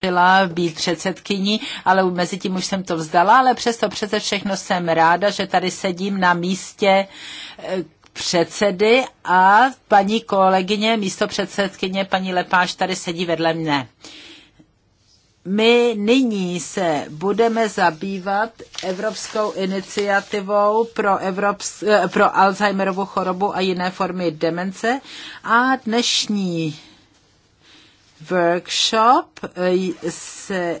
byla být předsedkyní, ale mezi tím už jsem to vzdala, ale přesto přece všechno jsem ráda, že tady sedím na místě e, předsedy a paní kolegyně, místo předsedkyně, paní Lepáš tady sedí vedle mne. My nyní se budeme zabývat Evropskou iniciativou pro, Evrops, e, pro Alzheimerovu chorobu a jiné formy demence a dnešní workshop eh, se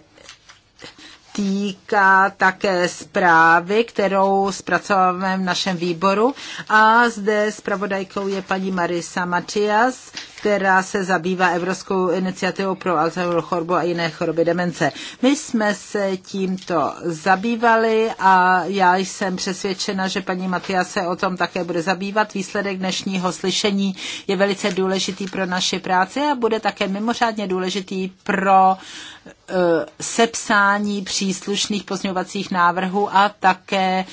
týká také zprávy, kterou zpracováváme v našem výboru. A zde zpravodajkou je paní Marisa Matias, která se zabývá Evropskou iniciativou pro Alzheimerovou chorobu a jiné choroby demence. My jsme se tímto zabývali a já jsem přesvědčena, že paní Matia se o tom také bude zabývat. Výsledek dnešního slyšení je velice důležitý pro naši práci a bude také mimořádně důležitý pro eh, sepsání příslušných pozňovacích návrhů a také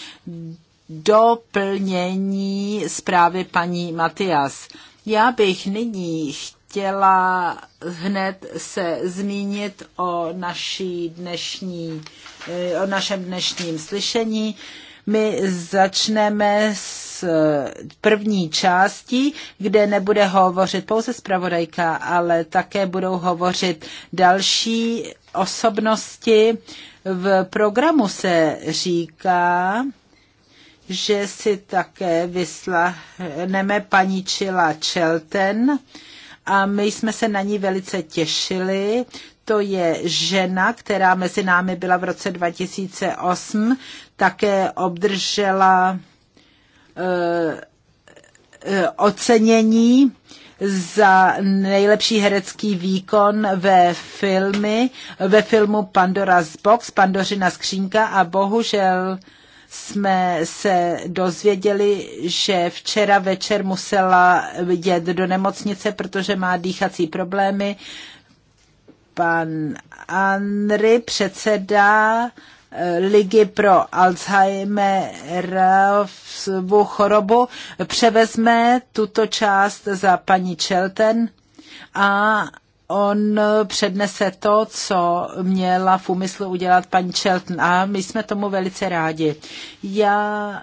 doplnění zprávy paní Matias. Já bych nyní chtěla hned se zmínit o, naší dnešní, eh, o našem dnešním slyšení. My začneme s první částí, kde nebude hovořit pouze zpravodajka, ale také budou hovořit další osobnosti. V programu se říká, že si také vyslaneme paní Čila Chelten a my jsme se na ní velice těšili. To je žena, která mezi námi byla v roce 2008, také obdržela eh, eh, ocenění za nejlepší herecký výkon ve filmy, ve filmu Pandora's Box, Pandořina skřínka a bohužel jsme se dozvěděli, že včera večer musela jet do nemocnice, protože má dýchací problémy. Pan Anry, předseda eh, Ligy pro Alzheimerovu chorobu, převezme tuto část za paní Chelten a on eh, přednese to, co měla v úmyslu udělat paní Shelton a my jsme tomu velice rádi. Já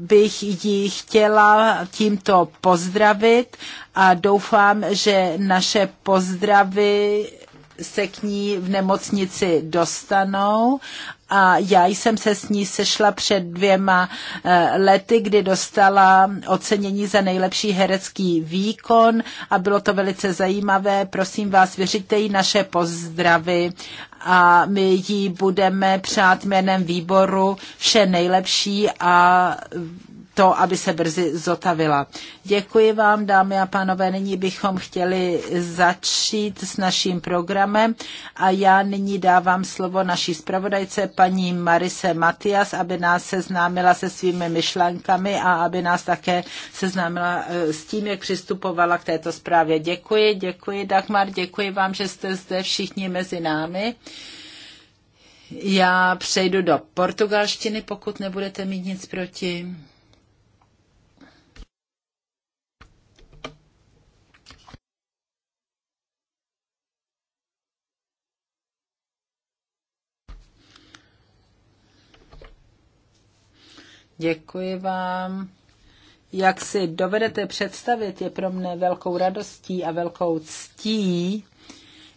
bych ji chtěla tímto pozdravit a doufám, že naše pozdravy se k ní v nemocnici dostanou a já jsem se s ní sešla před dvěma eh, lety, kdy dostala ocenění za nejlepší herecký výkon a bylo to velice zajímavé. Prosím vás, vyřiďte jí naše pozdravy a my jí budeme přát jménem výboru vše nejlepší a to, aby se brzy zotavila. Děkuji vám, dámy a pánové. Nyní bychom chtěli začít s naším programem a já nyní dávám slovo naší zpravodajce paní Marise Matias, aby nás seznámila se svými myšlenkami a aby nás také seznámila eh, s tím, jak přistupovala k této zprávě. Děkuji, děkuji Dagmar, děkuji vám, že jste zde všichni mezi námi. Já přejdu do portugalštiny, pokud nebudete mít nic proti. Děkuji vám. Jak si dovedete představit, je pro mne velkou radostí a velkou ctí,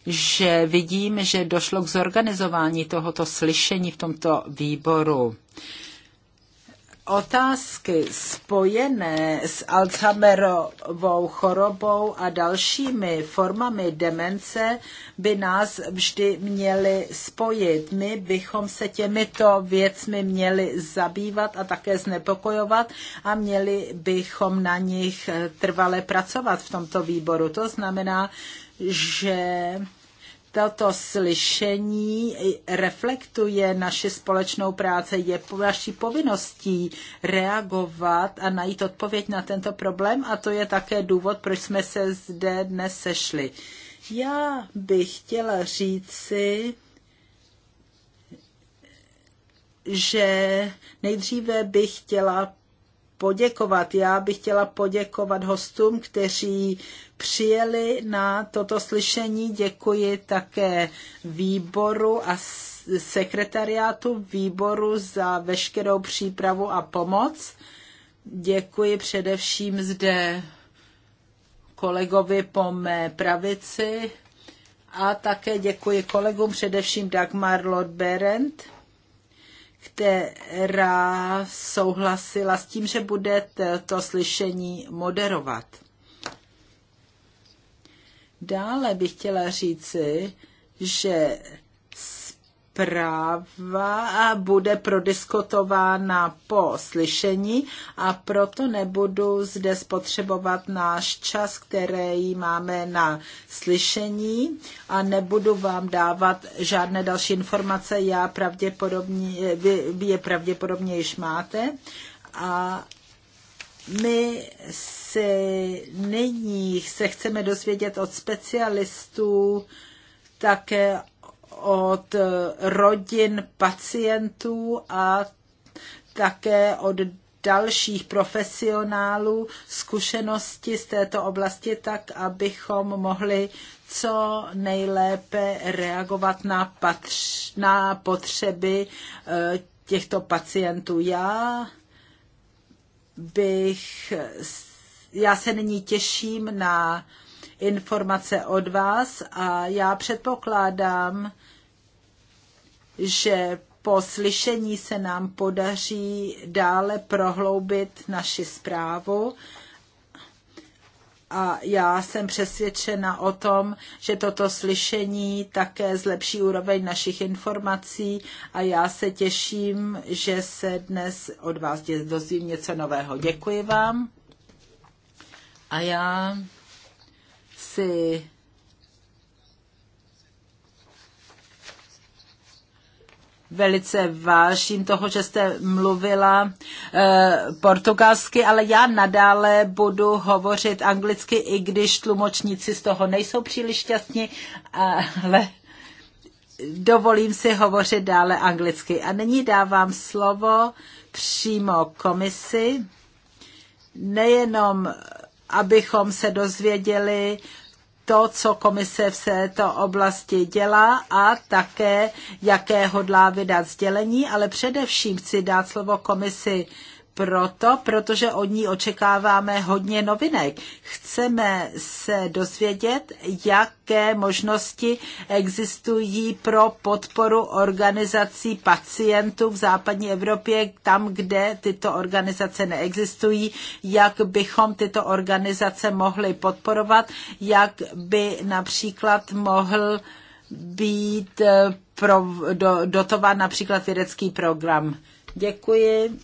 že vidím, že došlo k zorganizování tohoto slyšení v tomto výboru. Otázky spojené s Alzheimerovou chorobou a dalšími formami demence by nás vždy měly spojit. My bychom se těmito věcmi měli zabývat a také znepokojovat a měli bychom na nich trvale pracovat v tomto výboru. To znamená, že toto slyšení reflektuje naši společnou práci, je vaší povinností reagovat a najít odpověď na tento problém a to je také důvod, proč jsme se zde dnes sešli. Já bych chtěla říci, že nejdříve bych chtěla poděkovat. Já bych chtěla poděkovat hostům, kteří přijeli na toto slyšení. Děkuji také výboru a sekretariátu výboru za veškerou přípravu a pomoc. Děkuji především zde kolegovi po mé pravici a také děkuji kolegům, především Dagmar Lord Berendt která souhlasila s tím, že bude to slyšení moderovat. Dále bych chtěla říci, že práva bude prodiskutována po slyšení a proto nebudu zde spotřebovat náš čas, který máme na slyšení a nebudu vám dávat žádné další informace, já pravděpodobně, vy, vy je pravděpodobně již máte a my si nyní se chceme dozvědět od specialistů, také od eh, rodin pacientů a také od dalších profesionálů zkušenosti z této oblasti tak, abychom mohli co nejlépe reagovat na, patř, na potřeby eh, těchto pacientů. Já bych, já se nyní těším na informace od vás a já předpokládám, že po slyšení se nám podaří dále prohloubit naši zprávu a já jsem přesvědčena o tom, že toto slyšení také zlepší úroveň našich informací a já se těším, že se dnes od vás dozvím něco nového. Děkuji vám a já si velice vážím toho, že jste mluvila e, portugalsky, ale já nadále budu hovořit anglicky, i když tlumočníci z toho nejsou příliš šťastní, ale dovolím si hovořit dále anglicky. A nyní dávám slovo přímo komisi, nejenom abychom se dozvěděli, to, co komise v této oblasti dělá a také, jaké hodlá vydat sdělení, ale především chci dát slovo komisi proto, protože od ní očekáváme hodně novinek. Chceme se dozvědět, jaké možnosti existují pro podporu organizací pacientů v západní Evropě, tam, kde tyto organizace neexistují, jak bychom tyto organizace mohli podporovat, jak by například mohl být eh, pro, do, dotován například vědecký program. Děkuji.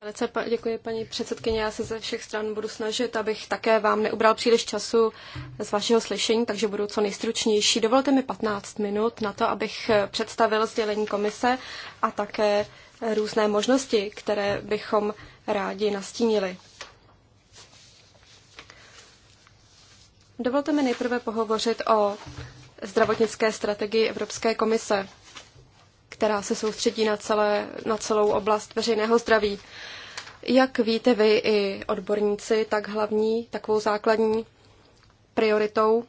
Velice děkuji, paní předsedkyně. Já se ze všech stran budu snažit, abych také vám neubral příliš času z vašeho slyšení, takže budu co nejstručnější. Dovolte mi 15 minut na to, abych představil sdělení komise a také různé možnosti, které bychom rádi nastínili. Dovolte mi nejprve pohovořit o zdravotnické strategii Evropské komise která se soustředí na, celé, na celou oblast veřejného zdraví. Jak víte vy i odborníci, tak hlavní, takovou základní prioritou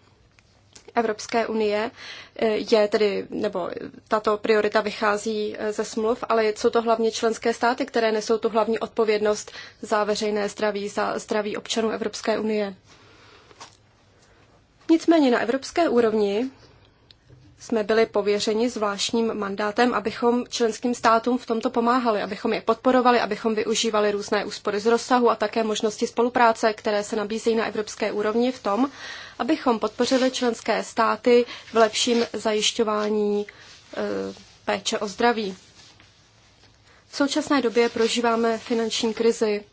Evropské unie eh, je tedy, nebo tato priorita vychází eh, ze smluv, ale jsou to hlavně členské státy, které nesou tu hlavní odpovědnost za veřejné zdraví, za zdraví občanů Evropské unie. Nicméně na evropské úrovni jsme byli pověřeni zvláštním mandátem, abychom členským státům v tomto pomáhali, abychom je podporovali, abychom využívali různé úspory z rozsahu a také možnosti spolupráce, které se nabízejí na evropské úrovni v tom, abychom podpořili členské státy v lepším zajišťování e, péče o zdraví. V současné době prožíváme finanční krizi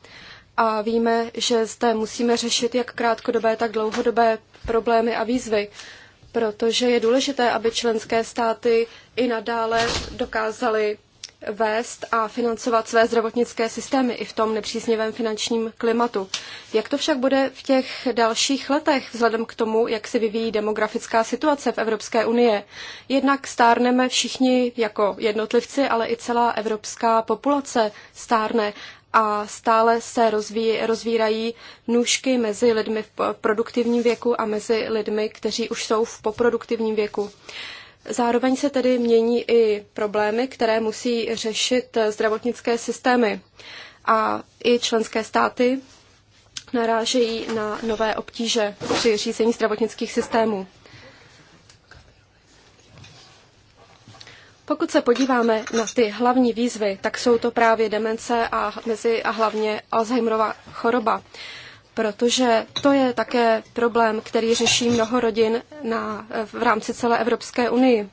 a víme, že zde musíme řešit jak krátkodobé, tak dlouhodobé problémy a výzvy protože je důležité, aby členské státy i nadále dokázaly vést a financovat své zdravotnické systémy i v tom nepříznivém finančním klimatu. Jak to však bude v těch dalších letech, vzhledem k tomu, jak se vyvíjí demografická situace v Evropské unie? Jednak stárneme všichni jako jednotlivci, ale i celá evropská populace stárne a stále se rozví, rozvírají nůžky mezi lidmi v produktivním věku a mezi lidmi, kteří už jsou v poproduktivním věku. Zároveň se tedy mění i problémy, které musí řešit zdravotnické systémy. A i členské státy narážejí na nové obtíže při řízení zdravotnických systémů. Pokud se podíváme na ty hlavní výzvy, tak jsou to právě demence a, mezi, a hlavně Alzheimerova choroba, protože to je také problém, který řeší mnoho rodin na, v rámci celé Evropské unii.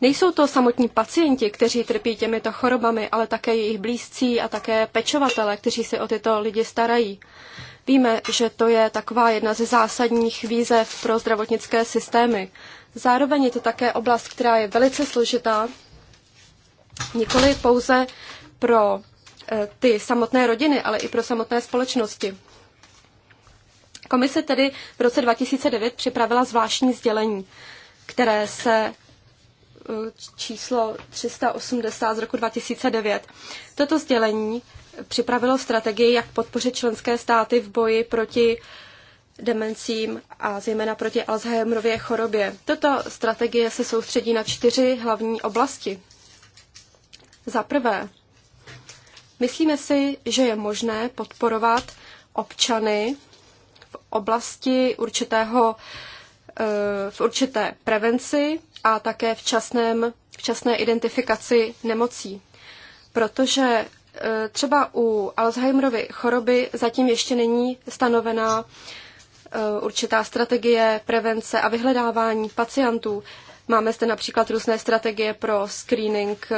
Nejsou to samotní pacienti, kteří trpí těmito chorobami, ale také jejich blízcí a také pečovatele, kteří se o tyto lidi starají. Víme, že to je taková jedna ze zásadních výzev pro zdravotnické systémy. Zároveň je to také oblast, která je velice složitá, nikoli pouze pro eh, ty samotné rodiny, ale i pro samotné společnosti. Komise tedy v roce 2009 připravila zvláštní sdělení, které se eh, číslo 380 z roku 2009. Toto sdělení připravilo strategii, jak podpořit členské státy v boji proti demencím a zejména proti Alzheimerově chorobě. Tato strategie se soustředí na čtyři hlavní oblasti. Za prvé, myslíme si, že je možné podporovat občany v oblasti určitého, eh, v určité prevenci a také v časném v časné identifikaci nemocí. Protože eh, třeba u Alzheimerovy choroby zatím ještě není stanovená Eh, určitá strategie prevence a vyhledávání pacientů. Máme zde například různé strategie pro screening eh,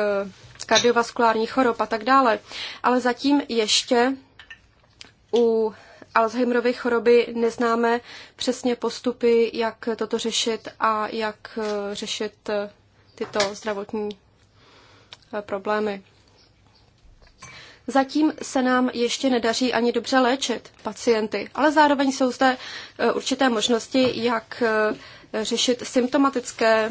kardiovaskulárních chorob a tak dále. Ale zatím ještě u Alzheimerovy choroby neznáme přesně postupy, jak toto řešit a jak eh, řešit tyto zdravotní problémy. Zatím se nám ještě nedaří ani dobře léčit pacienty, ale zároveň jsou zde e, určité možnosti, jak e, řešit symptomatické e,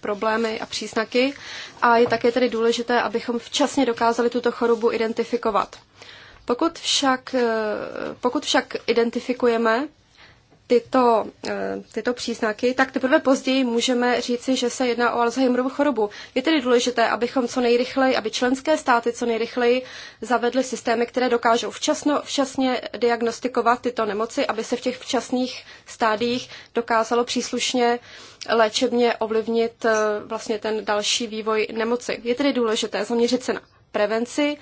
problémy a příznaky a je také tedy důležité, abychom včasně dokázali tuto chorobu identifikovat. Pokud však, pokud však identifikujeme tyto, eh, tyto příznaky, tak teprve později můžeme říci, že se jedná o Alzheimerovu chorobu. Je tedy důležité, abychom co nejrychleji, aby členské státy co nejrychleji zavedly systémy, které dokážou včasno, včasně diagnostikovat tyto nemoci, aby se v těch včasných stádiích dokázalo příslušně léčebně ovlivnit eh, vlastně ten další vývoj nemoci. Je tedy důležité zaměřit se na prevenci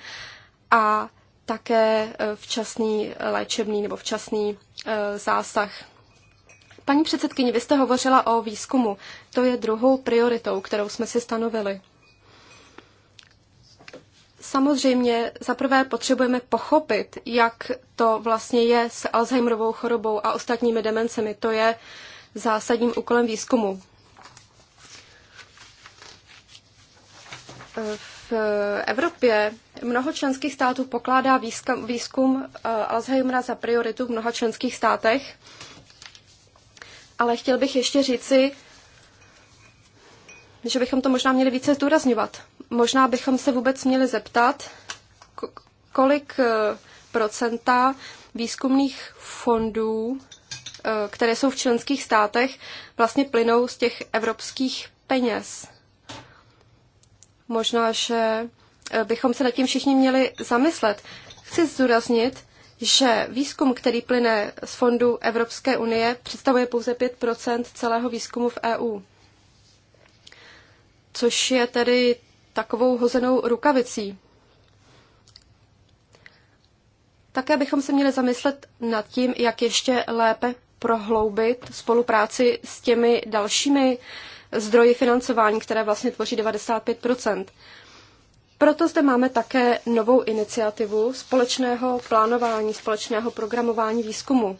a také eh, včasný léčebný nebo včasný zásah Paní předsedkyně, vy jste hovořila o výzkumu. To je druhou prioritou, kterou jsme si stanovili. Samozřejmě zaprvé potřebujeme pochopit, jak to vlastně je s Alzheimerovou chorobou a ostatními demencemi. To je zásadním úkolem výzkumu. V Evropě mnoho členských států pokládá výzkum, výzkum eh, Alzheimera za prioritu v mnoha členských státech ale chtěl bych ještě říci, že bychom to možná měli více zdůrazňovat. Možná bychom se vůbec měli zeptat, kolik eh, procenta výzkumných fondů, eh, které jsou v členských státech, vlastně plynou z těch evropských peněz. Možná, že eh, bychom se nad tím všichni měli zamyslet. Chci zdůraznit, že výzkum, který plyne z fondu Evropské unie, představuje pouze 5 celého výzkumu v EU. Což je tedy takovou hozenou rukavicí. Také bychom se měli zamyslet nad tím, jak ještě lépe prohloubit spolupráci s těmi dalšími zdroji financování, které vlastně tvoří 95 proto zde máme také novou iniciativu společného plánování, společného programování výzkumu.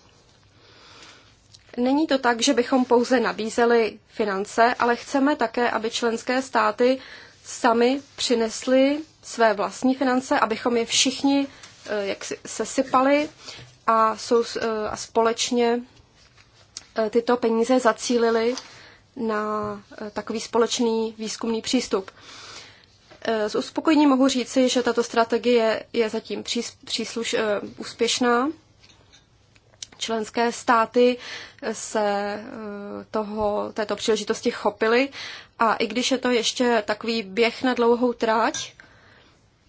Není to tak, že bychom pouze nabízeli finance, ale chceme také, aby členské státy sami přinesly své vlastní finance, abychom je všichni eh, jak si, sesypali a, jsou, eh, a společně eh, tyto peníze zacílili na takový společný výzkumný přístup. Eh, s uspokojením mohu říci, že tato strategie je zatím přísluš, eh, úspěšná. Členské státy eh, se toho, této příležitosti chopily a i když je to ještě takový běh na dlouhou tráť,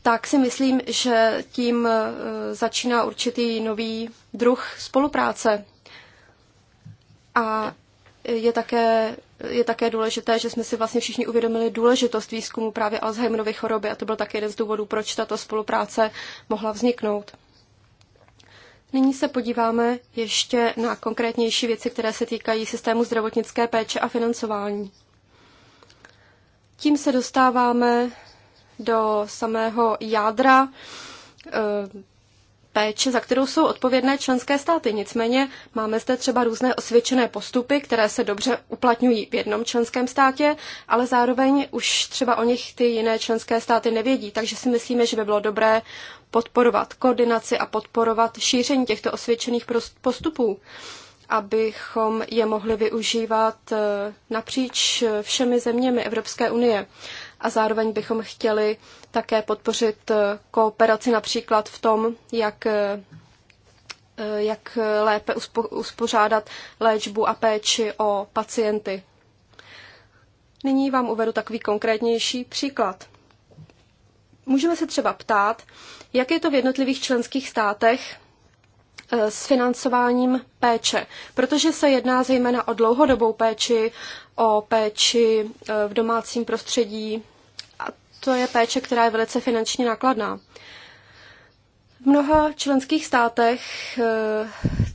tak si myslím, že tím začíná určitý nový druh spolupráce. A je také, je také důležité, že jsme si vlastně všichni uvědomili důležitost výzkumu právě Alzheimerovy choroby a to byl také jeden z důvodů, proč tato spolupráce mohla vzniknout. Nyní se podíváme ještě na konkrétnější věci, které se týkají systému zdravotnické péče a financování. Tím se dostáváme do samého jádra eh, péče, za kterou jsou odpovědné členské státy. Nicméně máme zde třeba různé osvědčené postupy, které se dobře uplatňují v jednom členském státě, ale zároveň už třeba o nich ty jiné členské státy nevědí. Takže si myslíme, že by bylo dobré podporovat koordinaci a podporovat šíření těchto osvědčených postupů abychom je mohli využívat eh, napříč eh, všemi zeměmi Evropské unie. A zároveň bychom chtěli také podpořit eh, kooperaci například v tom, jak, eh, eh, jak lépe uspořádat léčbu a péči o pacienty. Nyní vám uvedu takový konkrétnější příklad. Můžeme se třeba ptát, jak je to v jednotlivých členských státech s financováním péče, protože se jedná zejména o dlouhodobou péči, o péči v domácím prostředí, to je péče, která je velice finančně nákladná. V mnoha členských státech eh,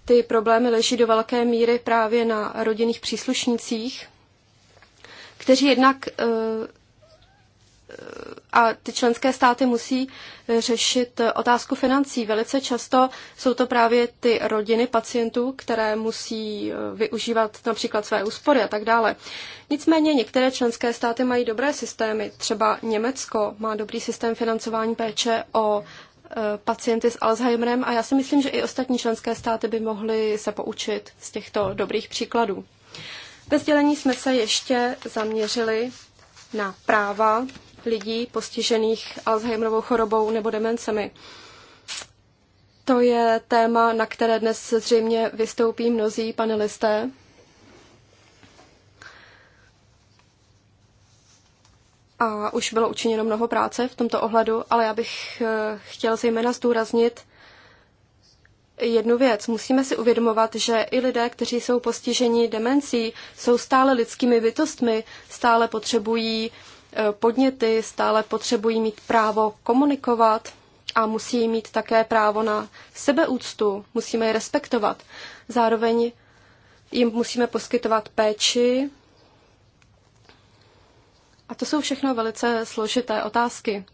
ty problémy leží do velké míry právě na rodinných příslušnících, kteří jednak eh, a ty členské státy musí řešit otázku financí. Velice často jsou to právě ty rodiny pacientů, které musí eh, využívat například své úspory a tak dále. Nicméně některé členské státy mají dobré systémy. Třeba Německo má dobrý systém financování péče o eh, pacienty s Alzheimerem a já si myslím, že i ostatní členské státy by mohly se poučit z těchto dobrých příkladů. Ve sdělení jsme se ještě zaměřili na práva lidí postižených Alzheimerovou chorobou nebo demencemi. To je téma, na které dnes zřejmě vystoupí mnozí panelisté. A už bylo učiněno mnoho práce v tomto ohledu, ale já bych eh, chtěl zejména zdůraznit jednu věc. Musíme si uvědomovat, že i lidé, kteří jsou postiženi demencí, jsou stále lidskými bytostmi, stále potřebují podněty, stále potřebují mít právo komunikovat a musí mít také právo na sebeúctu, musíme je respektovat. Zároveň jim musíme poskytovat péči. A to jsou všechno velice složité otázky.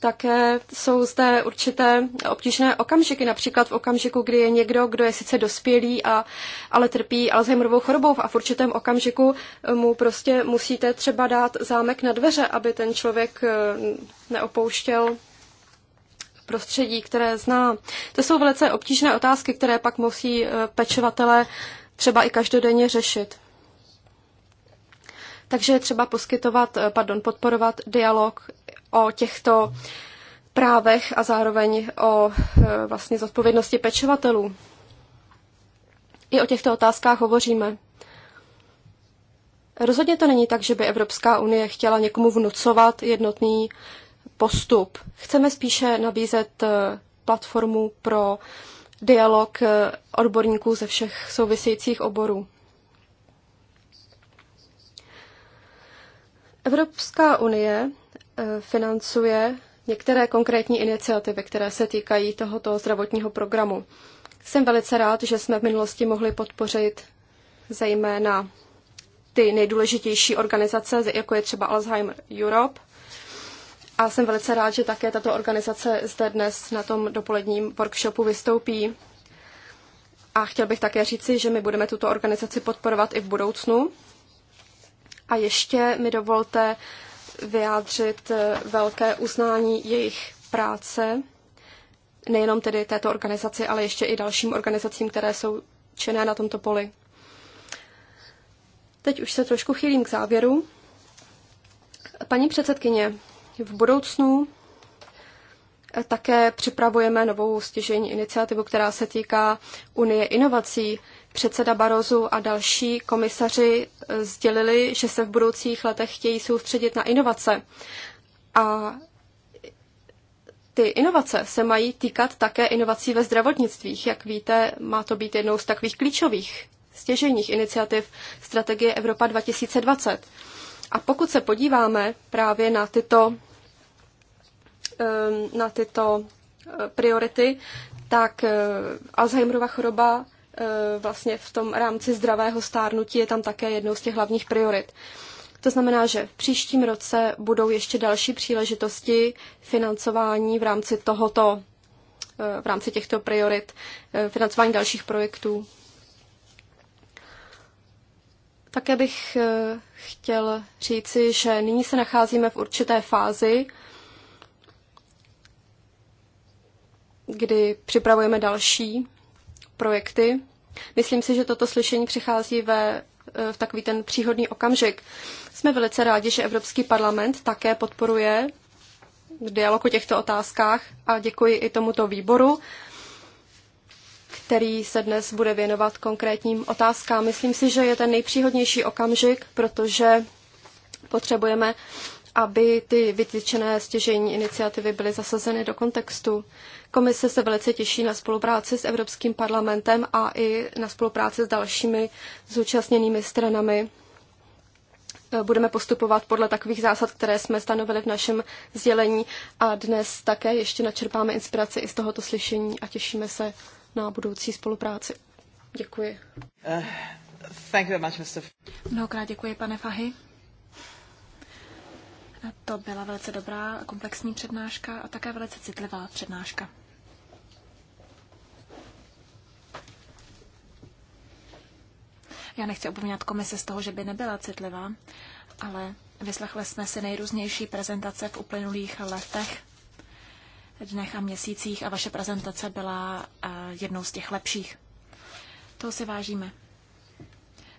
Také jsou zde určité obtížné okamžiky, například v okamžiku, kdy je někdo, kdo je sice dospělý, a, ale trpí Alzheimerovou chorobou a v určitém okamžiku mu prostě musíte třeba dát zámek na dveře, aby ten člověk eh, neopouštěl prostředí, které zná. To jsou velice obtížné otázky, které pak musí eh, pečovatele třeba i každodenně řešit. Takže je třeba poskytovat, eh, pardon, podporovat dialog o těchto právech a zároveň o e, vlastně zodpovědnosti pečovatelů. I o těchto otázkách hovoříme. Rozhodně to není tak, že by Evropská unie chtěla někomu vnucovat jednotný postup. Chceme spíše nabízet e, platformu pro dialog e, odborníků ze všech souvisejících oborů. Evropská unie Eh, financuje některé konkrétní iniciativy, které se týkají tohoto zdravotního programu. Jsem velice rád, že jsme v minulosti mohli podpořit zejména ty nejdůležitější organizace, jako je třeba Alzheimer Europe. A jsem velice rád, že také tato organizace zde dnes na tom dopoledním workshopu vystoupí. A chtěl bych také říci, že my budeme tuto organizaci podporovat i v budoucnu. A ještě mi dovolte vyjádřit eh, velké uznání jejich práce, nejenom tedy této organizaci, ale ještě i dalším organizacím, které jsou činné na tomto poli. Teď už se trošku chýlím k závěru. Paní předsedkyně, v budoucnu eh, také připravujeme novou stěžení iniciativu, která se týká Unie inovací. Předseda Barozu a další komisaři eh, sdělili, že se v budoucích letech chtějí soustředit na inovace. A ty inovace se mají týkat také inovací ve zdravotnictvích. Jak víte, má to být jednou z takových klíčových stěžejních iniciativ strategie Evropa 2020. A pokud se podíváme právě na tyto, ehm, na tyto eh, priority, tak eh, Alzheimerova choroba Eh, vlastně v tom rámci zdravého stárnutí je tam také jednou z těch hlavních priorit. To znamená, že v příštím roce budou ještě další příležitosti financování v rámci tohoto, eh, v rámci těchto priorit, eh, financování dalších projektů. Také bych chtěl říci, že nyní se nacházíme v určité fázi, kdy připravujeme další projekty. Myslím si, že toto slyšení přichází ve, e, v takový ten příhodný okamžik. Jsme velice rádi, že Evropský parlament také podporuje dialog o těchto otázkách a děkuji i tomuto výboru, který se dnes bude věnovat konkrétním otázkám. Myslím si, že je ten nejpříhodnější okamžik, protože potřebujeme aby ty vytyčené stěžejní iniciativy byly zasazeny do kontextu. Komise se velice těší na spolupráci s Evropským parlamentem a i na spolupráci s dalšími zúčastněnými stranami. Budeme postupovat podle takových zásad, které jsme stanovili v našem sdělení a dnes také ještě načerpáme inspiraci i z tohoto slyšení a těšíme se na budoucí spolupráci. Děkuji. Uh, thank you very much, Mr. Mnohokrát děkuji, pane Fahy. To byla velice dobrá komplexní přednáška a také velice citlivá přednáška. Já nechci obvinovat komise z toho, že by nebyla citlivá, ale vyslechli jsme si nejrůznější prezentace v uplynulých letech, dnech a měsících a vaše prezentace byla eh, jednou z těch lepších. To si vážíme.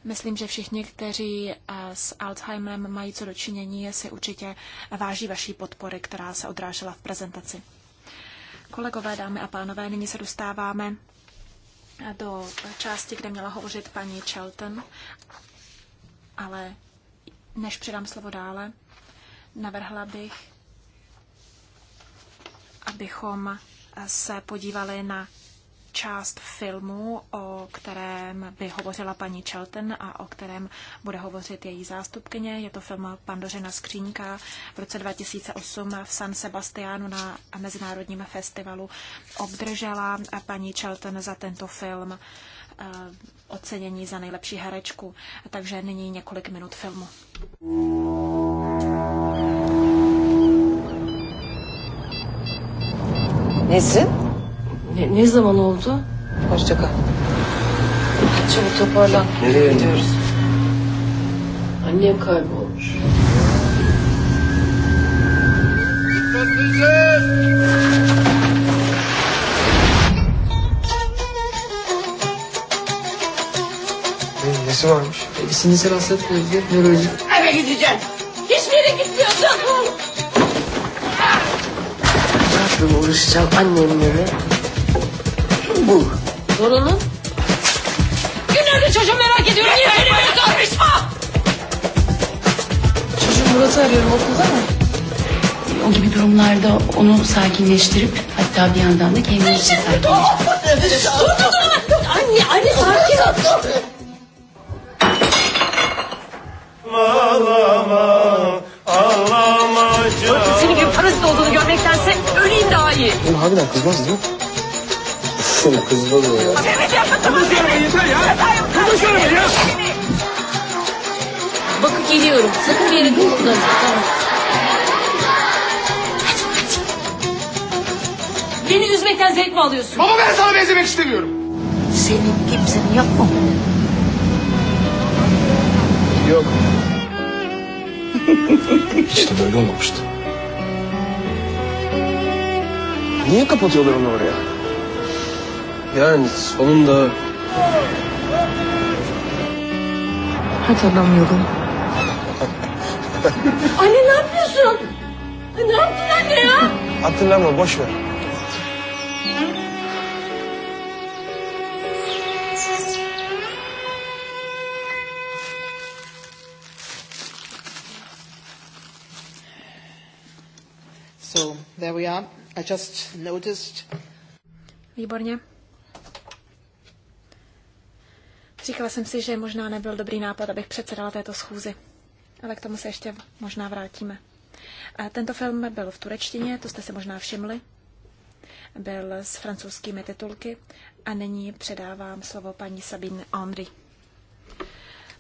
Myslím, že všichni, kteří eh, s Alzheimerem mají co dočinění, si určitě váží vaší podpory, která se odrážela v prezentaci. Kolegové, dámy a pánové, nyní se dostáváme eh, do části, kde měla hovořit paní Chelton, ale než předám slovo dále, navrhla bych, abychom eh, se podívali na část filmu, o kterém by hovořila paní Chelten a o kterém bude hovořit její zástupkyně. Je to film Pandořena skřínka v roce 2008 v San Sebastianu na Mezinárodním festivalu. Obdržela paní Chelten za tento film eh, ocenění za nejlepší herečku. Takže nyní několik minut filmu. Nesi? Ne, ne zaman oldu? Hoşça kal. çabuk toparlan. Nereye gidiyoruz? Annem kaybolmuş. Dikkatlice! Nesi varmış? E, sinir hastalık bozuluyor, nörolojik. Eve gideceğim. Hiçbir yere gitmiyorsun. Ne yapayım uğraşacağım annemle bu. Sorunun? Günlerdir çocuğu merak ediyorum. Niye beni böyle karışma? Ah! Çocuğu Murat'ı arıyorum okulda mı? O gibi durumlarda onu sakinleştirip hatta bir yandan da kendini sakinleştirip. Dur! Dur dur! Anne, anne sakin ol. Ağlama, ağlama canım. Senin gibi parazit olduğunu görmektense öleyim daha iyi. Oğlum harbiden kızmaz değil mi? Çok üzmekten zevk mi alıyorsun? Baba ben sana benzemek istemiyorum. Senin kimsenin yapma bunu. Yok. Hiç böyle olmamıştı. Niye kapatıyorlar onu oraya? Yani sonunda... Hadi Hatırlamıyorum. anne ne yapıyorsun? Ne yaptın anne ya? Hatırlama boş ver. So there we are. I just noticed. Výborně. Říkala jsem si, že možná nebyl dobrý nápad, abych předsedala této schůzi, ale k tomu se ještě možná vrátíme. A tento film byl v turečtině, to jste se možná všimli. Byl s francouzskými titulky a nyní předávám slovo paní Sabine Andry.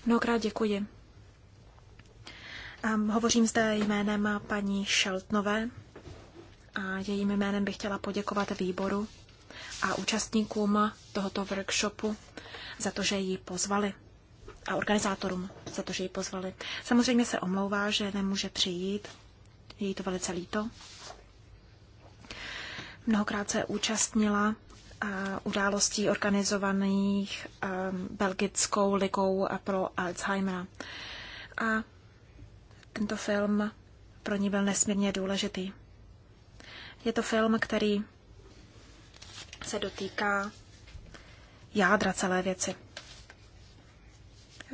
Mnohokrát děkuji. Um, hovořím zde jménem paní Šeltnové a jejím jménem bych chtěla poděkovat výboru a účastníkům tohoto workshopu za to, že ji pozvali a organizátorům za to, že ji pozvali. Samozřejmě se omlouvá, že nemůže přijít. Je jí to velice líto. Mnohokrát se účastnila eh, událostí organizovaných eh, Belgickou ligou pro Alzheimera. A tento film pro ní byl nesmírně důležitý. Je to film, který se dotýká jádra celé věci.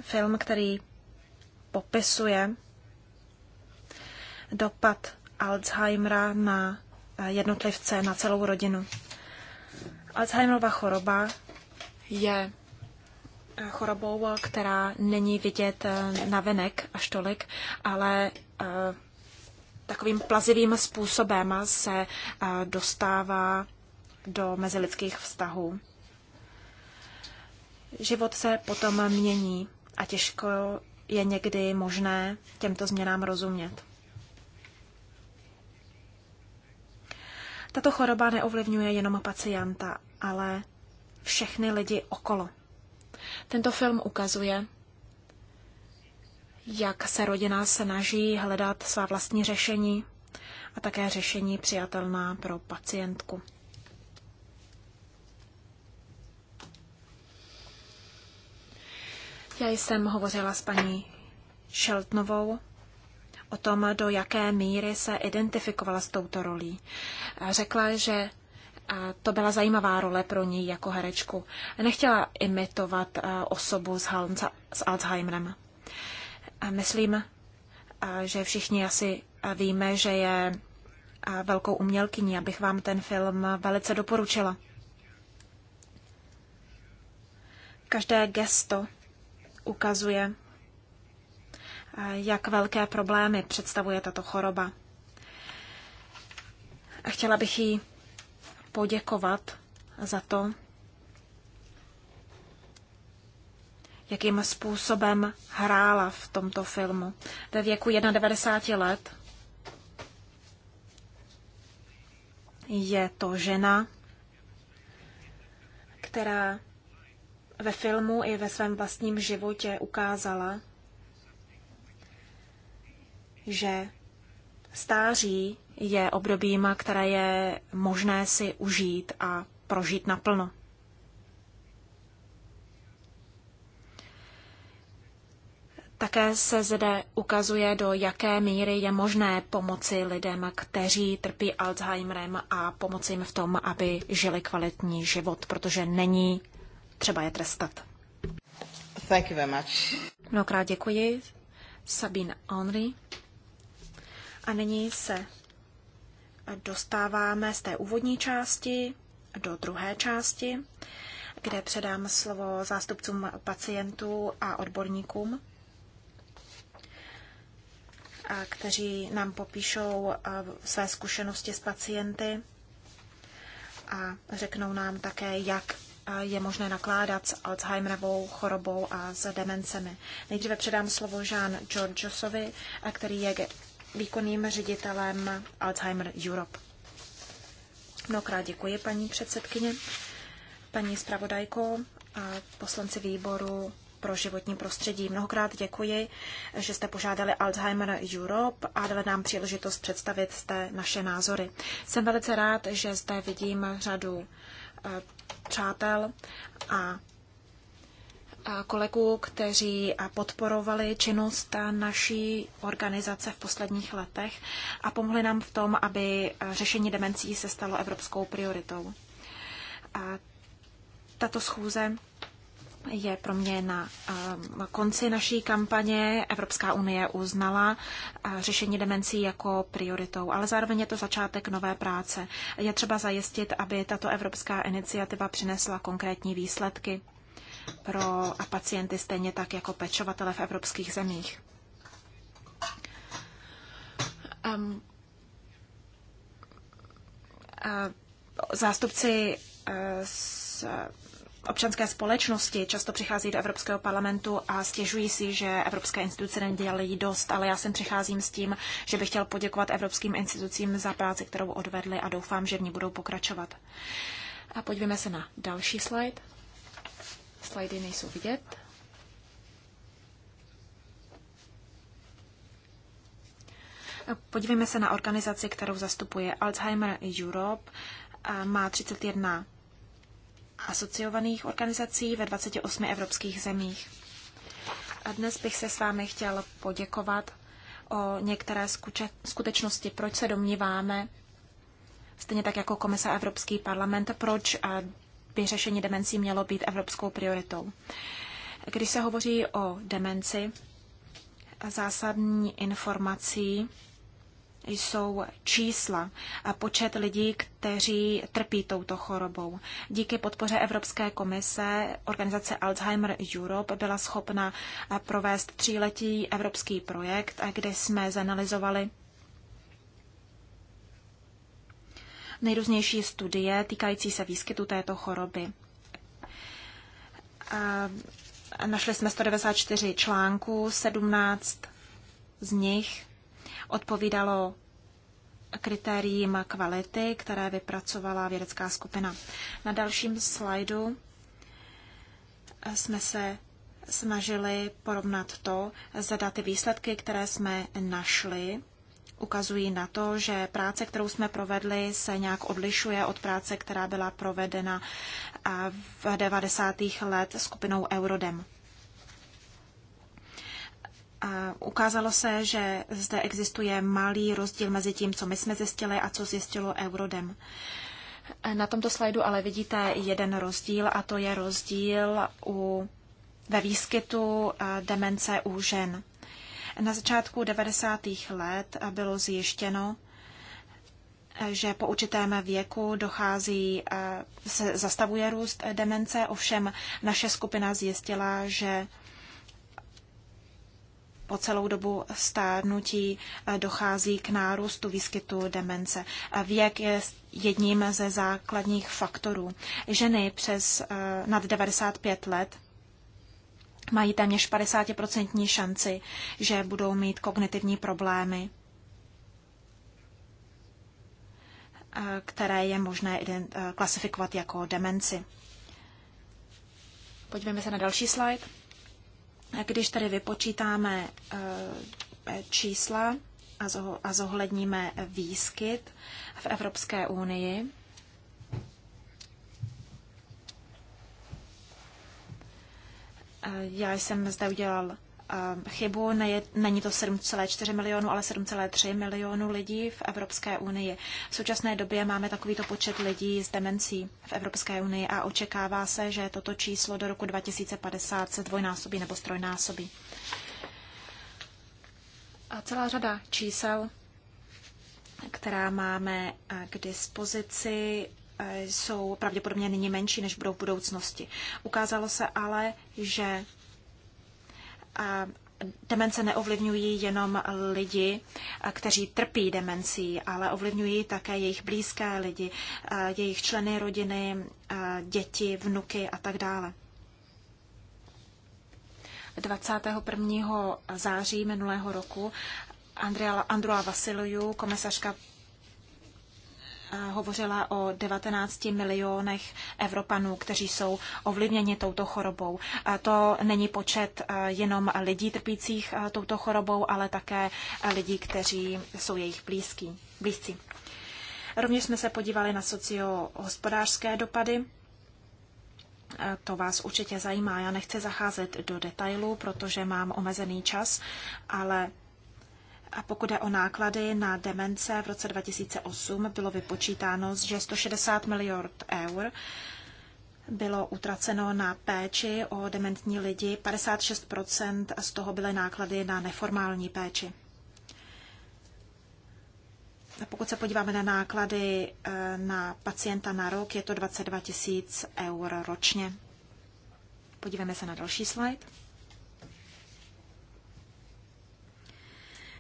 Film, který popisuje dopad Alzheimera na eh, jednotlivce, na celou rodinu. Alzheimerova choroba je eh, chorobou, která není vidět eh, na venek až tolik, ale takovým plazivým způsobem se dostává do mezilidských vztahů. Život se potom mění a těžko je někdy možné těmto změnám rozumět. Tato choroba neovlivňuje jenom pacienta, ale všechny lidi okolo. Tento film ukazuje, jak se rodina snaží hledat svá vlastní řešení a také řešení přijatelná pro pacientku. Já jsem hovořila s paní Šeltnovou o tom, do jaké míry se identifikovala s touto rolí. Řekla, že to byla zajímavá role pro ní jako herečku. Nechtěla imitovat osobu s, Halmca, s Alzheimerem. Myslím, že všichni asi víme, že je velkou umělkyní, abych vám ten film velice doporučila. Každé gesto ukazuje, eh, jak velké problémy představuje tato choroba. A chtěla bych jí poděkovat za to, jakým způsobem hrála v tomto filmu. Ve věku 91 let je to žena, která ve filmu i ve svém vlastním životě ukázala, že stáří je obdobím, které je možné si užít a prožít naplno. Také se zde ukazuje, do jaké míry je možné pomoci lidem, kteří trpí Alzheimerem a pomoci jim v tom, aby žili kvalitní život, protože není třeba je trestat. Thank you very much. Mnohokrát děkuji. Sabine Henry. A nyní se dostáváme z té úvodní části do druhé části, kde předám slovo zástupcům pacientů a odborníkům, a kteří nám popíšou své zkušenosti s pacienty a řeknou nám také, jak je možné nakládat s Alzheimerovou chorobou a s demencemi. Nejdříve předám slovo Jean Georgesovi, který je výkonným ředitelem Alzheimer Europe. Mnohokrát děkuji, paní předsedkyně, paní zpravodajko a poslanci výboru pro životní prostředí. Mnohokrát děkuji, že jste požádali Alzheimer Europe a dali nám příležitost představit zde naše názory. Jsem velice rád, že zde vidím řadu eh, přátel a kolegů, kteří podporovali činnost naší organizace v posledních letech a pomohli nám v tom, aby řešení demencí se stalo evropskou prioritou. A tato schůze je pro mě ehm, na konci naší kampaně. Evropská unie uznala eh, řešení demencí jako prioritou, ale zároveň je to začátek nové práce. Je třeba zajistit, aby tato evropská iniciativa přinesla konkrétní výsledky pro pacienty stejně tak jako pečovatele v evropských zemích. Um, zástupci z eh, občanské společnosti často přichází do Evropského parlamentu a stěžují si, že evropské instituce nedělají dost, ale já sem přicházím s tím, že bych chtěl poděkovat evropským institucím za práci, kterou odvedli a doufám, že v ní budou pokračovat. A podívejme se na další slide. Slidy nejsou vidět. Podívejme se na organizaci, kterou zastupuje Alzheimer Europe. Má 31 asociovaných organizací ve 28 evropských zemích. A dnes bych se s vámi chtěl poděkovat o některé skutečnosti, proč se domníváme, stejně tak jako Komise Evropský parlament, proč by řešení demencí mělo být evropskou prioritou. Když se hovoří o demenci, zásadní informací jsou čísla a počet lidí, kteří trpí touto chorobou. Díky podpoře Evropské komise organizace Alzheimer Europe byla schopna provést tříletý evropský projekt, kde jsme zanalizovali nejrůznější studie týkající se výskytu této choroby. A našli jsme 194 článků, 17 z nich odpovídalo kritériím kvality, které vypracovala vědecká skupina. Na dalším slajdu jsme se snažili porovnat to, zda ty výsledky, které jsme našli, ukazují na to, že práce, kterou jsme provedli, se nějak odlišuje od práce, která byla provedena v 90. let skupinou Eurodem. Ukázalo se, že zde existuje malý rozdíl mezi tím, co my jsme zjistili a co zjistilo Eurodem. Na tomto slajdu ale vidíte jeden rozdíl a to je rozdíl u, ve výskytu demence u žen. Na začátku 90. let bylo zjištěno, že po určitém věku dochází, se zastavuje růst demence, ovšem naše skupina zjistila, že po celou dobu stárnutí eh, dochází k nárůstu výskytu demence. Eh, věk je jedním ze základních faktorů. Ženy přes eh, nad 95 let mají téměř 50% šanci, že budou mít kognitivní problémy, které je možné klasifikovat jako demenci. Podívejme se na další slide. Když tady vypočítáme eh, čísla a zohledníme výskyt v Evropské unii, eh, já jsem zde udělal Ehm, chybu. Není to 7,4 milionu, ale 7,3 milionu lidí v Evropské unii. V současné době máme takovýto počet lidí s demencí v Evropské unii a očekává se, že toto číslo do roku 2050 se dvojnásobí nebo strojnásobí. A celá řada čísel, která máme eh, k dispozici, eh, jsou pravděpodobně nyní menší, než budou v budoucnosti. Ukázalo se ale, že a demence neovlivňují jenom lidi, kteří trpí demencí, ale ovlivňují také jejich blízké lidi, jejich členy rodiny, děti, vnuky a tak dále. 21. září minulého roku Andrea, Andrua Vasiliu, komisařka hovořila o 19 milionech Evropanů, kteří jsou ovlivněni touto chorobou. A to není počet jenom lidí trpících touto chorobou, ale také lidí, kteří jsou jejich blízký, blízcí. Rovněž jsme se podívali na sociohospodářské dopady. To vás určitě zajímá. Já nechci zacházet do detailů, protože mám omezený čas, ale a pokud je o náklady na demence v roce 2008, bylo vypočítáno, že 160 miliard eur bylo utraceno na péči o dementní lidi, 56% z toho byly náklady na neformální péči. A pokud se podíváme na náklady eh, na pacienta na rok, je to 22 tisíc eur ročně. Podívejme se na další slide.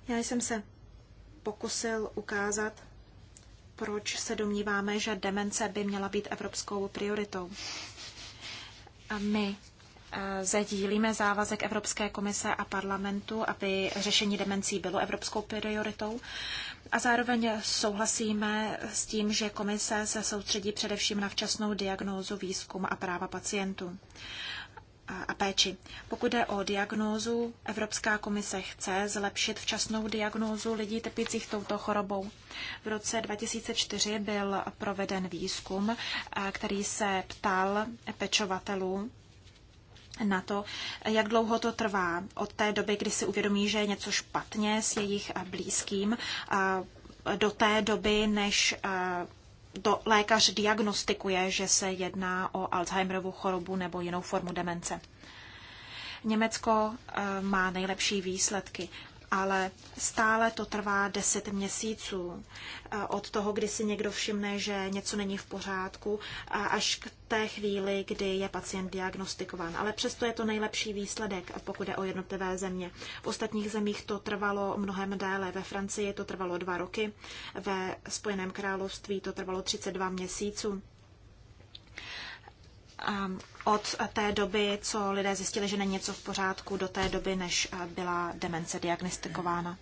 Já jsem se pokusil ukázat, proč se domníváme, že demence by měla být evropskou prioritou. A my Zadílíme eh, závazek Evropské komise a parlamentu, aby řešení demencí bylo evropskou prioritou. A zároveň souhlasíme s tím, že komise se soustředí především na včasnou diagnózu, výzkum a práva pacientů a péči. Pokud jde o diagnózu, Evropská komise chce zlepšit včasnou diagnózu lidí trpících touto chorobou. V roce 2004 byl proveden výzkum, který se ptal pečovatelů na to, jak dlouho to trvá od té doby, kdy si uvědomí, že je něco špatně s jejich blízkým, do té doby, než do lékař diagnostikuje, že se jedná o Alzheimerovu chorobu nebo jinou formu demence. Německo eh, má nejlepší výsledky ale stále to trvá 10 měsíců eh, od toho, kdy si někdo všimne, že něco není v pořádku, až k té chvíli, kdy je pacient diagnostikován. Ale přesto je to nejlepší výsledek, pokud je o jednotlivé země. V ostatních zemích to trvalo mnohem déle. Ve Francii to trvalo dva roky, ve Spojeném království to trvalo 32 měsíců. Ehm, od té doby, co lidé zjistili, že není něco v pořádku, do té doby, než eh, byla demence diagnostikována.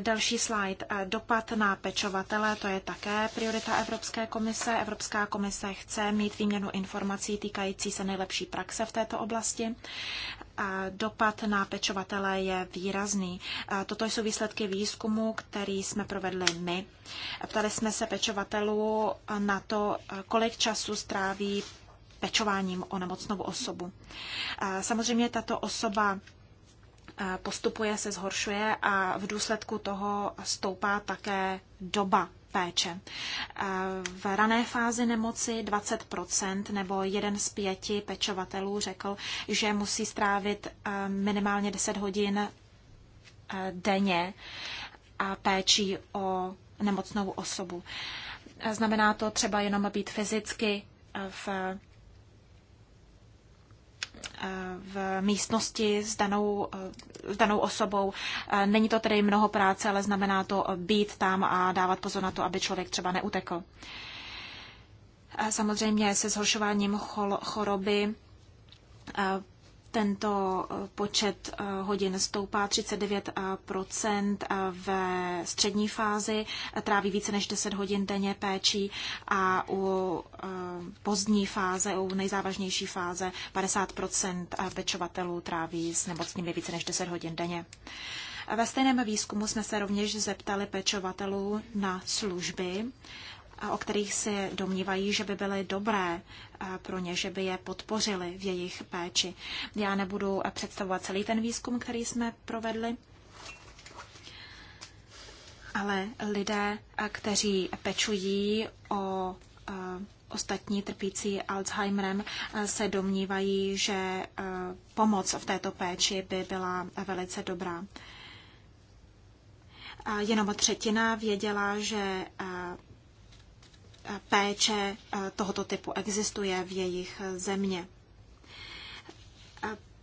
Další slide. Eh, dopad na pečovatele, to je také priorita Evropské komise. Evropská komise chce mít výměnu informací týkající se nejlepší praxe v této oblasti. Dopad na pečovatele je výrazný. Toto jsou výsledky výzkumu, který jsme provedli my. Ptali jsme se pečovatelů na to, kolik času stráví pečováním o nemocnou osobu. Samozřejmě tato osoba Eh, postupuje, se zhoršuje a v důsledku toho stoupá také doba péče. Eh, v rané fázi nemoci 20% nebo jeden z pěti pečovatelů řekl, že musí strávit eh, minimálně 10 hodin denně a péčí o nemocnou osobu. Znamená to třeba jenom být fyzicky v v místnosti s danou, s danou osobou. Není to tedy mnoho práce, ale znamená to být tam a dávat pozor na to, aby člověk třeba neutekl. Samozřejmě se zhoršováním choroby tento eh, počet eh, hodin stoupá 39 eh, ve střední fázi, tráví více než 10 hodin denně péčí a u pozdní fáze, u nejzávažnější fáze 50 pečovatelů tráví s nemocnými více než 10 hodin denně. Ve stejném výzkumu jsme se rovněž zeptali pečovatelů na služby, o kterých si domnívají, že by byly dobré pro ně, že by je podpořili v jejich péči. Já nebudu představovat celý ten výzkum, který jsme provedli, ale lidé, kteří pečují o ostatní trpící Alzheimerem se domnívají, že pomoc v této péči by byla velice dobrá. Jenom třetina věděla, že péče eh, tohoto typu existuje v jejich země.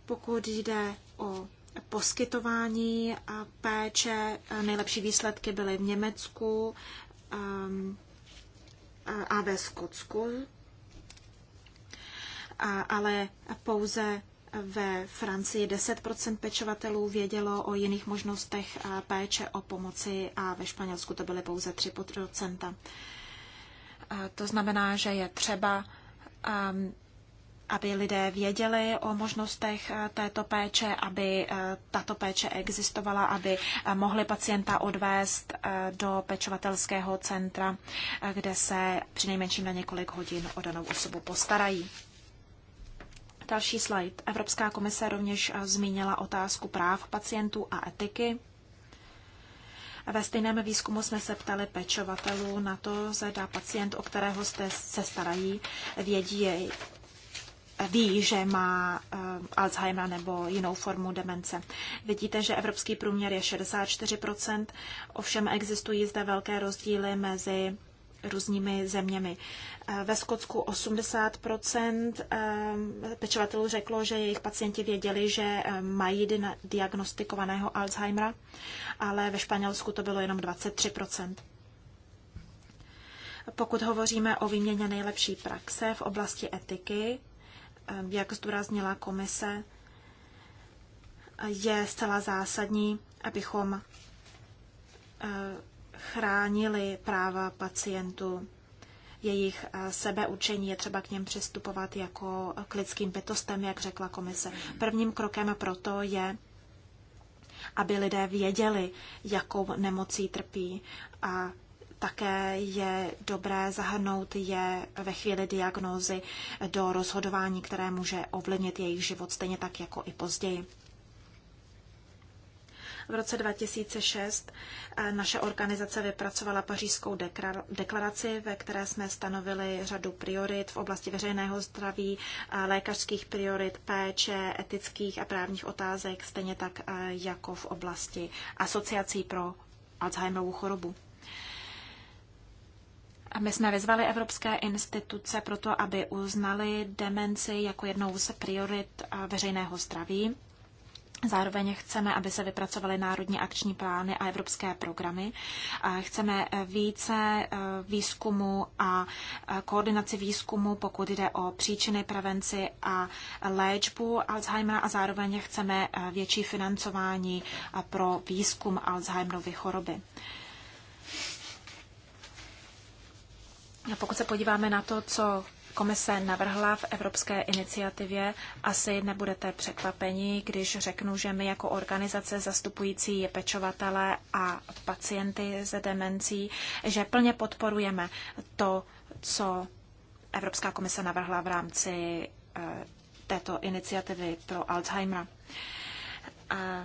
Pokud jde o poskytování eh, péče, eh, nejlepší výsledky byly v Německu a ve Skotsku, ale pouze ve Francii 10 pečovatelů vědělo o jiných možnostech péče o pomoci a ve Španělsku to byly pouze 3 to znamená, že je třeba, um, aby lidé věděli o možnostech uh, této péče, aby uh, tato péče existovala, aby uh, mohli pacienta odvést do pečovatelského centra, kde se přinejmenším na několik hodin o danou osobu postarají. Další slide. Evropská komise rovněž zmínila otázku práv pacientů a etiky. Ve stejném výzkumu jsme se ptali pečovatelů na to, zda pacient, o kterého jste se starají, vědí, ví, že má eh, Alzheimera nebo jinou formu demence. Vidíte, že evropský průměr je 64%, ovšem existují zde velké rozdíly mezi různými zeměmi. Eh, ve Skotsku 80 eh, pečovatelů řeklo, že jejich pacienti věděli, že eh, mají diagnostikovaného Alzheimera, ale ve Španělsku to bylo jenom 23 Pokud hovoříme o výměně nejlepší praxe v oblasti etiky, jak zdůraznila komise, je zcela zásadní, abychom chránili práva pacientů. Jejich eh, sebeučení je třeba k něm přistupovat jako k lidským bytostem, jak řekla komise. Prvním krokem proto je, aby lidé věděli, jakou nemocí trpí a také je dobré zahrnout je ve chvíli diagnózy do rozhodování, které může ovlivnit jejich život, stejně tak jako i později. V roce 2006 eh, naše organizace vypracovala pařížskou deklaraci, ve které jsme stanovili řadu priorit v oblasti veřejného zdraví, eh, lékařských priorit, péče, etických a právních otázek, stejně tak eh, jako v oblasti asociací pro Alzheimerovu chorobu. A my jsme vyzvali evropské instituce proto, aby uznali demenci jako jednou z priorit veřejného zdraví. Zároveň chceme, aby se vypracovaly národní akční plány a evropské programy. Chceme eh, více eh, výzkumu a eh, koordinaci výzkumu, pokud jde o příčiny, prevenci a léčbu Alzheimera a zároveň chceme větší financování pro výzkum Alzheimerovy choroby. Pokud se podíváme na to, co komise navrhla v Evropské iniciativě, asi nebudete překvapeni, když řeknu, že my jako organizace zastupující pečovatele a pacienty s demencí, že plně podporujeme to, co Evropská komise navrhla v rámci eh, této iniciativy pro Alzheimera. A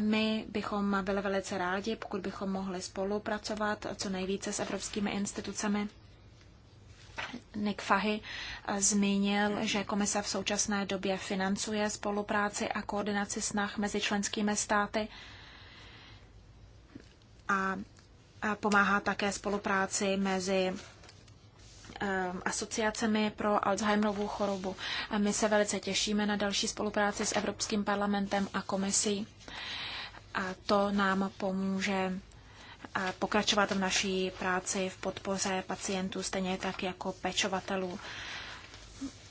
my bychom byli velice rádi, pokud bychom mohli spolupracovat co nejvíce s evropskými institucemi. Nick Fahy eh, zmínil, že komise v současné době financuje spolupráci a koordinaci snah mezi členskými státy a pomáhá také spolupráci mezi eh, asociacemi pro Alzheimerovou chorobu. A my se velice těšíme na další spolupráci s Evropským parlamentem a komisí. A to nám pomůže pokračovat v naší práci v podpoře pacientů, stejně tak jako pečovatelů.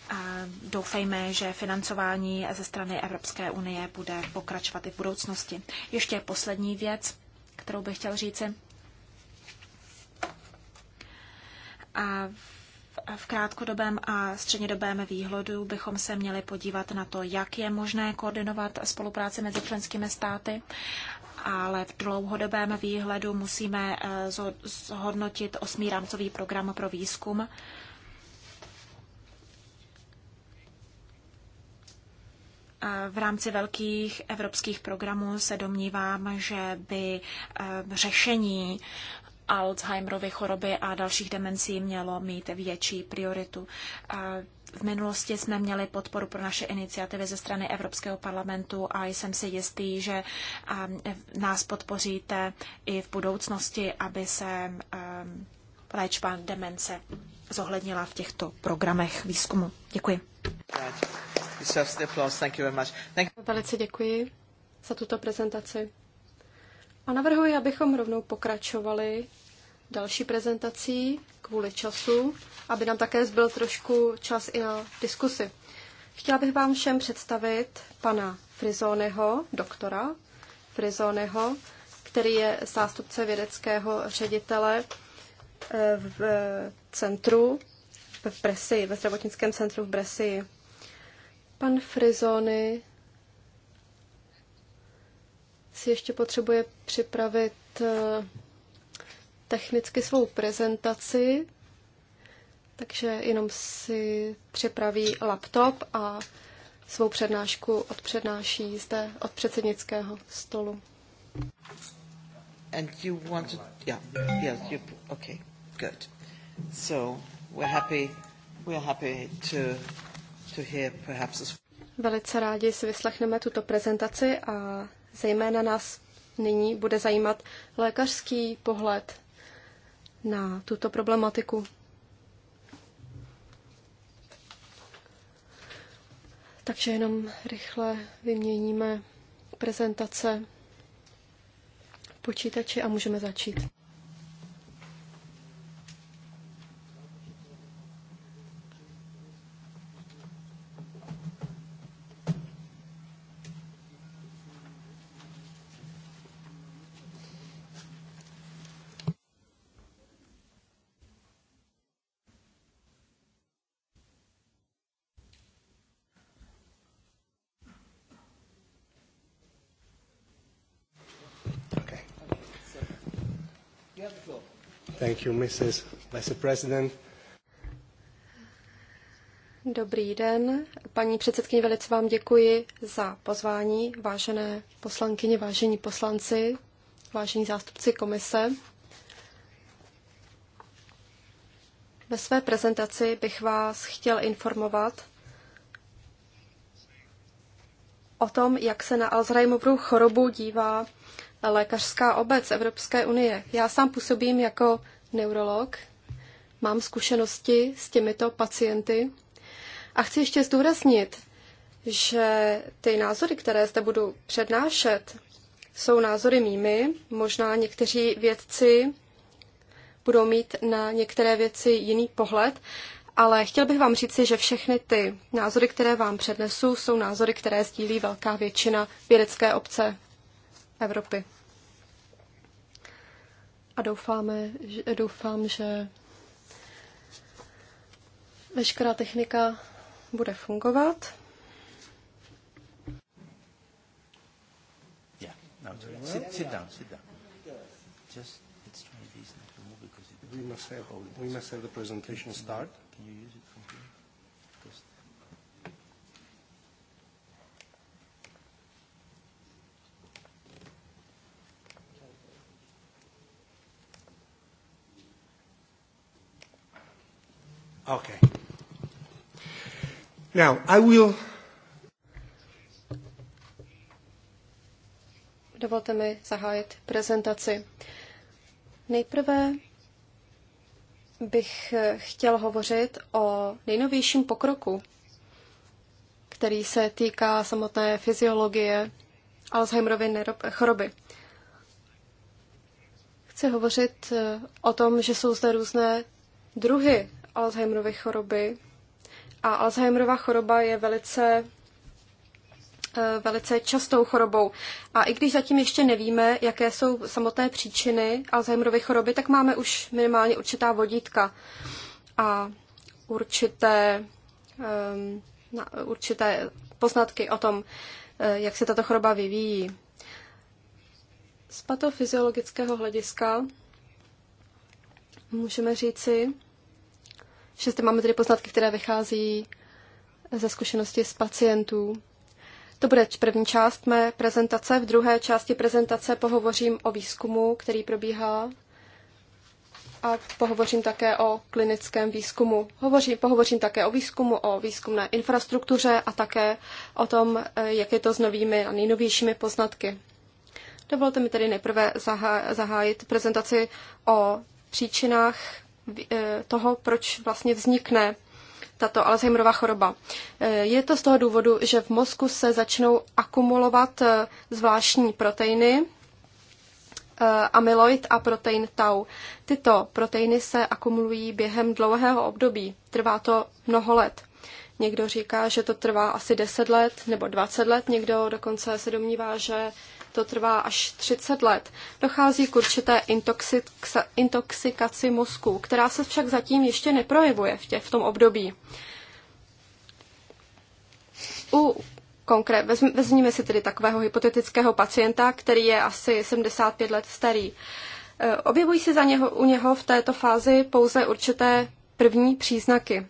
A doufejme, že financování ze strany Evropské unie bude pokračovat i v budoucnosti. Ještě poslední věc, kterou bych chtěl říci. A v krátkodobém a střednědobém výhledu bychom se měli podívat na to, jak je možné koordinovat spolupráci mezi členskými státy ale v dlouhodobém výhledu musíme eh, zhodnotit osmý rámcový program pro výzkum. Eh, v rámci velkých evropských programů se domnívám, že by eh, řešení Alzheimerovy choroby a dalších demencí mělo mít větší prioritu. V minulosti jsme měli podporu pro naše iniciativy ze strany Evropského parlamentu a jsem si jistý, že nás podpoříte i v budoucnosti, aby se um, léčba demence zohlednila v těchto programech výzkumu. Děkuji. Velice děkuji za tuto prezentaci. A navrhuji, abychom rovnou pokračovali další prezentací kvůli času aby nám také zbyl trošku čas i na diskusy. Chtěla bych vám všem představit pana Frizoneho, doktora Frizoneho, který je zástupce vědeckého ředitele eh, v centru v Bresi, ve zdravotnickém centru v Bresi. Pan Frizony si ještě potřebuje připravit eh, technicky svou prezentaci, takže jenom si připraví laptop a svou přednášku odpřednáší zde od předsednického stolu. And you want to, yeah, yes, you, okay, good. So we're happy, we're happy to, to hear perhaps as Velice rádi si vyslechneme tuto prezentaci a zejména nás nyní bude zajímat lékařský pohled na tuto problematiku. Takže jenom rychle vyměníme prezentace počítači a můžeme začít. Thank you, Mrs. Vice President. Dobrý den, paní předsedkyně, velice vám děkuji za pozvání, vážené poslankyně, vážení poslanci, vážení zástupci komise. Ve své prezentaci bych vás chtěl informovat o tom, jak se na Alzheimerovu chorobu dívá lékařská obec Evropské unie. Já sám působím jako neurolog, mám zkušenosti s těmito pacienty. A chci ještě zdůraznit, že ty názory, které zde budu přednášet, jsou názory mými. Možná někteří vědci budou mít na některé věci jiný pohled, ale chtěl bych vám říci, že všechny ty názory, které vám přednesu, jsou názory, které sdílí velká většina vědecké obce Evropy a doufáme, že, doufám, že veškerá technika bude fungovat. Yeah, now sit, sit down, sit down. Just, let's try these. We must have, we must have the presentation start. Can you use it? Okay. Now, I will... Dovolte mi zahájit prezentaci. Nejprve bych eh, chtěl hovořit o nejnovějším pokroku, který se týká samotné fyziologie Alzheimerovy choroby. Chci hovořit eh, o tom, že jsou zde různé druhy Alzheimerovy choroby. A Alzheimerova choroba je velice eh, velice častou chorobou. A i když zatím ještě nevíme, jaké jsou samotné příčiny Alzheimerovy choroby, tak máme už minimálně určitá vodítka a určité, um, určité poznatky o tom, eh, jak se tato choroba vyvíjí. Z patofyziologického hlediska můžeme říci, že zde máme tedy poznatky, které vychází ze zkušenosti z pacientů. To bude první část mé prezentace. V druhé části prezentace pohovořím o výzkumu, který probíhá a pohovořím také o klinickém výzkumu. Hovořím, pohovořím také o výzkumu, o výzkumné infrastruktuře a také o tom, eh, jak je to s novými a nejnovějšími poznatky. Dovolte mi tedy nejprve zahá, zahájit prezentaci o příčinách Eh, toho, proč vlastně vznikne tato Alzheimerova choroba. Eh, je to z toho důvodu, že v mozku se začnou akumulovat eh, zvláštní proteiny, amyloid a protein tau. Tyto proteiny se akumulují během dlouhého období, trvá to mnoho let. Někdo říká, že to trvá asi 10 let nebo 20 let, někdo dokonce se domnívá, že to trvá až 30 let. Dochází k určité intoxikaci mozku, která se však zatím ještě neprojevuje v, tě, v tom období. U konkrét, vezměme si tedy takového hypotetického pacienta, který je asi 75 let starý. E, objevují se za něho, u něho v této fázi pouze určité první příznaky.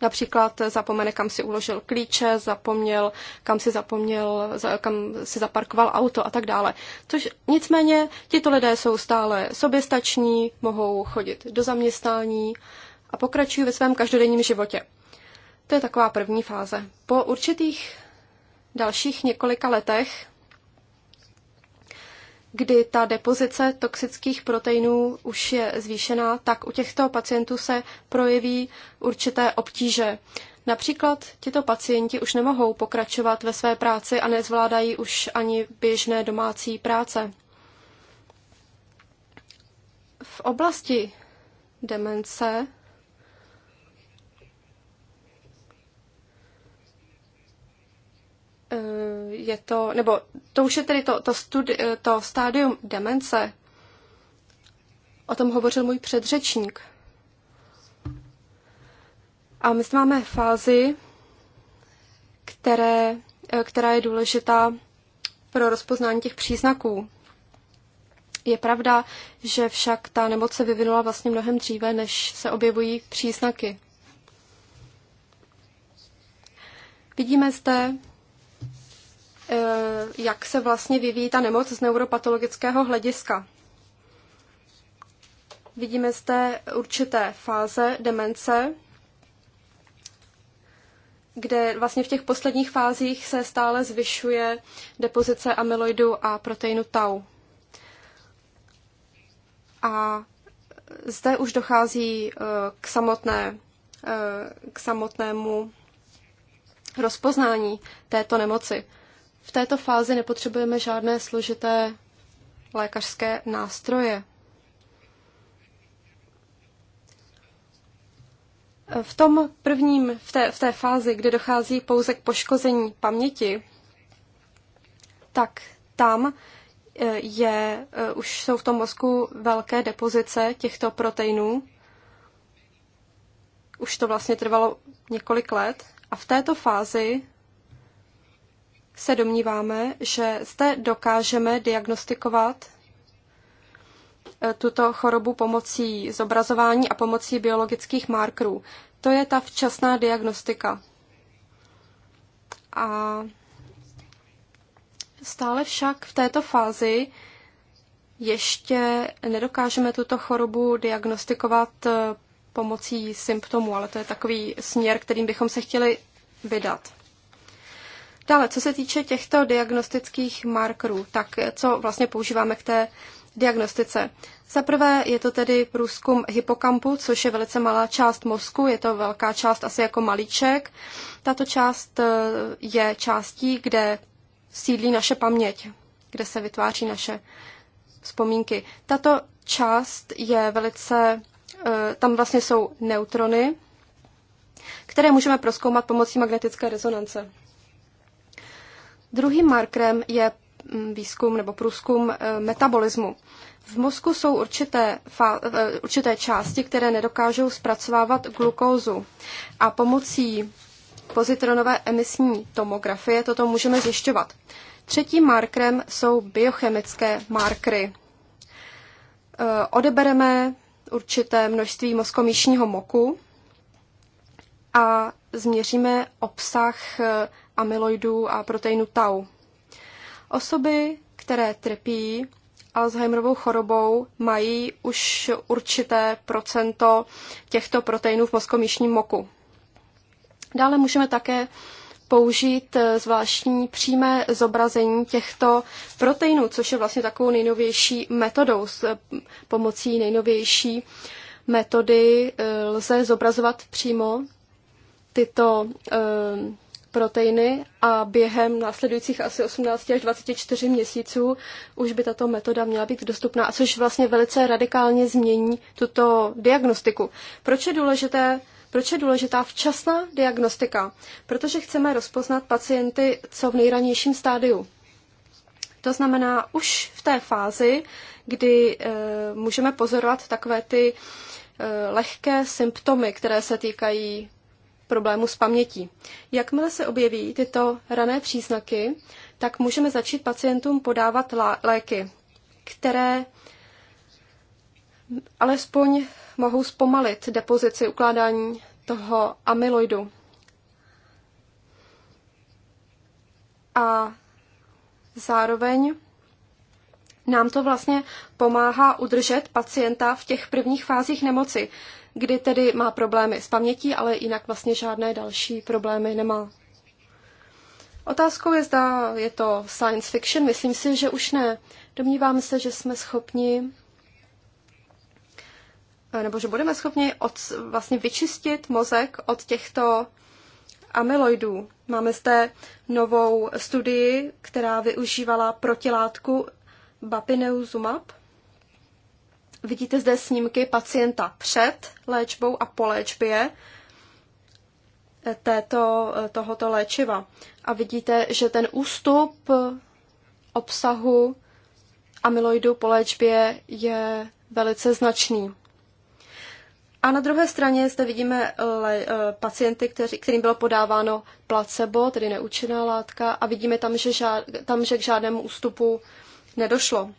Například zapomene, kam si uložil klíče, zapomněl, kam si zapomněl, kam si zaparkoval auto a tak dále. Což nicméně tito lidé jsou stále soběstační, mohou chodit do zaměstnání a pokračují ve svém každodenním životě. To je taková první fáze. Po určitých dalších několika letech kdy ta depozice toxických proteinů už je zvýšená, tak u těchto pacientů se projeví určité obtíže. Například tito pacienti už nemohou pokračovat ve své práci a nezvládají už ani běžné domácí práce. V oblasti demence Eh, je to, nebo to už je tedy to, to, studi, eh, to stádium demence. O tom hovořil můj předřečník. A my máme fázi, které, eh, která je důležitá pro rozpoznání těch příznaků. Je pravda, že však ta nemoc se vyvinula vlastně mnohem dříve, než se objevují příznaky. Vidíme zde Eh, jak se vlastně vyvíjí ta nemoc z neuropatologického hlediska. Vidíme zde určité fáze demence, kde vlastně v těch posledních fázích se stále zvyšuje depozice amyloidu a proteinu tau. A zde už dochází eh, k, samotné, eh, k samotnému rozpoznání této nemoci. V této fázi nepotřebujeme žádné složité lékařské nástroje. V tom prvním, v té, v té fázi, kdy dochází pouze k poškození paměti, tak tam eh, je, eh, už jsou v tom mozku velké depozice těchto proteinů. Už to vlastně trvalo několik let. A v této fázi se domníváme, že zde dokážeme diagnostikovat eh, tuto chorobu pomocí zobrazování a pomocí biologických markerů. To je ta včasná diagnostika. A stále však v této fázi ještě nedokážeme tuto chorobu diagnostikovat eh, pomocí symptomů, ale to je takový směr, kterým bychom se chtěli vydat. Dále, co se týče těchto diagnostických markerů, tak co vlastně používáme k té diagnostice? Za prvé je to tedy průzkum hypokampu, což je velice malá část mozku, je to velká část asi jako malíček. Tato část eh, je částí, kde sídlí naše paměť, kde se vytváří naše vzpomínky. Tato část je velice, eh, tam vlastně jsou neutrony, které můžeme proskoumat pomocí magnetické rezonance. Druhým markerem je mm, výzkum nebo průzkum eh, metabolismu. V mozku jsou určité, eh, určité části, které nedokážou zpracovávat glukózu a pomocí pozitronové emisní tomografie toto můžeme zjišťovat. Třetím markerem jsou biochemické markry. Eh, odebereme určité množství mozkomíšního moku a změříme obsah amyloidů a proteinu tau. Osoby, které trpí Alzheimerovou chorobou, mají už určité procento těchto proteinů v mozkomíšním moku. Dále můžeme také použít eh, zvláštní přímé zobrazení těchto proteinů, což je vlastně takovou nejnovější metodou. S eh, pomocí nejnovější metody eh, lze zobrazovat přímo tyto proteiny a během následujících asi 18 až 24 měsíců už by tato metoda měla být dostupná, což vlastně velice radikálně změní tuto diagnostiku. Proč je důležité proč je důležitá včasná diagnostika? Protože chceme rozpoznat pacienty co v nejranějším stádiu. To znamená už v té fázi, kdy e, můžeme pozorovat takové ty e, lehké symptomy, které se týkají problému s pamětí. Jakmile se objeví tyto rané příznaky, tak můžeme začít pacientům podávat léky, které alespoň mohou zpomalit depozici ukládání toho amyloidu. A zároveň nám to vlastně pomáhá udržet pacienta v těch prvních fázích nemoci kdy tedy má problémy s pamětí, ale jinak vlastně žádné další problémy nemá. Otázkou je, zda je to science fiction. Myslím si, že už ne. Domnívám se, že jsme schopni nebo že budeme schopni od, vlastně vyčistit mozek od těchto amyloidů. Máme zde novou studii, která využívala protilátku bapineuzumab, Vidíte zde snímky pacienta před léčbou a po léčbě eh, této, eh, tohoto léčiva. A vidíte, že ten ústup eh, obsahu amyloidu po léčbě je velice značný. A na druhé straně zde vidíme le, pacienty, kteří, kterým bylo podáváno placebo, tedy neúčinná látka, a vidíme tam, že, žád, tam, že k žádnému ústupu nedošlo.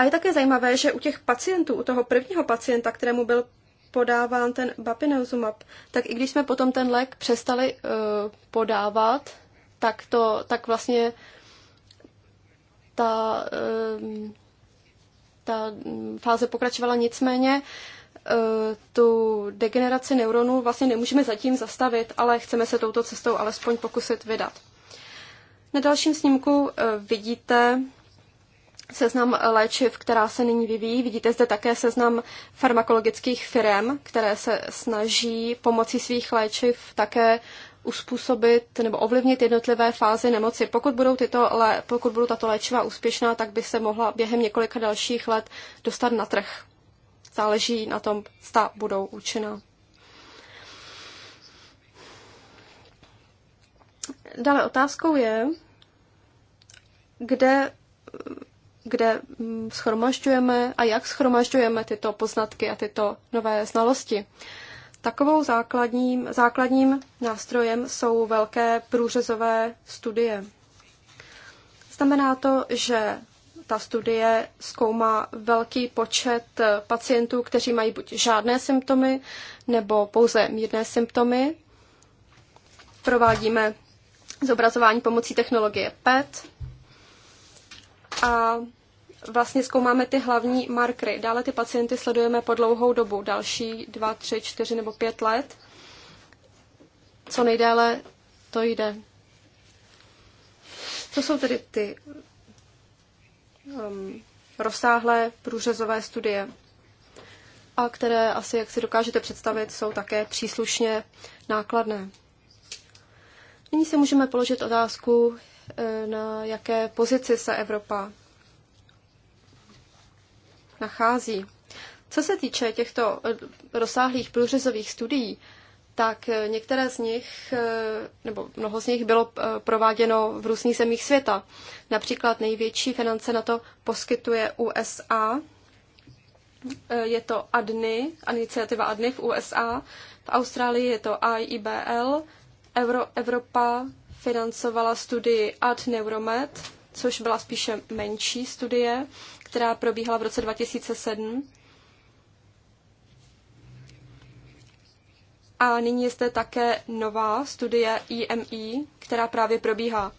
A je také zajímavé, že u těch pacientů, u toho prvního pacienta, kterému byl podáván ten bapineuzumab, tak i když jsme potom ten lék přestali uh, podávat, tak to, tak vlastně ta, uh, ta fáze pokračovala. Nicméně eh, tu degeneraci neuronů vlastně nemůžeme zatím zastavit, ale chceme se touto cestou alespoň pokusit vydat. Na dalším snímku vidíte seznam léčiv, která se nyní vyvíjí. Vidíte zde také seznam farmakologických firm, které se snaží pomocí svých léčiv také uspůsobit nebo ovlivnit jednotlivé fázy nemoci. Pokud budou, tyto, pokud budou tato léčiva úspěšná, tak by se mohla během několika dalších let dostat na trh. Záleží na tom, zda budou účinná. Dále otázkou je, kde kde mm, schromažďujeme a jak schromažďujeme tyto poznatky a tyto nové znalosti. Takovou základním, základním nástrojem jsou velké průřezové studie. Znamená to, že ta studie zkoumá velký počet pacientů, kteří mají buď žádné symptomy nebo pouze mírné symptomy. Provádíme zobrazování pomocí technologie PET a vlastně zkoumáme ty hlavní markry. Dále ty pacienty sledujeme po dlouhou dobu, další dva, tři, čtyři nebo pět let. Co nejdéle to jde. To jsou tedy ty um, rozsáhlé průřezové studie, a které asi, jak si dokážete představit, jsou také příslušně nákladné. Nyní si můžeme položit otázku, eh, na jaké pozici se Evropa nachází. Co se týče těchto eh, rozsáhlých průřezových studií, tak eh, některé z nich, eh, nebo mnoho z nich bylo prováděno v různých zemích světa. Například největší finance na to poskytuje USA, je to ADNI, iniciativa ADNI v USA, v Austrálii je to IIBL, Euro, Evropa financovala studii Ad Neuromed, což byla spíše menší studie, která probíhala v roce 2007. A nyní je zde také nová studie IMI, která právě probíhá.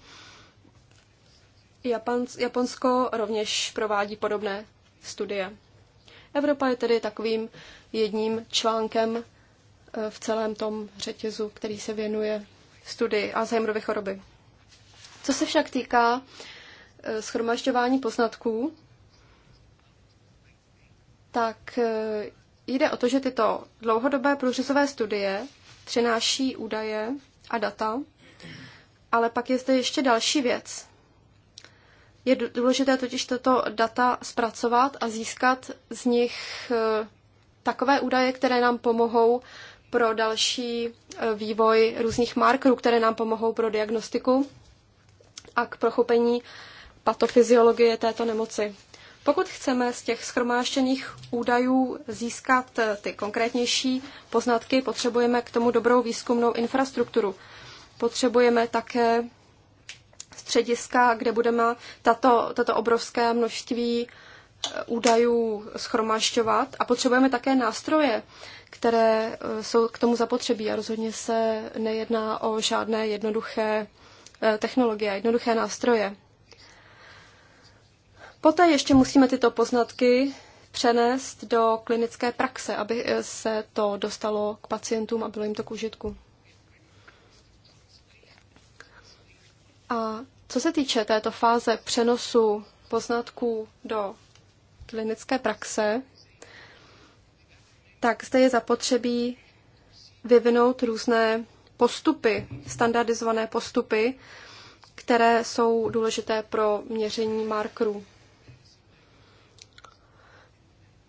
Japonsko rovněž provádí podobné studie. Evropa je tedy takovým jedním článkem eh, v celém tom řetězu, který se věnuje studii Alzheimerovy choroby. Co se však týká eh, schromažďování poznatků, tak e, jde o to, že tyto dlouhodobé průřezové studie přináší údaje a data, ale pak je zde ještě další věc. Je důležité totiž tato data zpracovat a získat z nich e, takové údaje, které nám pomohou pro další e, vývoj různých markerů, které nám pomohou pro diagnostiku a k prochopení patofyziologie této nemoci. Pokud chceme z těch schromáštěných údajů získat eh, ty konkrétnější poznatky, potřebujeme k tomu dobrou výzkumnou infrastrukturu. Potřebujeme také střediska, kde budeme tato, tato obrovské množství eh, údajů schromášťovat. a potřebujeme také nástroje, které eh, jsou k tomu zapotřebí a rozhodně se nejedná o žádné jednoduché technologie, jednoduché nástroje. Poté ještě musíme tyto poznatky přenést do klinické praxe, aby eh, se to dostalo k pacientům a bylo jim to k užitku. A co se týče této fáze přenosu poznatků do klinické praxe, tak zde je zapotřebí vyvinout různé postupy, standardizované postupy, které jsou důležité pro měření markerů.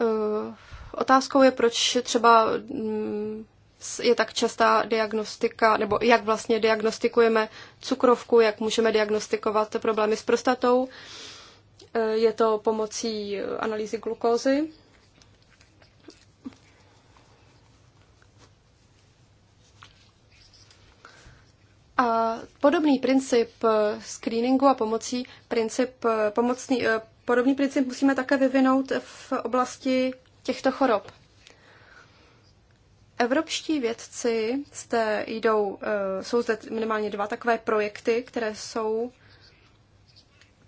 Eh, otázkou je, proč třeba mm, je tak častá diagnostika, nebo jak vlastně diagnostikujeme cukrovku, jak můžeme diagnostikovat problémy s prostatou. Eh, je to pomocí eh, analýzy glukózy. A podobný princip screeningu a pomocí princip, pomocný, Podobný princip musíme také vyvinout v oblasti těchto chorob. Evropští vědci zde jdou, eh, jsou zde minimálně dva takové projekty, které jsou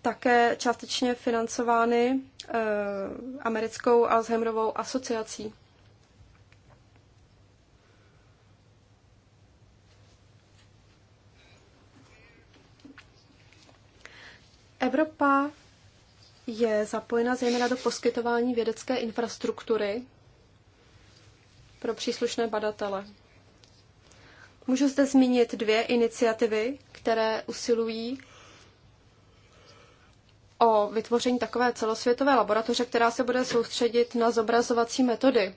také částečně financovány eh, americkou Alzheimerovou asociací. Evropa je zapojena zejména do poskytování vědecké infrastruktury pro příslušné badatele. Můžu zde zmínit dvě iniciativy, které usilují o vytvoření takové celosvětové laboratoře, která se bude soustředit na zobrazovací metody.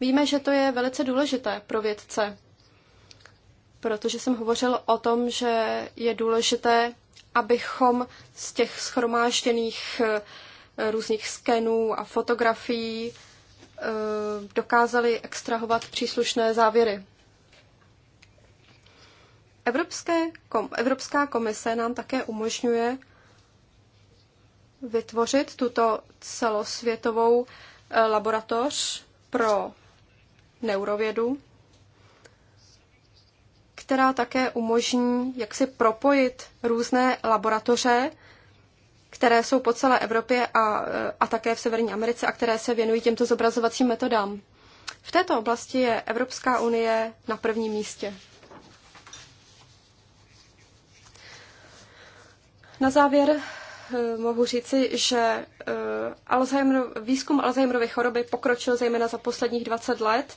Víme, že to je velice důležité pro vědce, protože jsem hovořil o tom, že je důležité abychom z těch schromážděných eh, různých skenů a fotografií eh, dokázali extrahovat příslušné závěry. Evropské kom, Evropská komise nám také umožňuje vytvořit tuto celosvětovou eh, laboratoř pro neurovědu která také umožní jak si propojit různé laboratoře, které jsou po celé Evropě a, a také v Severní Americe a které se věnují těmto zobrazovacím metodám. V této oblasti je Evropská unie na prvním místě. Na závěr eh, mohu říci, že eh, Alzheimer, výzkum Alzheimerovy choroby pokročil zejména za posledních 20 let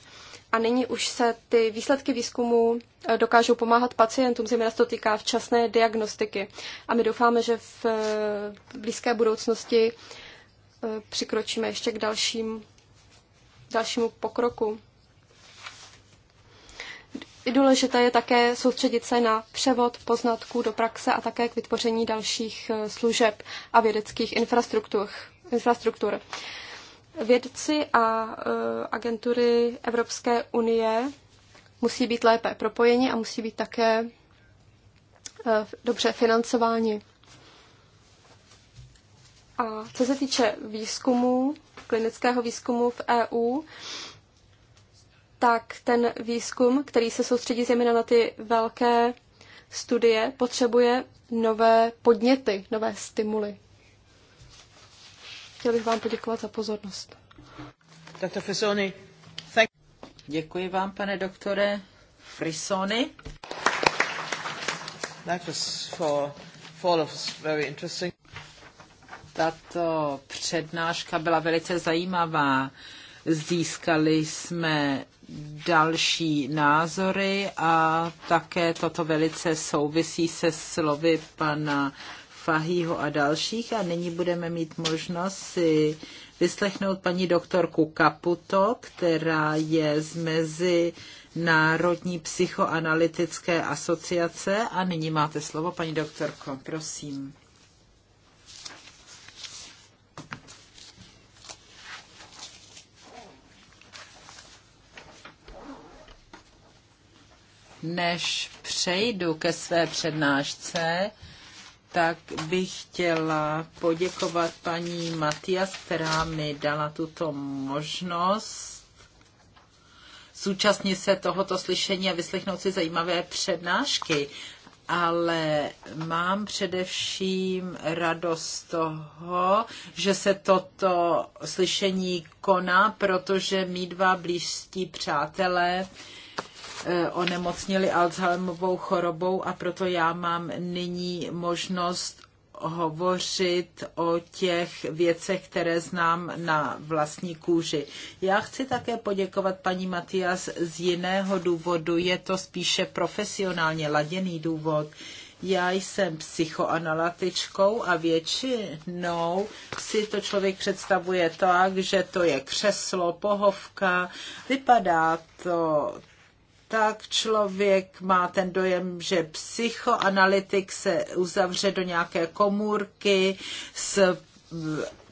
a nyní už se ty výsledky výzkumu eh, dokážou pomáhat pacientům, zejména se to týká včasné diagnostiky. A my doufáme, že v eh, blízké budoucnosti eh, přikročíme ještě k dalším, dalšímu pokroku. Důležité je také soustředit se na převod poznatků do praxe a také k vytvoření dalších služeb a vědeckých infrastruktur. infrastruktur. Vědci a e, agentury Evropské unie musí být lépe propojeni a musí být také e, dobře financováni. A co se týče výzkumu, klinického výzkumu v EU, tak ten výzkum, který se soustředí zejména na ty velké studie, potřebuje nové podněty, nové stimuly. Chtěl bych vám poděkovat za pozornost. Dr. Frisoni, thank... Děkuji vám, pane doktore Frisoni. That was for, for of very interesting. Tato přednáška byla velice zajímavá. Získali jsme další názory a také toto velice souvisí se slovy pana Fahýho a dalších a nyní budeme mít možnost si vyslechnout paní doktorku Kaputo, která je z mezi Národní psychoanalytické asociace a nyní máte slovo, paní doktorko, prosím. Než přejdu ke své přednášce, tak bych chtěla poděkovat paní Matias, která mi dala tuto možnost Současně se tohoto slyšení a vyslechnout si zajímavé přednášky. Ale mám především radost toho, že se toto slyšení koná, protože mý dva blízcí přátelé Eh, onemocnili Alzheimerovou chorobou a proto já mám nyní možnost hovořit o těch věcech, které znám na vlastní kůži. Já chci také poděkovat paní Matias z jiného důvodu, je to spíše profesionálně laděný důvod. Já jsem psychoanalytičkou a většinou si to člověk představuje tak, že to je křeslo, pohovka, vypadá to tak člověk má ten dojem, že psychoanalytik se uzavře do nějaké komůrky s eh,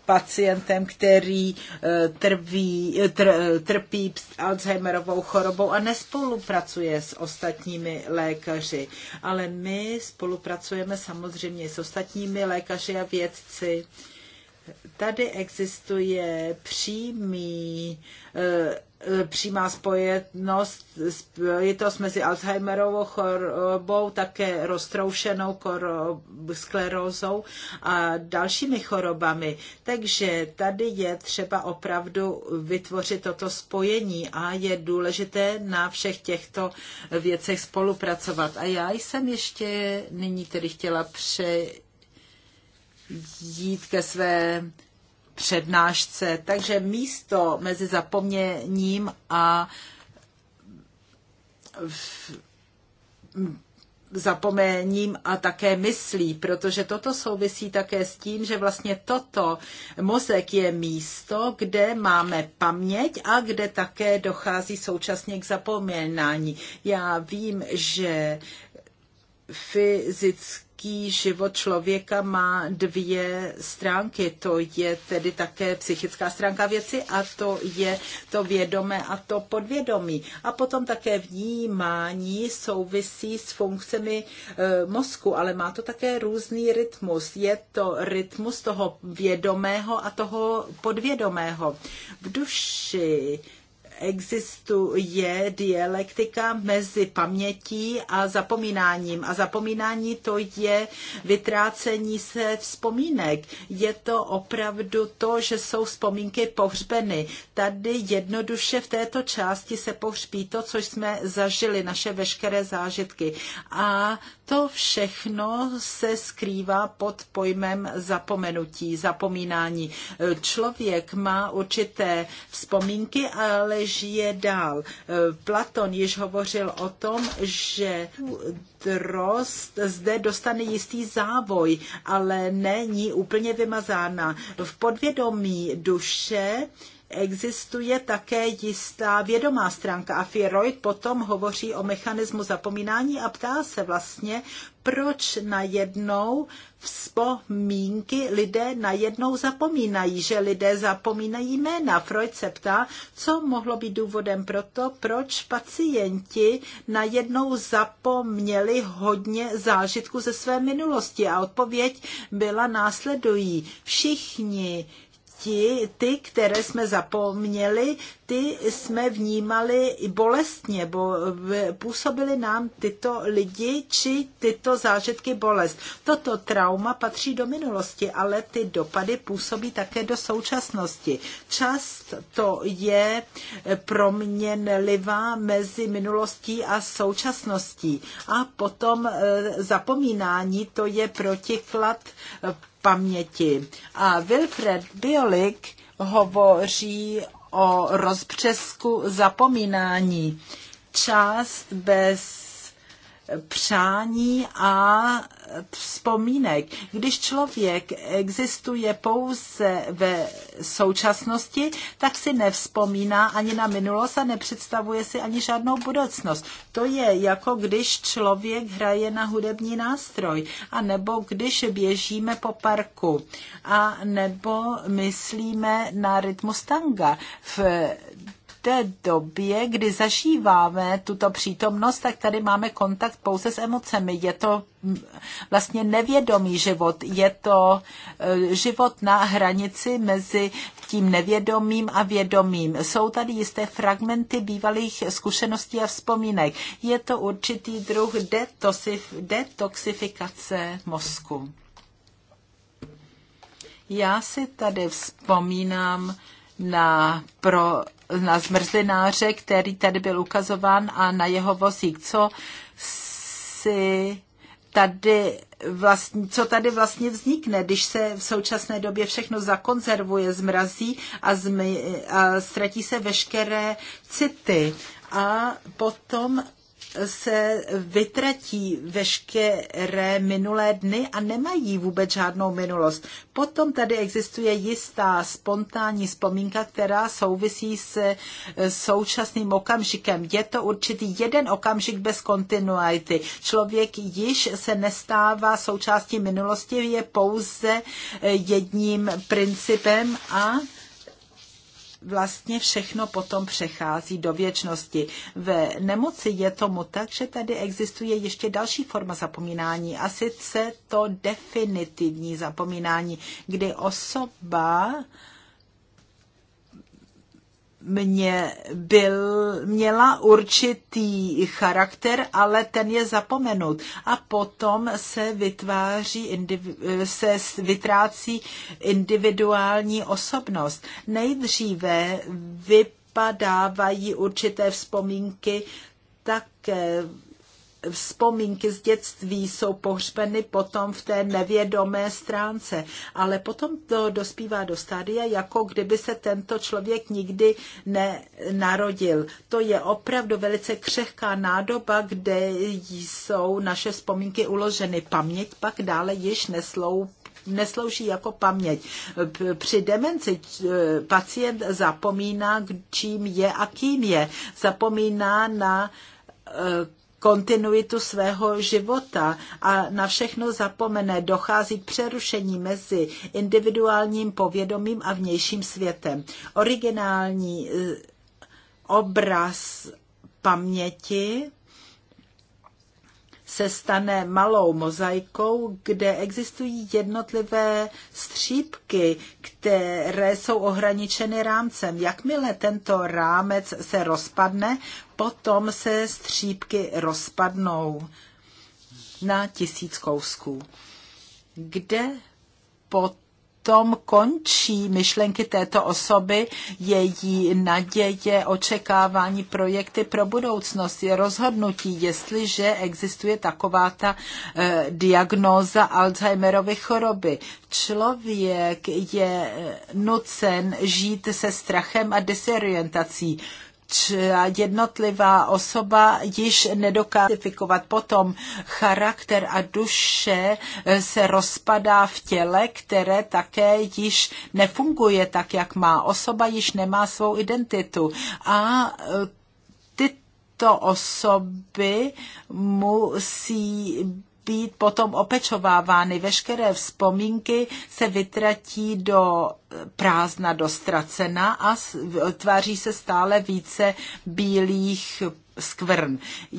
pacientem, který eh, trví, eh, tr, trpí Alzheimerovou chorobou a nespolupracuje s ostatními lékaři. Ale my spolupracujeme samozřejmě s ostatními lékaři a vědci. Tady existuje přímý E, přímá spojenost, spojitost mezi Alzheimerovou chorobou, také roztroušenou sklerózou a dalšími chorobami. Takže tady je třeba opravdu vytvořit toto spojení a je důležité na všech těchto věcech spolupracovat. A já jsem ještě nyní tedy chtěla přejít ke své přednášce. Takže místo mezi zapomněním a zapomením a také myslí, protože toto souvisí také s tím, že vlastně toto mozek je místo, kde máme paměť a kde také dochází současně k zapomínání. Já vím, že fyzicky lidský život člověka má dvě stránky. To je tedy také psychická stránka věci a to je to vědomé a to podvědomí. A potom také vnímání souvisí s funkcemi e, mozku, ale má to také různý rytmus. Je to rytmus toho vědomého a toho podvědomého. V duši existuje dialektika mezi pamětí a zapomínáním. A zapomínání to je vytrácení se vzpomínek. Je to opravdu to, že jsou vzpomínky pohřbeny. Tady jednoduše v této části se pohřbí to, co jsme zažili, naše veškeré zážitky. A to všechno se skrývá pod pojmem zapomenutí, zapomínání. Člověk má určité vzpomínky, ale žije dál. E, Platon již hovořil o tom, že drost zde dostane jistý závoj, ale není úplně vymazána. V podvědomí duše existuje také jistá vědomá stránka a Freud potom hovoří o mechanismu zapomínání a ptá se vlastně, proč najednou vzpomínky lidé najednou zapomínají, že lidé zapomínají jména. Freud se ptá, co mohlo být důvodem pro to, proč pacienti najednou zapomněli hodně zážitku ze své minulosti. A odpověď byla následují. Všichni ti, ty, které jsme zapomněli, ty jsme vnímali i bolestně, bo eh, působili nám tyto lidi či tyto zážitky bolest. Toto trauma patří do minulosti, ale ty dopady působí také do současnosti. Čast to je eh, proměnlivá mezi minulostí a současností. A potom eh, zapomínání to je protiklad paměti. A Wilfred Biolik hovoří o rozpřesku zapomínání. Část bez přání a vzpomínek. Když člověk existuje pouze ve současnosti, tak si nevzpomíná ani na minulost a nepředstavuje si ani žádnou budoucnost. To je jako když člověk hraje na hudební nástroj, a nebo když běžíme po parku, a nebo myslíme na rytmus tanga. V té době, kdy zažíváme tuto přítomnost, tak tady máme kontakt pouze s emocemi. Je to mm, vlastně nevědomý život. Je to e, život na hranici mezi tím nevědomým a vědomým. Jsou tady jisté fragmenty bývalých zkušeností a vzpomínek. Je to určitý druh detoxifikace mozku. Já si tady vzpomínám na, pro, na zmrzlináře, který tady byl ukazován a na jeho vozík. Co si tady vlastně, co tady vlastně vznikne, když se v současné době všechno zakonzervuje, zmrazí a, zmi, a ztratí se veškeré city. A potom se vytratí veškeré minulé dny a nemají vůbec žádnou minulost. Potom tady existuje jistá spontánní vzpomínka, která souvisí se e, současným okamžikem. Je to určitý jeden okamžik bez kontinuity. Člověk již se nestává součástí minulosti, je pouze e, jedním principem a vlastně všechno potom přechází do věčnosti. Ve nemoci je tomu tak, že tady existuje ještě další forma zapomínání a sice to definitivní zapomínání, kdy osoba mě byl, měla určitý charakter, ale ten je zapomenut. A potom se vytváří, se vytrácí individuální osobnost. Nejdříve vypadávají určité vzpomínky také vzpomínky z dětství jsou pohřbeny potom v té nevědomé stránce. Ale potom to dospívá do stádia, jako kdyby se tento člověk nikdy nenarodil. To je opravdu velice křehká nádoba, kde jsou naše vzpomínky uloženy. Paměť pak dále již neslou neslouží jako paměť. Při demenci pacient zapomíná, čím je a kým je. Zapomíná na eh, kontinuitu svého života a na všechno zapomene. Dochází k přerušení mezi individuálním povědomím a vnějším světem. Originální eh, obraz paměti se stane malou mozaikou, kde existují jednotlivé střípky, které jsou ohraničeny rámcem. Jakmile tento rámec se rozpadne, potom se střípky rozpadnou na tisíc kousků. Kde pot tom končí myšlenky této osoby, její naděje, očekávání, projekty pro budoucnost, je rozhodnutí, jestliže existuje taková ta eh, diagnóza Alzheimerovy choroby. Člověk je eh, nucen žít se strachem a desorientací jednotlivá osoba již nedokázifikovat. Potom charakter a duše eh, se rozpadá v těle, které také již nefunguje tak, jak má. Osoba již nemá svou identitu. A eh, tyto osoby musí být potom opečovávány. Veškeré vzpomínky se vytratí do prázdna, do ztracena a tváří se stále více bílých skvrn.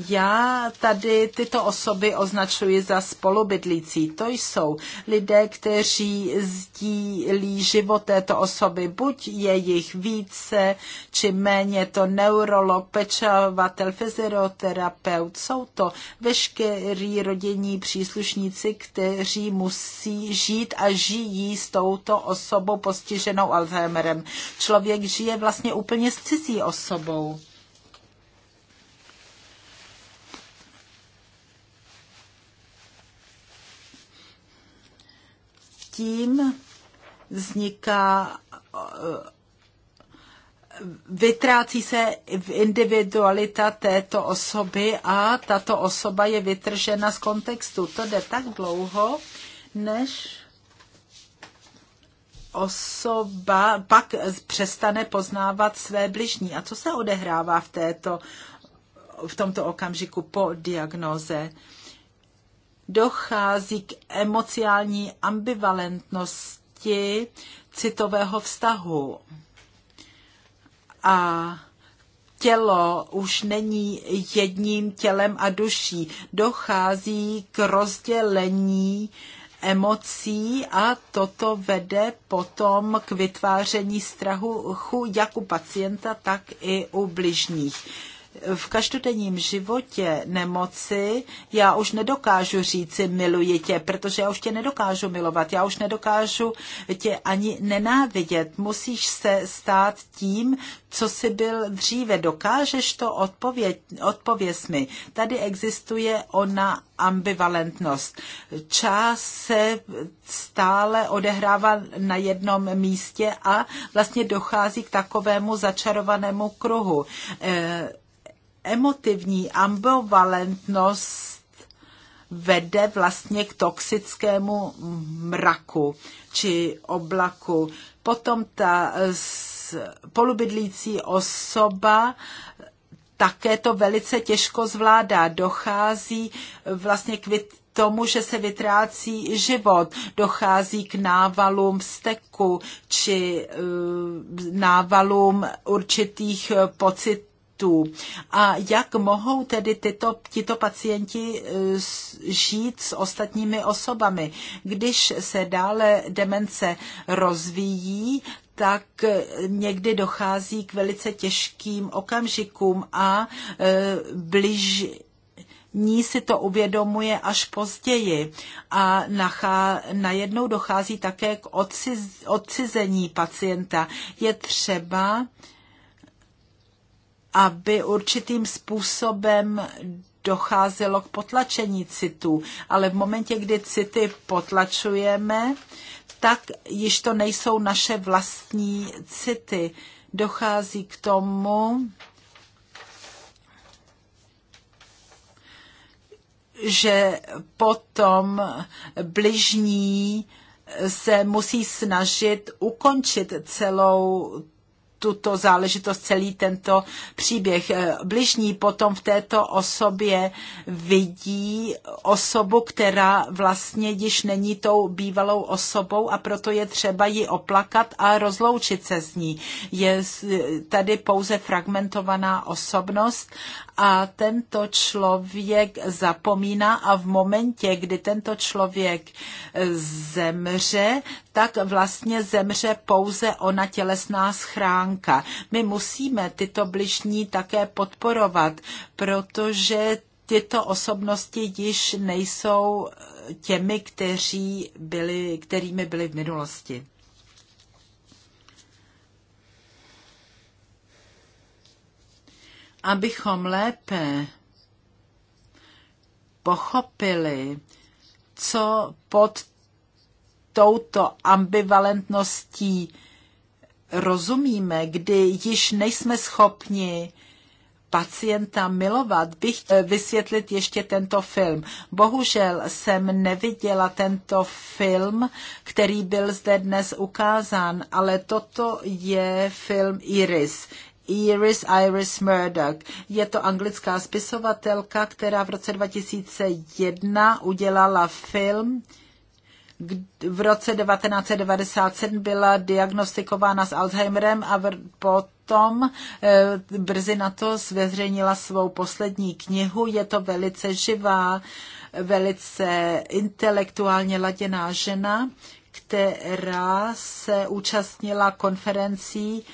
Já tady tyto osoby označuji za spolubydlící. To jsou lidé, kteří sdílí život této osoby. Buď je jich více, či méně to neurolog, pečovatel, fyzioterapeut. Jsou to veškerý rodinní příslušníci, kteří musí žít a žijí s touto osobou postiženou Alzheimerem. Člověk žije vlastně úplně s cizí osobou. tím vzniká, eh, vytrácí se individualita této osoby a tato osoba je vytržena z kontextu. To jde tak dlouho, než osoba pak přestane poznávat své bližní. A co se odehrává v, této, v tomto okamžiku po diagnóze? dochází k emociální ambivalentnosti citového vztahu. A tělo už není jedním tělem a duší. Dochází k rozdělení emocí a toto vede potom k vytváření strachu jak u pacienta, tak i u bližních v každodenním životě nemoci já už nedokážu říci miluji tě, protože já už tě nedokážu milovat, já už nedokážu tě ani nenávidět. Musíš se stát tím, co jsi byl dříve. Dokážeš to? Odpověď, odpověz mi. Tady existuje ona ambivalentnost. Čas se stále odehrává na jednom místě a vlastně dochází k takovému začarovanému kruhu. Eh, emotivní ambivalentnost vede vlastně k toxickému mraku či oblaku. Potom ta polubydlící osoba také to velice těžko zvládá. Dochází vlastně k tomu, že se vytrácí život, dochází k návalům steku, či eh, návalům určitých pocitů pacientů. A jak mohou tedy tyto, tyto pacienti e, žít s ostatními osobami? Když se dále demence rozvíjí, tak e, někdy dochází k velice těžkým okamžikům a e, blíž ní si to uvědomuje až později a nachá, najednou dochází také k odciz, odcizení pacienta. Je třeba aby určitým způsobem docházelo k potlačení citů. Ale v momentě, kdy city potlačujeme, tak již to nejsou naše vlastní city. Dochází k tomu, že potom bližní se musí snažit ukončit celou tuto záležitost, celý tento příběh. Eh, Bližní potom v této osobě vidí osobu, která vlastně již není tou bývalou osobou a proto je třeba ji oplakat a rozloučit se s ní. Je tady pouze fragmentovaná osobnost a tento člověk zapomíná a v momentě, kdy tento člověk eh, zemře, tak vlastně zemře pouze ona tělesná schránka. My musíme tyto bližní také podporovat, protože tyto osobnosti již nejsou eh, těmi, kteří byli, kterými byli v minulosti. abychom lépe pochopili, co pod touto ambivalentností rozumíme, kdy již nejsme schopni pacienta milovat, bych vysvětlit ještě tento film. Bohužel jsem neviděla tento film, který byl zde dnes ukázán, ale toto je film Iris. Iris Iris Murdoch. Je to anglická spisovatelka, která v roce 2001 udělala film, v roce 1997 byla diagnostikována s Alzheimerem a potom eh, brzy na to zveřejnila svou poslední knihu. Je to velice živá, velice intelektuálně laděná žena, která se účastnila konferencí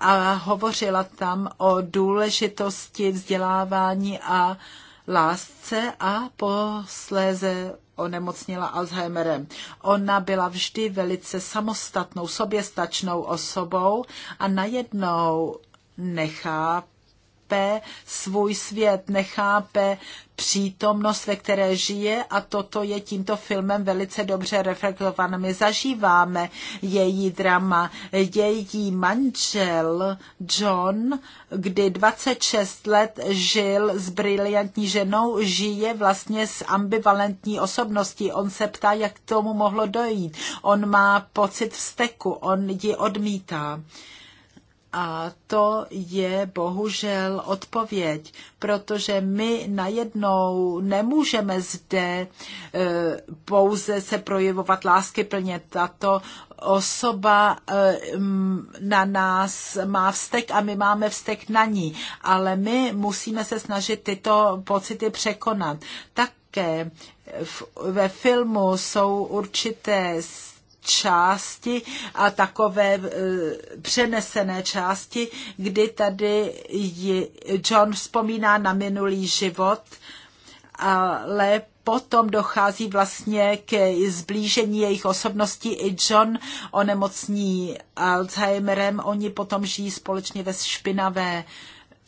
a hovořila tam o důležitosti vzdělávání a lásce a posléze onemocnila Alzheimerem. Ona byla vždy velice samostatnou, soběstačnou osobou a najednou nechápe, nechápe svůj svět, nechápe přítomnost, ve které žije a toto je tímto filmem velice dobře reflektované. My zažíváme její drama. Její manžel John, kdy 26 let žil s briliantní ženou, žije vlastně s ambivalentní osobností. On se ptá, jak k tomu mohlo dojít. On má pocit vzteku, on ji odmítá. A to je bohužel odpověď, protože my najednou nemůžeme zde e, pouze se projevovat plně. Tato osoba e, na nás má vztek a my máme vztek na ní, ale my musíme se snažit tyto pocity překonat. Také ve filmu jsou určité části a takové eh, přenesené části, kdy tady John vzpomíná na minulý život, ale potom dochází vlastně k zblížení jejich osobností. I John onemocní Alzheimerem, oni potom žijí společně ve špinavé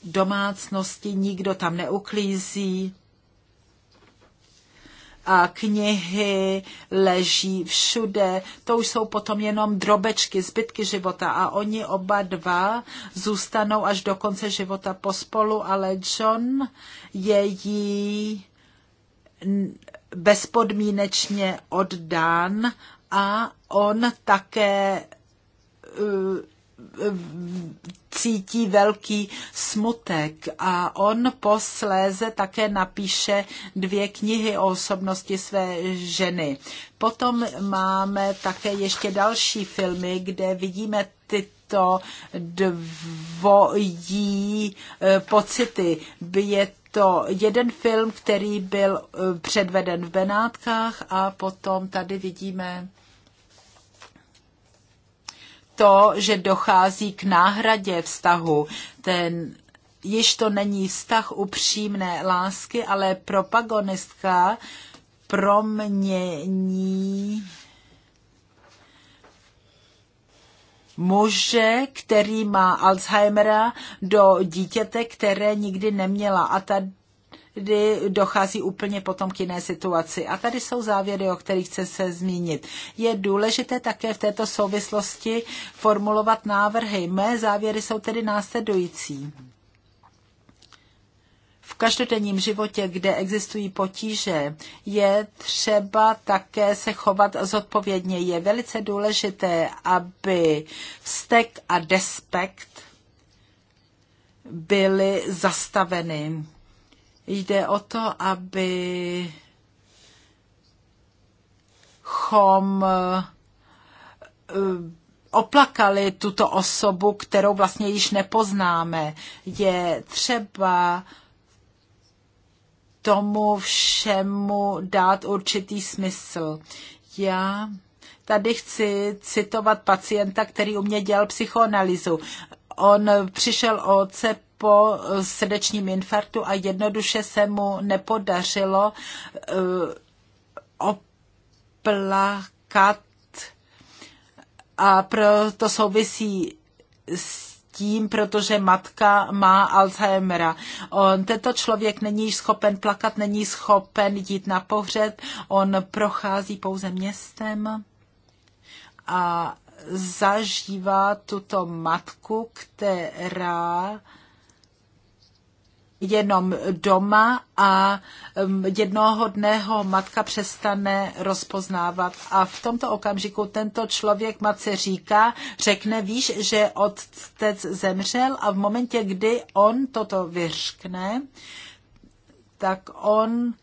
domácnosti, nikdo tam neuklízí a knihy leží všude. To už jsou potom jenom drobečky, zbytky života a oni oba dva zůstanou až do konce života pospolu, ale John je jí bezpodmínečně oddán a on také eh, cítí velký smutek a on posléze také napíše dvě knihy o osobnosti své ženy. Potom máme také ještě další filmy, kde vidíme ty to dvojí e, pocity. Je to jeden film, který byl e, předveden v Benátkách a potom tady vidíme to, že dochází k náhradě vztahu. Ten, již to není vztah upřímné lásky, ale propagonistka promění muže, který má Alzheimera, do dítěte, které nikdy neměla. A tady kdy dochází úplně potom k jiné situaci. A tady jsou závěry, o kterých chce se zmínit. Je důležité také v této souvislosti formulovat návrhy. Mé závěry jsou tedy následující. V každodenním životě, kde existují potíže, je třeba také se chovat zodpovědně. Je velice důležité, aby vztek a despekt byly zastaveny Jde o to, aby chom e, oplakali tuto osobu, kterou vlastně již nepoznáme. Je třeba tomu všemu dát určitý smysl. Já tady chci citovat pacienta, který u mě dělal psychoanalýzu. On přišel o CP po srdečním infarktu a jednoduše se mu nepodařilo eh, oplakat a proto souvisí s tím, protože matka má Alzheimera. On, tento člověk není schopen plakat, není schopen jít na pohřeb, on prochází pouze městem a zažívá tuto matku, která jenom doma a um, jednoho dne ho matka přestane rozpoznávat. A v tomto okamžiku tento člověk matce říká, řekne, víš, že otec zemřel a v momentě, kdy on toto vyřkne, tak on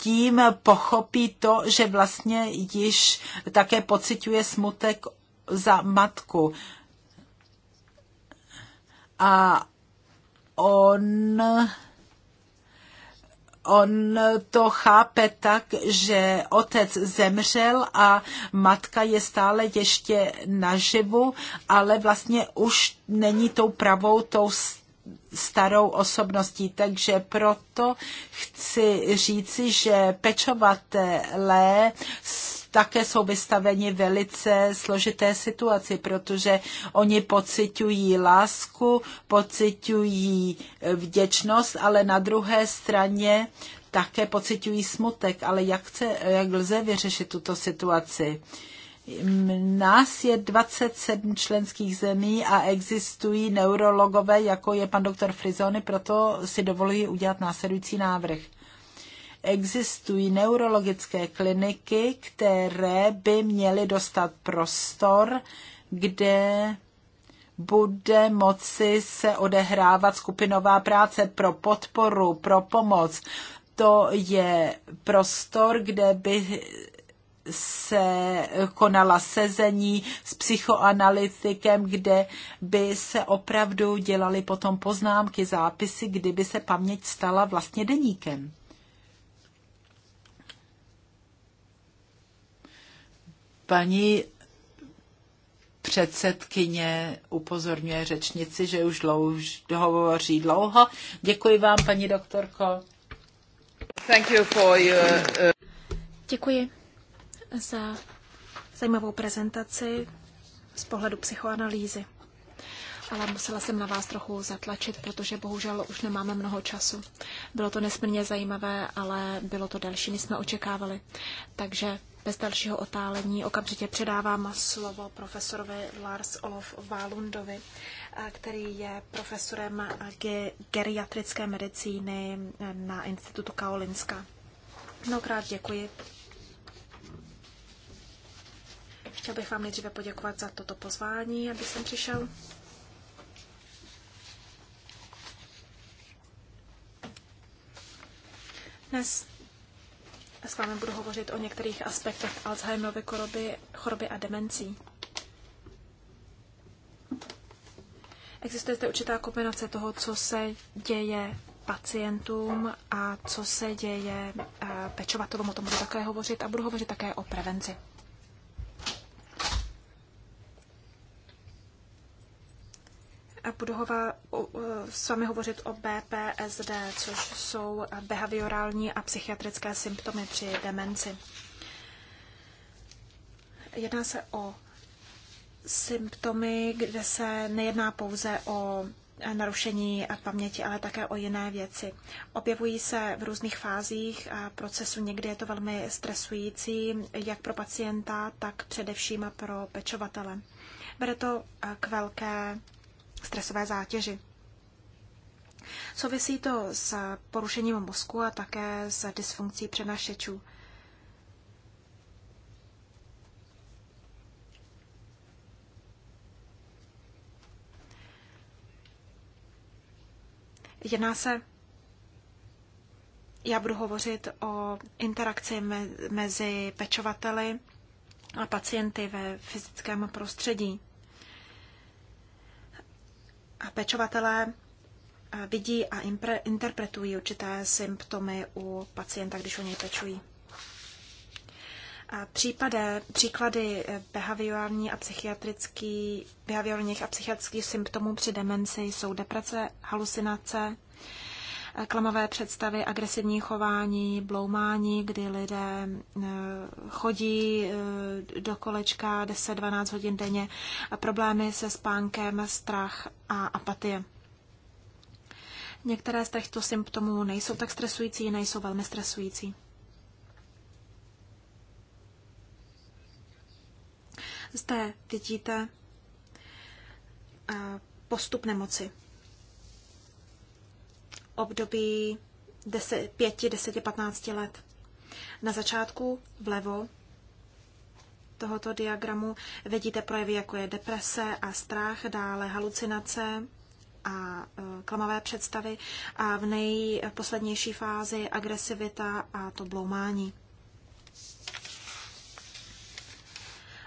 tím pochopí to, že vlastně již také pociťuje smutek za matku a on on to chápe tak, že otec zemřel a matka je stále ještě naživu, ale vlastně už není tou pravou, tou starou osobností. Takže proto chci říci, že pečovatelé také jsou vystaveni velice složité situaci, protože oni pocitují lásku, pocitují e, vděčnost, ale na druhé straně také pocitují smutek. Ale jak, chce, jak lze vyřešit tuto situaci? Nás je 27 členských zemí a existují neurologové, jako je pan doktor Frizony, proto si dovoluji udělat následující návrh existují neurologické kliniky, které by měly dostat prostor, kde bude moci se odehrávat skupinová práce pro podporu, pro pomoc. To je prostor, kde by se konala sezení s psychoanalytikem, kde by se opravdu dělaly potom poznámky, zápisy, kdyby se paměť stala vlastně deníkem. Paní předsedkyně upozorňuje řečnici, že už dlouho hovoří dlouho. Děkuji vám, paní doktorko. Thank you for your, uh... Děkuji za zajímavou prezentaci z pohledu psychoanalýzy. Ale musela jsem na vás trochu zatlačit, protože bohužel už nemáme mnoho času. Bylo to nesmírně zajímavé, ale bylo to delší, než jsme očekávali. Takže bez dalšího otálení okamžitě předávám slovo profesorovi Lars Olof Valundovi, eh, který je profesorem geriatrické medicíny eh, na Institutu Kaolinska. Mnohokrát děkuji. Chtěl bych vám nejdříve poděkovat za toto pozvání, aby jsem přišel. Dnes s vámi budu hovořit o některých aspektech Alzheimerovy choroby, choroby a demencí. Existuje zde určitá kombinace toho, co se děje pacientům a co se děje eh, pečovatelům. O tom budu také hovořit a budu hovořit také o prevenci. budu hova, s vámi hovořit o BPSD, což jsou behaviorální a psychiatrické symptomy při demenci. Jedná se o symptomy, kde se nejedná pouze o narušení paměti, ale také o jiné věci. Objevují se v různých fázích procesu, někdy je to velmi stresující, jak pro pacienta, tak především pro pečovatele. Bude to k velké stresové zátěži. Souvisí to s porušením mozku a také s dysfunkcí přenašečů. Jedná se, já budu hovořit o interakci mezi pečovateli a pacienty ve fyzickém prostředí pečovatelé eh, vidí a interpretují určité symptomy u pacienta, když o něj pečují. A případe, příklady eh, behaviorální a psychiatrický, behaviorních a psychiatrických symptomů při demenci jsou deprese, halucinace, klamavé představy, agresivní chování, bloumání, kdy lidé eh, chodí eh, do kolečka 10-12 hodin denně, problémy se spánkem, strach a apatie. Některé z těchto symptomů nejsou tak stresující, nejsou velmi stresující. Zde vidíte eh, postup nemoci období 10, 5, 10, 15 let. Na začátku vlevo tohoto diagramu vidíte projevy, jako je deprese a strach, dále halucinace a e, klamavé představy a v nejposlednější fázi agresivita a to bloumání.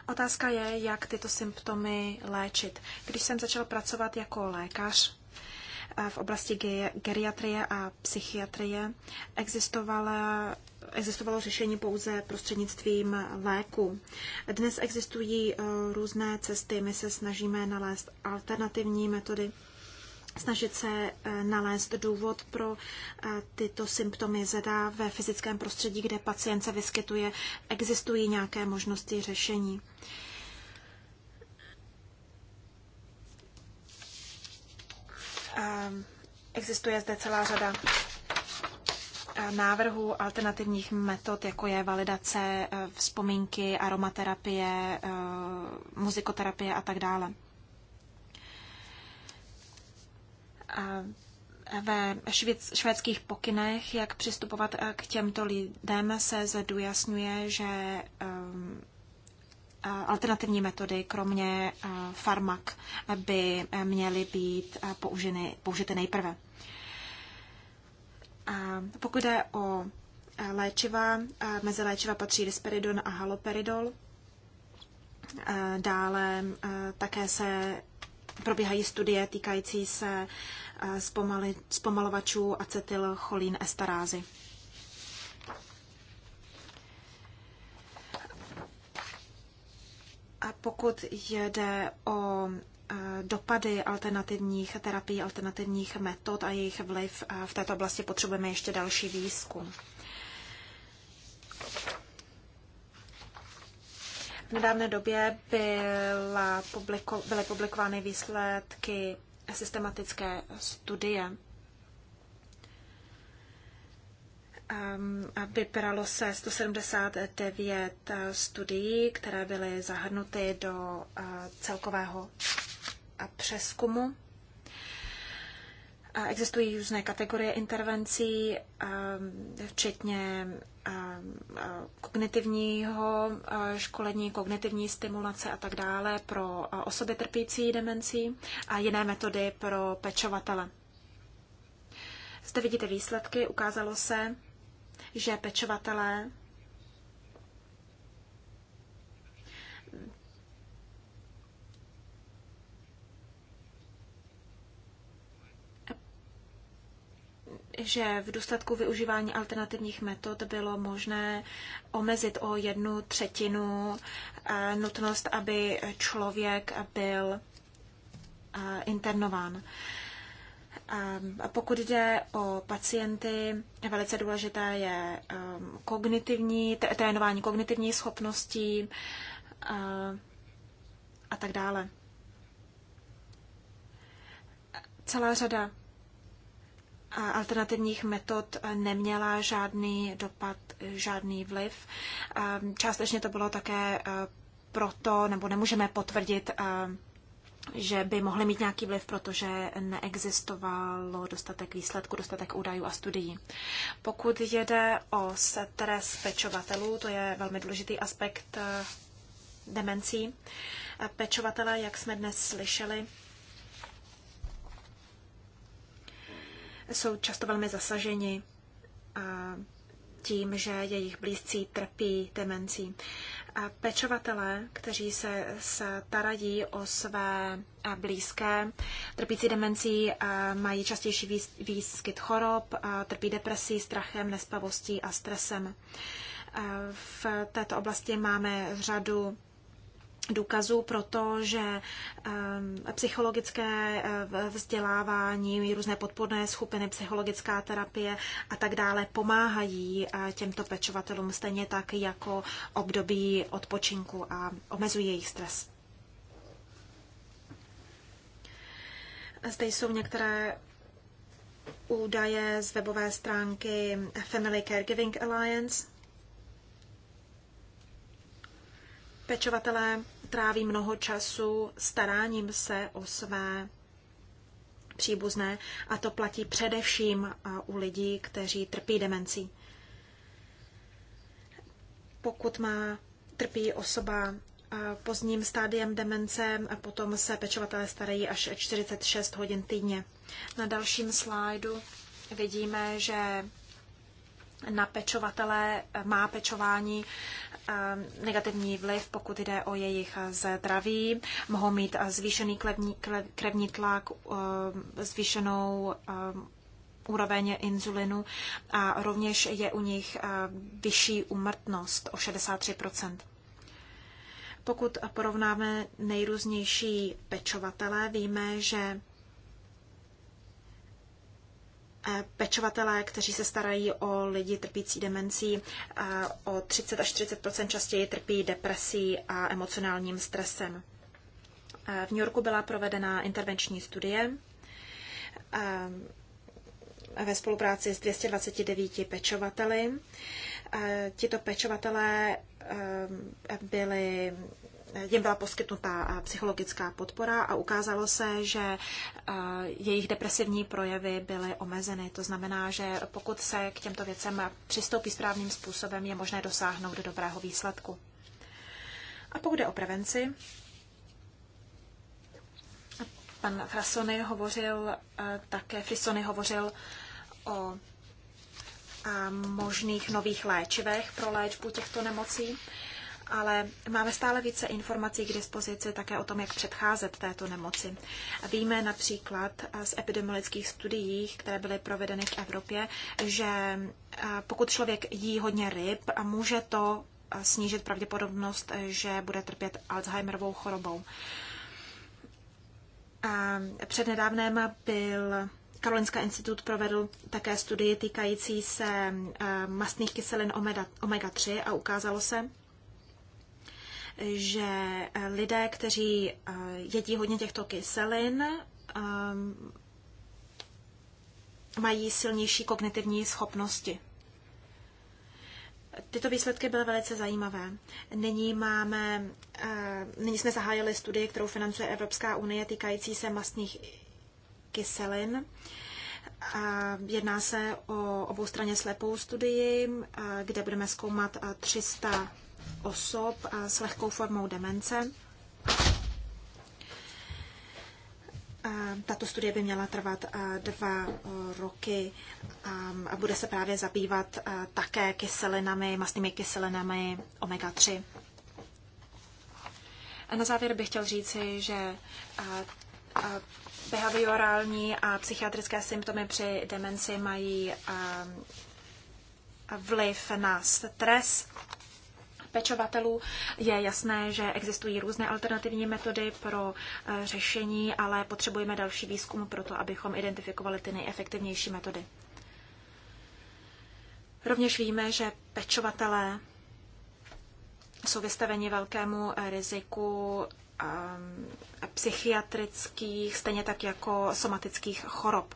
Otázka je, jak tyto symptomy léčit. Když jsem začal pracovat jako lékař, v oblasti geriatrie a psychiatrie existovala existovalo řešení pouze prostřednictvím léku. Dnes existují eh, různé cesty, my se snažíme nalézt alternativní metody, snažit se eh, nalézt důvod pro eh, tyto symptomy zda ve fyzickém prostředí, kde pacient se vyskytuje, existují nějaké možnosti řešení. Ehm, existuje zde celá řada eh, návrhů alternativních metod, jako je validace, eh, vzpomínky, aromaterapie, eh, muzikoterapie a tak dále. Ve švédských pokynech, jak přistupovat k těmto lidem, se zdůjasňuje, že ehm, alternativní metody, kromě farmak, by měly být použeny, použity nejprve. A pokud jde o léčiva, mezi léčiva patří risperidon a haloperidol. Dále také se probíhají studie týkající se zpomalovačů acetylcholín estarázy. pokud jde o e, dopady alternativních terapií, alternativních metod a jejich vliv, e, v této oblasti potřebujeme ještě další výzkum. V nedávné době byla publiko, byly publikovány výsledky systematické studie Ehm, Vybralo se 179 eh, studií, které byly zahrnuty do eh, celkového eh, přeskumu. Existují různé kategorie intervencí, ehm, včetně ehm, kognitivního školení, kognitivní stimulace a tak dále pro osoby trpící demencí a jiné metody pro pečovatele. Zde vidíte výsledky. Ukázalo se, že pečovatelé že v důsledku využívání alternativních metod bylo možné omezit o jednu třetinu eh, nutnost, aby člověk byl eh, internován. A pokud jde o pacienty, velice důležité je um, kognitivní, trénování kognitivní schopností a, a tak dále. Celá řada alternativních metod neměla žádný dopad, žádný vliv. Částečně to bylo také proto, nebo nemůžeme potvrdit že by mohly mít nějaký vliv, protože neexistovalo dostatek výsledků, dostatek údajů a studií. Pokud jde o stres pečovatelů, to je velmi důležitý aspekt eh, demencí. Eh, Pečovatele, jak jsme dnes slyšeli, jsou často velmi zasaženi eh, tím, že jejich blízcí trpí demencí pečovatelé, kteří se starají o své eh, blízké, trpící demencí, eh, mají častější výskyt chorob, eh, trpí depresí, strachem, nespavostí a stresem. V této oblasti máme řadu důkazů pro to, že ehm, psychologické eh, vzdělávání, různé podporné skupiny, psychologická terapie a tak dále pomáhají eh, těmto pečovatelům stejně tak jako období odpočinku a omezují jejich stres. Zde jsou některé údaje z webové stránky Family Caregiving Alliance. Pečovatelé tráví mnoho času staráním se o své příbuzné a to platí především u lidí, kteří trpí demencí. Pokud má trpí osoba pozdním stádiem demence, a potom se pečovatelé starají až 46 hodin týdně. Na dalším slajdu vidíme, že na pečovatele má pečování negativní vliv, pokud jde o jejich zdraví. Mohou mít zvýšený krevní, krevní tlak, eh, zvýšenou eh, úroveň inzulinu a rovněž je u nich eh, vyšší úmrtnost o 63 Pokud porovnáme nejrůznější pečovatele, víme, že Eh, pečovatelé, kteří se starají o lidi trpící demencí, eh, o 30 až 30 častěji trpí depresí a emocionálním stresem. Eh, v New Yorku byla provedena intervenční studie ve spolupráci s 229 pečovateli. Tito pečovatelé byli jim byla poskytnuta eh, psychologická podpora a ukázalo se, že eh, jejich depresivní projevy byly omezeny. To znamená, že pokud se k těmto věcem přistoupí správným způsobem, je možné dosáhnout do dobrého výsledku. A pokud jde o prevenci, pan Frasony hovořil, eh, také Frisony hovořil o možných nových léčivech pro léčbu těchto nemocí ale máme stále více informací k dispozici také o tom, jak předcházet této nemoci. Víme například z epidemiologických studií, které byly provedeny v Evropě, že eh, pokud člověk jí hodně ryb, může to eh, snížit pravděpodobnost, že bude trpět Alzheimerovou chorobou. Přednedávném byl Karolinská institut provedl také studii týkající se eh, mastných kyselin omega-3 a ukázalo se, že eh, lidé, kteří eh, jedí hodně těchto kyselin, eh, mají silnější kognitivní schopnosti. Tyto výsledky byly velice zajímavé. Nyní, máme, nyní jsme zahájili studii, kterou financuje Evropská unie týkající se mastných kyselin. Jedná se o oboustraně slepou studii, kde budeme zkoumat 300 osob eh, s lehkou formou demence. Eh, tato studie by měla trvat eh, dva roky ehm, a bude se právě zabývat také kyselinami, mastnými kyselinami omega-3. A na závěr bych chtěl říci, že behaviorální a psychiatrické symptomy při demenci mají ehm, vliv na stres pečovatelů. Je jasné, že existují různé alternativní metody pro eh, řešení, ale potřebujeme další výzkum pro to, abychom identifikovali ty nejefektivnější metody. Rovněž víme, že pečovatelé jsou vystaveni velkému eh, riziku eh, psychiatrických, stejně tak jako somatických chorob.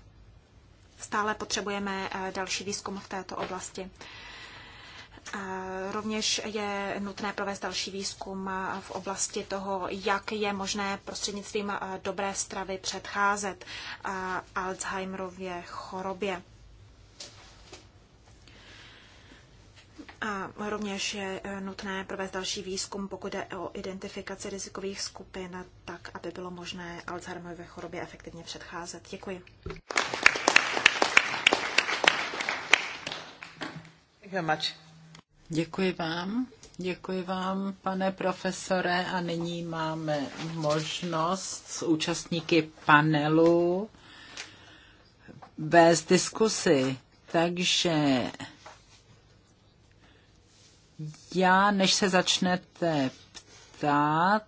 Stále potřebujeme další výzkum v této oblasti. Rovněž je nutné provést další výzkum v oblasti toho, jak je možné prostřednictvím eh, dobré stravy předcházet eh, Alzheimerově chorobě. A rovněž je eh, nutné provést další výzkum, pokud jde o identifikaci rizikových skupin, tak aby bylo možné Alzheimerové chorobě efektivně předcházet. Děkuji. Thank you very much. Děkuji vám. Děkuji vám, pane profesore. A nyní máme možnost s účastníky panelu bez diskusy. Takže já, než se začnete ptát,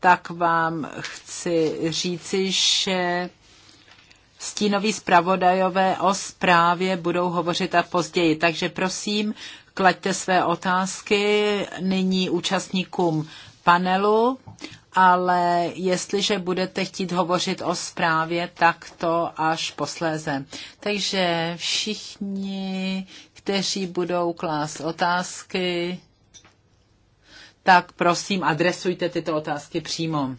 tak vám chci říci, že stínoví zpravodajové o zprávě budou hovořit a později. Takže prosím, klaďte své otázky nyní účastníkům panelu, ale jestliže budete chtít hovořit o zprávě, tak to až posléze. Takže všichni, kteří budou klást otázky, tak prosím adresujte tyto otázky přímo.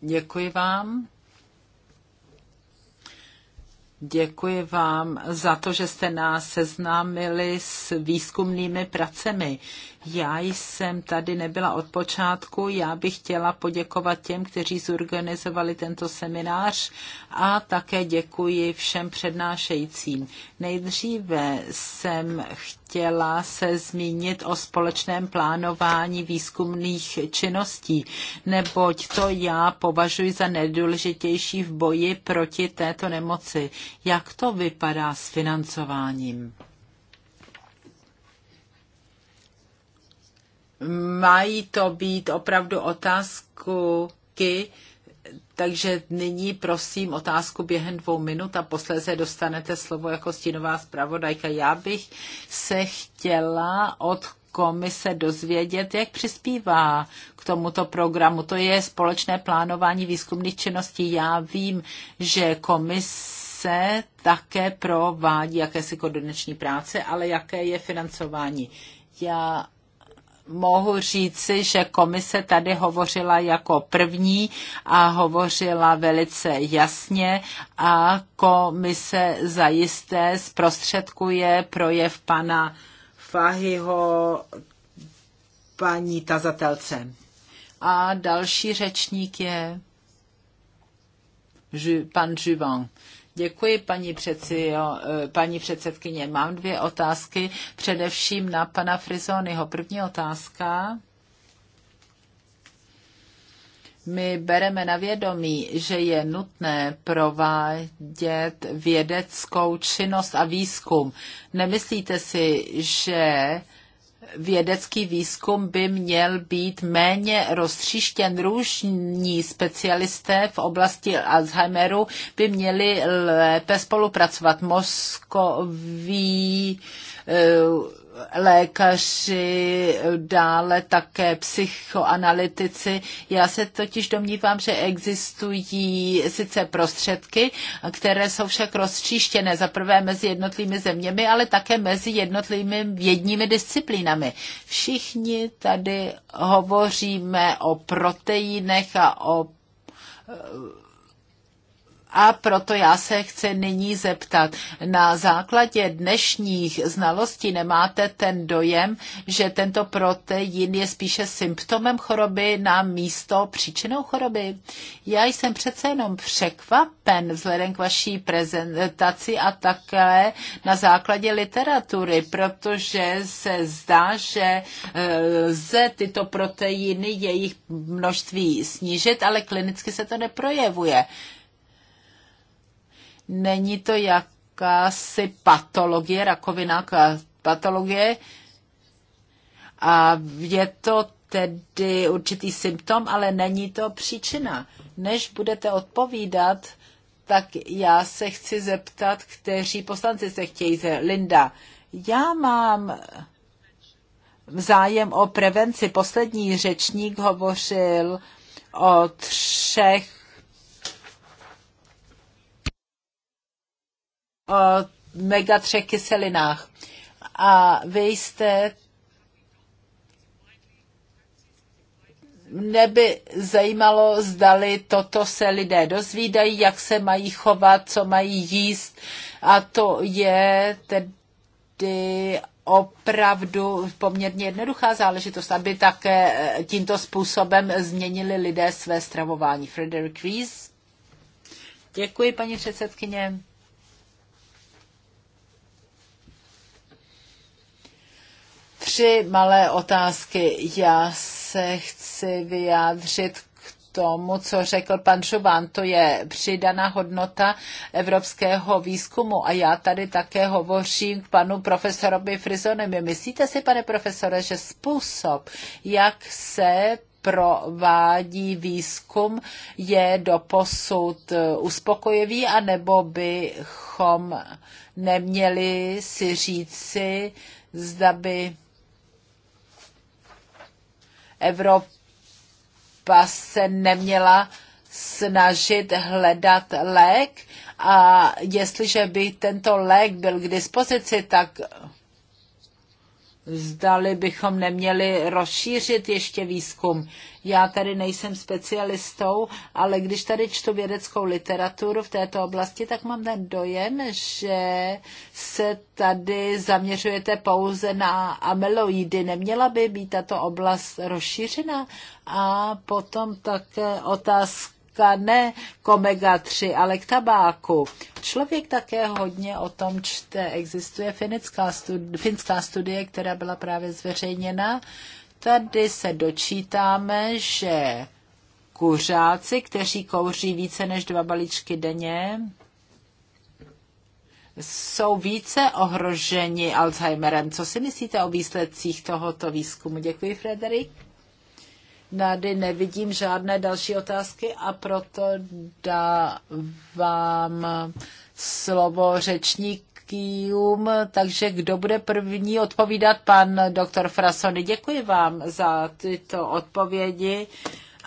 Děkuji vám. Děkuji vám za to, že jste nás seznámili s výzkumnými pracemi. Já jsem tady nebyla od počátku, já bych chtěla poděkovat těm, kteří zorganizovali tento seminář a také děkuji všem přednášejícím. Nejdříve jsem chtěla se zmínit o společném plánování výzkumných činností, neboť to já považuji za nejdůležitější v boji proti této nemoci. Jak to vypadá s financováním? mají to být opravdu otázky, takže nyní prosím otázku během dvou minut a posléze dostanete slovo jako stínová zpravodajka. Já bych se chtěla od komise dozvědět, jak přispívá k tomuto programu. To je společné plánování výzkumných činností. Já vím, že komise také provádí jakési koordinační práce, ale jaké je financování. Já mohu říci, že komise tady hovořila jako první a hovořila velice jasně a komise zajisté zprostředkuje projev pana Fahyho paní tazatelce. A další řečník je pan Juvan. Děkuji, paní, přeci, eh, paní předsedkyně. Mám dvě otázky, především na pana Frizonyho. První otázka. My bereme na vědomí, že je nutné provádět vědeckou činnost a výzkum. Nemyslíte si, že vědecký výzkum by měl být méně roztříštěn. Různí specialisté v oblasti Alzheimeru by měli lépe spolupracovat. Moskový uh, lékaři, dále také psychoanalytici. Já se totiž domnívám, že existují sice prostředky, které jsou však rozčištěné za prvé mezi jednotlivými zeměmi, ale také mezi jednotlivými vědními disciplínami. Všichni tady hovoříme o proteinech a o a proto já se chci nyní zeptat. Na základě dnešních znalostí nemáte ten dojem, že tento protein je spíše symptomem choroby na místo příčinou choroby? Já jsem přece jenom překvapen vzhledem k vaší prezentaci a také na základě literatury, protože se zdá, že eh, lze tyto proteiny, jejich množství snížit, ale klinicky se to neprojevuje. Není to jakási patologie, rakovina patologie a je to tedy určitý symptom, ale není to příčina. Než budete odpovídat, tak já se chci zeptat, kteří poslanci se chtějí. ze Linda, já mám zájem o prevenci. Poslední řečník hovořil o třech mega třech kyselinách. A vy jste neby zajímalo, zdali toto se lidé dozvídají, jak se mají chovat, co mají jíst. A to je tedy opravdu poměrně jednoduchá záležitost, aby také eh, tímto způsobem změnili lidé své stravování. Frederick Rees. Děkuji, paní předsedkyně. Tři malé otázky. Já se chci vyjádřit k tomu, co řekl pan Žován, to je přidaná hodnota evropského výzkumu a já tady také hovořím k panu profesorovi Frizonem. Myslíte si, pane profesore, že způsob, jak se provádí výzkum, je do posud uspokojivý, anebo bychom neměli si říci, zda by Evropa se neměla snažit hledat lék a jestliže by tento lék byl k dispozici, tak zdali bychom neměli rozšířit ještě výzkum. Já tady nejsem specialistou, ale když tady čtu vědeckou literaturu v této oblasti, tak mám ten dojem, že se tady zaměřujete pouze na ameloidy. Neměla by být tato oblast rozšířena? A potom také otázka tabáka, ne k omega-3, ale k tabáku. Člověk také hodně o tom čte. Existuje finická studie, finská studie, která byla právě zveřejněna. Tady se dočítáme, že kuřáci, kteří kouří více než dva balíčky denně, jsou více ohroženi Alzheimerem. Co si myslíte o výsledcích tohoto výzkumu? Děkuji, Frederik. Nady nevidím žádné další otázky a proto dávám slovo řečníkům. Takže kdo bude první odpovídat? Pan doktor Frasony. Děkuji vám za tyto odpovědi.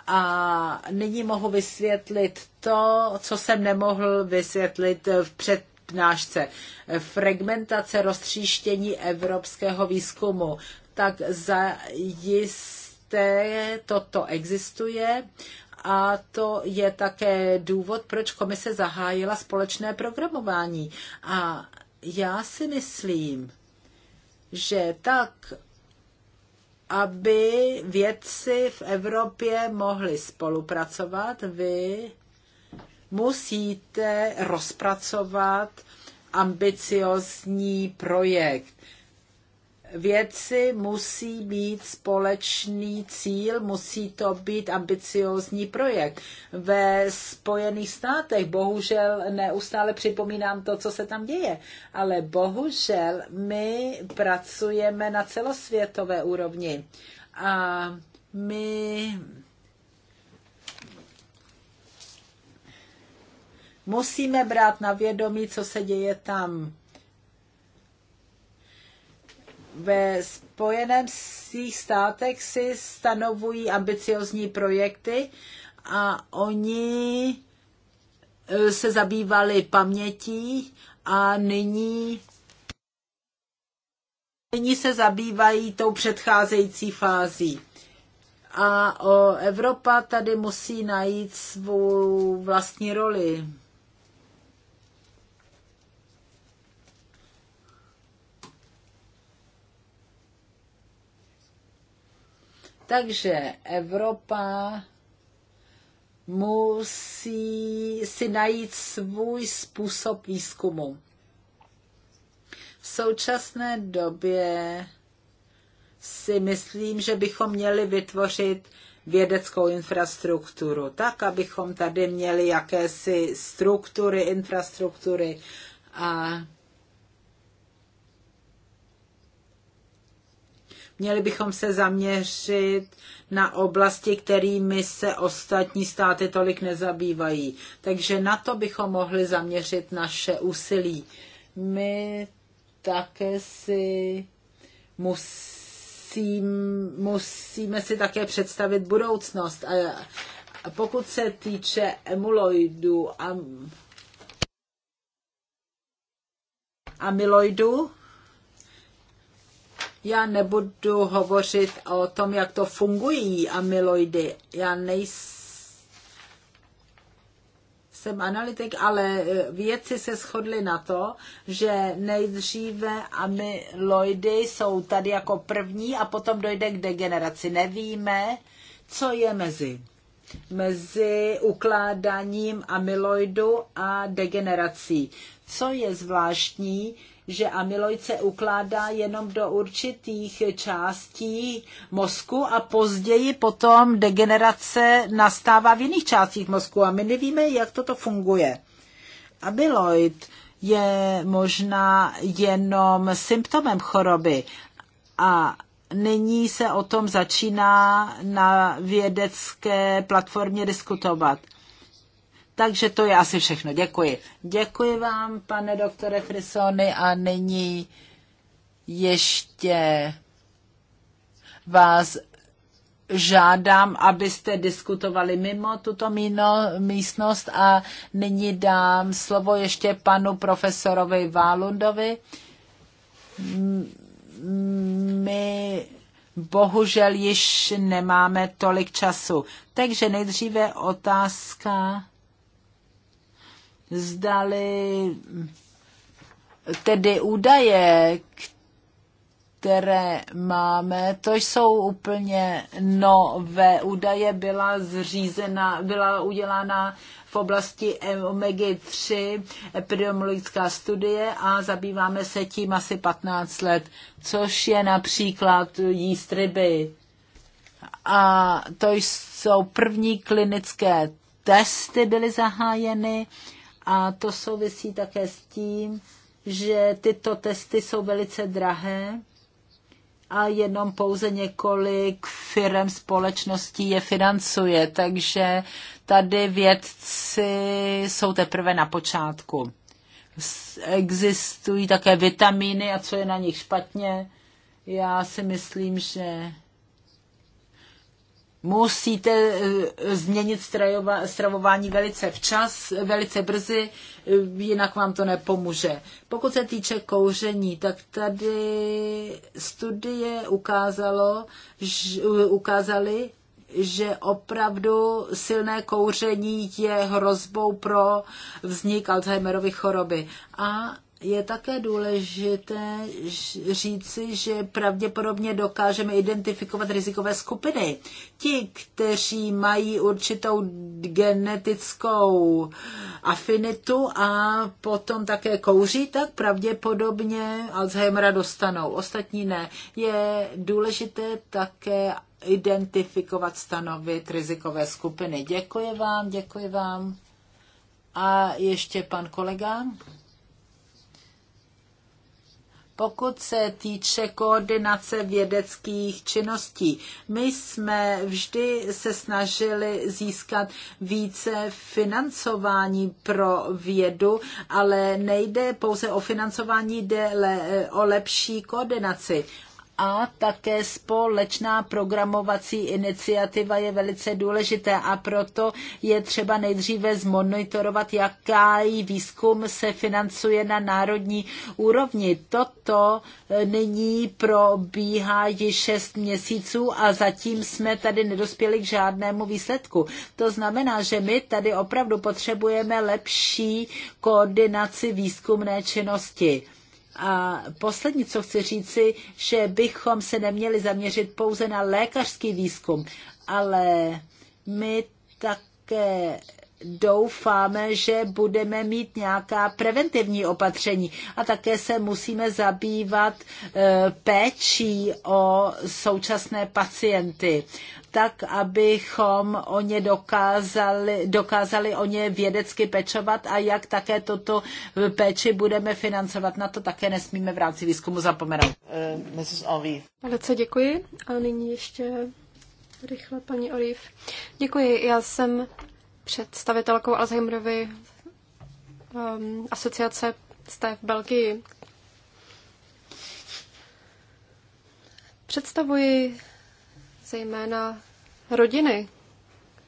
A nyní mohu vysvětlit to, co jsem nemohl vysvětlit v před přednášce. Fragmentace roztříštění evropského výzkumu. Tak zajist té toto existuje a to je také důvod, proč komise zahájila společné programování. A já si myslím, že tak, aby vědci v Evropě mohli spolupracovat, vy musíte rozpracovat ambiciozní projekt věci musí být společný cíl, musí to být ambiciózní projekt. Ve Spojených státech bohužel neustále připomínám to, co se tam děje, ale bohužel my pracujeme na celosvětové úrovni a my musíme brát na vědomí, co se děje tam ve Spojeném státech si stanovují ambiciozní projekty a oni e, se zabývali pamětí a nyní, nyní se zabývají tou předcházející fází. A o Evropa tady musí najít svou vlastní roli. Takže Evropa musí si najít svůj způsob výzkumu. V současné době si myslím, že bychom měli vytvořit vědeckou infrastrukturu, tak, abychom tady měli jakési struktury, infrastruktury a Měli bychom se zaměřit na oblasti, kterými se ostatní státy tolik nezabývají. Takže na to bychom mohli zaměřit naše úsilí. My také si musím, musíme si také představit budoucnost. A pokud se týče emuloidů a amyloidů, já nebudu hovořit o tom, jak to fungují amyloidy. Já nejsem analytik, ale eh, vědci se shodli na to, že nejdříve amyloidy jsou tady jako první a potom dojde k degeneraci. Nevíme, co je mezi mezi ukládáním amyloidu a degenerací. Co je zvláštní, že amyloid se ukládá jenom do určitých částí mozku a později potom degenerace nastává v jiných částích mozku a my nevíme, jak toto funguje. Amyloid je možná jenom symptomem choroby a nyní se o tom začíná na vědecké platformě diskutovat. Takže to je asi všechno. Děkuji. Děkuji vám, pane doktore Frisony, a nyní ještě vás žádám, abyste diskutovali mimo tuto míno, místnost a nyní dám slovo ještě panu profesorovi Válundovi. My bohužel již nemáme tolik času. Takže nejdříve otázka zdali tedy údaje, které máme, to jsou úplně nové údaje, byla zřízena, byla udělána v oblasti Omega 3 epidemiologická studie a zabýváme se tím asi 15 let, což je například jíst ryby. A to jsou první klinické testy byly zahájeny a to souvisí také s tím, že tyto testy jsou velice drahé a jenom pouze několik firm společností je financuje, takže tady vědci jsou teprve na počátku. Existují také vitamíny a co je na nich špatně. Já si myslím, že musíte e, změnit stravování velice včas, velice brzy, e, jinak vám to nepomůže. Pokud se týče kouření, tak tady studie ukázalo, e, ukázali, že opravdu silné kouření je hrozbou pro vznik Alzheimerovy choroby. A je také důležité říci, že pravděpodobně dokážeme identifikovat rizikové skupiny. Ti, kteří mají určitou genetickou afinitu a potom také kouří, tak pravděpodobně Alzheimera dostanou. Ostatní ne. Je důležité také identifikovat, stanovit rizikové skupiny. Děkuji vám, děkuji vám. A ještě pan kolega. Pokud se týče koordinace vědeckých činností, my jsme vždy se snažili získat více financování pro vědu, ale nejde pouze o financování, jde o lepší koordinaci a také společná programovací iniciativa je velice důležité a proto je třeba nejdříve zmonitorovat, jaký výzkum se financuje na národní úrovni. Toto e, nyní probíhá již šest měsíců a zatím jsme tady nedospěli k žádnému výsledku. To znamená, že my tady opravdu potřebujeme lepší koordinaci výzkumné činnosti. A poslední, co chci říci, že bychom se neměli zaměřit pouze na lékařský výzkum, ale my také doufáme, že budeme mít nějaká preventivní opatření a také se musíme zabývat eh, péčí o současné pacienty tak abychom o ně dokázali, dokázali o ně vědecky pečovat a jak také toto péči budeme financovat. Na to také nesmíme v rámci výzkumu zapomenout. Eh, Velice děkuji. A nyní ještě rychle paní Oliv. Děkuji. Já jsem představitelkou Alzheimerovy um, asociace jste v Belgii. Představuji zejména rodiny,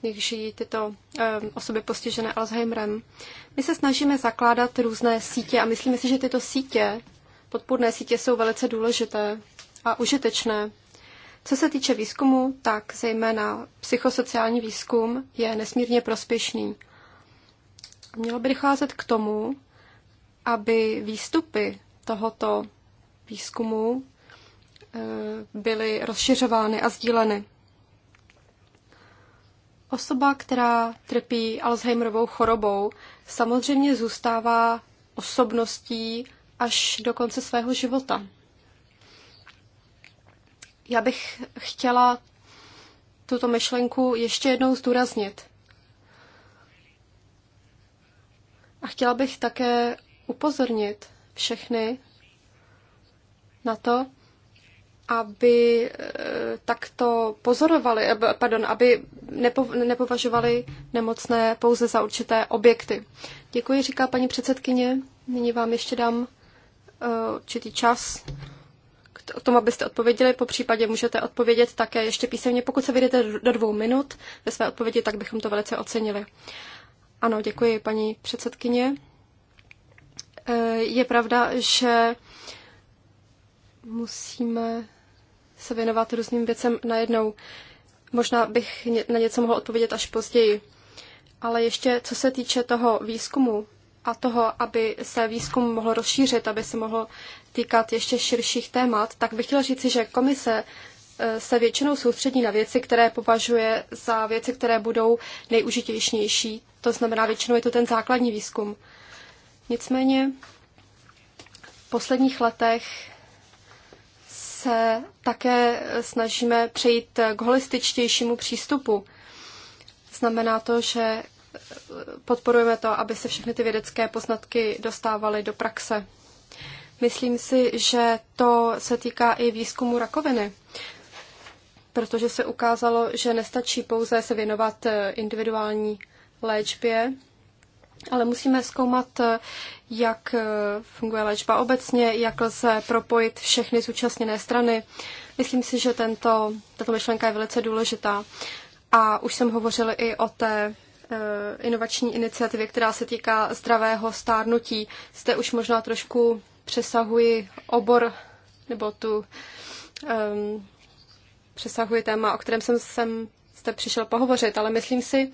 v žijí tyto eh, osoby postižené Alzheimerem. My se snažíme zakládat různé sítě a myslíme si, že tyto sítě, podpůrné sítě, jsou velice důležité a užitečné. Co se týče výzkumu, tak zejména psychosociální výzkum je nesmírně prospěšný. Mělo by docházet k tomu, aby výstupy tohoto výzkumu Eh, byly rozšiřovány a sdíleny. Osoba, která trpí Alzheimerovou chorobou, samozřejmě zůstává osobností až do konce svého života. Já bych chtěla tuto myšlenku ještě jednou zdůraznit. A chtěla bych také upozornit všechny na to, aby eh, takto pozorovali, eh, pardon, aby nepo, nepovažovali nemocné pouze za určité objekty. Děkuji, říká paní předsedkyně. Nyní vám ještě dám eh, určitý čas k tomu, abyste odpověděli. Po případě můžete odpovědět také ještě písemně. Pokud se vyjdete do dvou minut ve své odpovědi, tak bychom to velice ocenili. Ano, děkuji, paní předsedkyně. Je pravda, že musíme se věnovat různým věcem najednou. Možná bych na něco mohl odpovědět až později. Ale ještě co se týče toho výzkumu a toho, aby se výzkum mohl rozšířit, aby se mohl týkat ještě širších témat, tak bych chtěla říci, že komise e, se většinou soustředí na věci, které považuje za věci, které budou nejužitějšnější. To znamená, většinou je to ten základní výzkum. Nicméně v posledních letech se také snažíme přejít k holističtějšímu přístupu. Znamená to, že podporujeme to, aby se všechny ty vědecké poznatky dostávaly do praxe. Myslím si, že to se týká i výzkumu rakoviny, protože se ukázalo, že nestačí pouze se věnovat individuální léčbě, ale musíme zkoumat, eh, jak eh, funguje léčba obecně, jak lze propojit všechny zúčastněné strany. Myslím si, že tento, tato myšlenka je velice důležitá. A už jsem hovořila i o té eh, inovační iniciativě, která se týká zdravého stárnutí. Zde už možná trošku přesahuji obor nebo tu um, přesahuji téma, o kterém jsem, jsem jste přišel pohovořit, ale myslím si,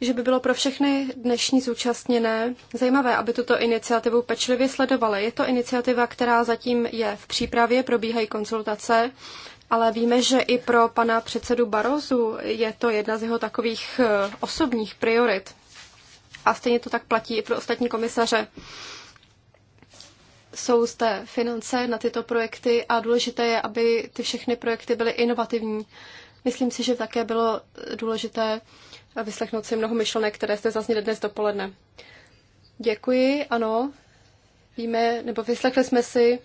že by bylo pro všechny dnešní zúčastněné zajímavé, aby tuto iniciativu pečlivě sledovali. Je to iniciativa, která zatím je v přípravě, probíhají konzultace, ale víme, že i pro pana předsedu Barozu je to jedna z jeho takových eh, osobních priorit. A stejně to tak platí i pro ostatní komisaře. Jsou zde finance na tyto projekty a důležité je, aby ty všechny projekty byly inovativní. Myslím si, že také bylo důležité a vyslechnout si mnoho myšlenek, které jste zazněli dnes dopoledne. Děkuji, ano. Víme, nebo vyslechli jsme si,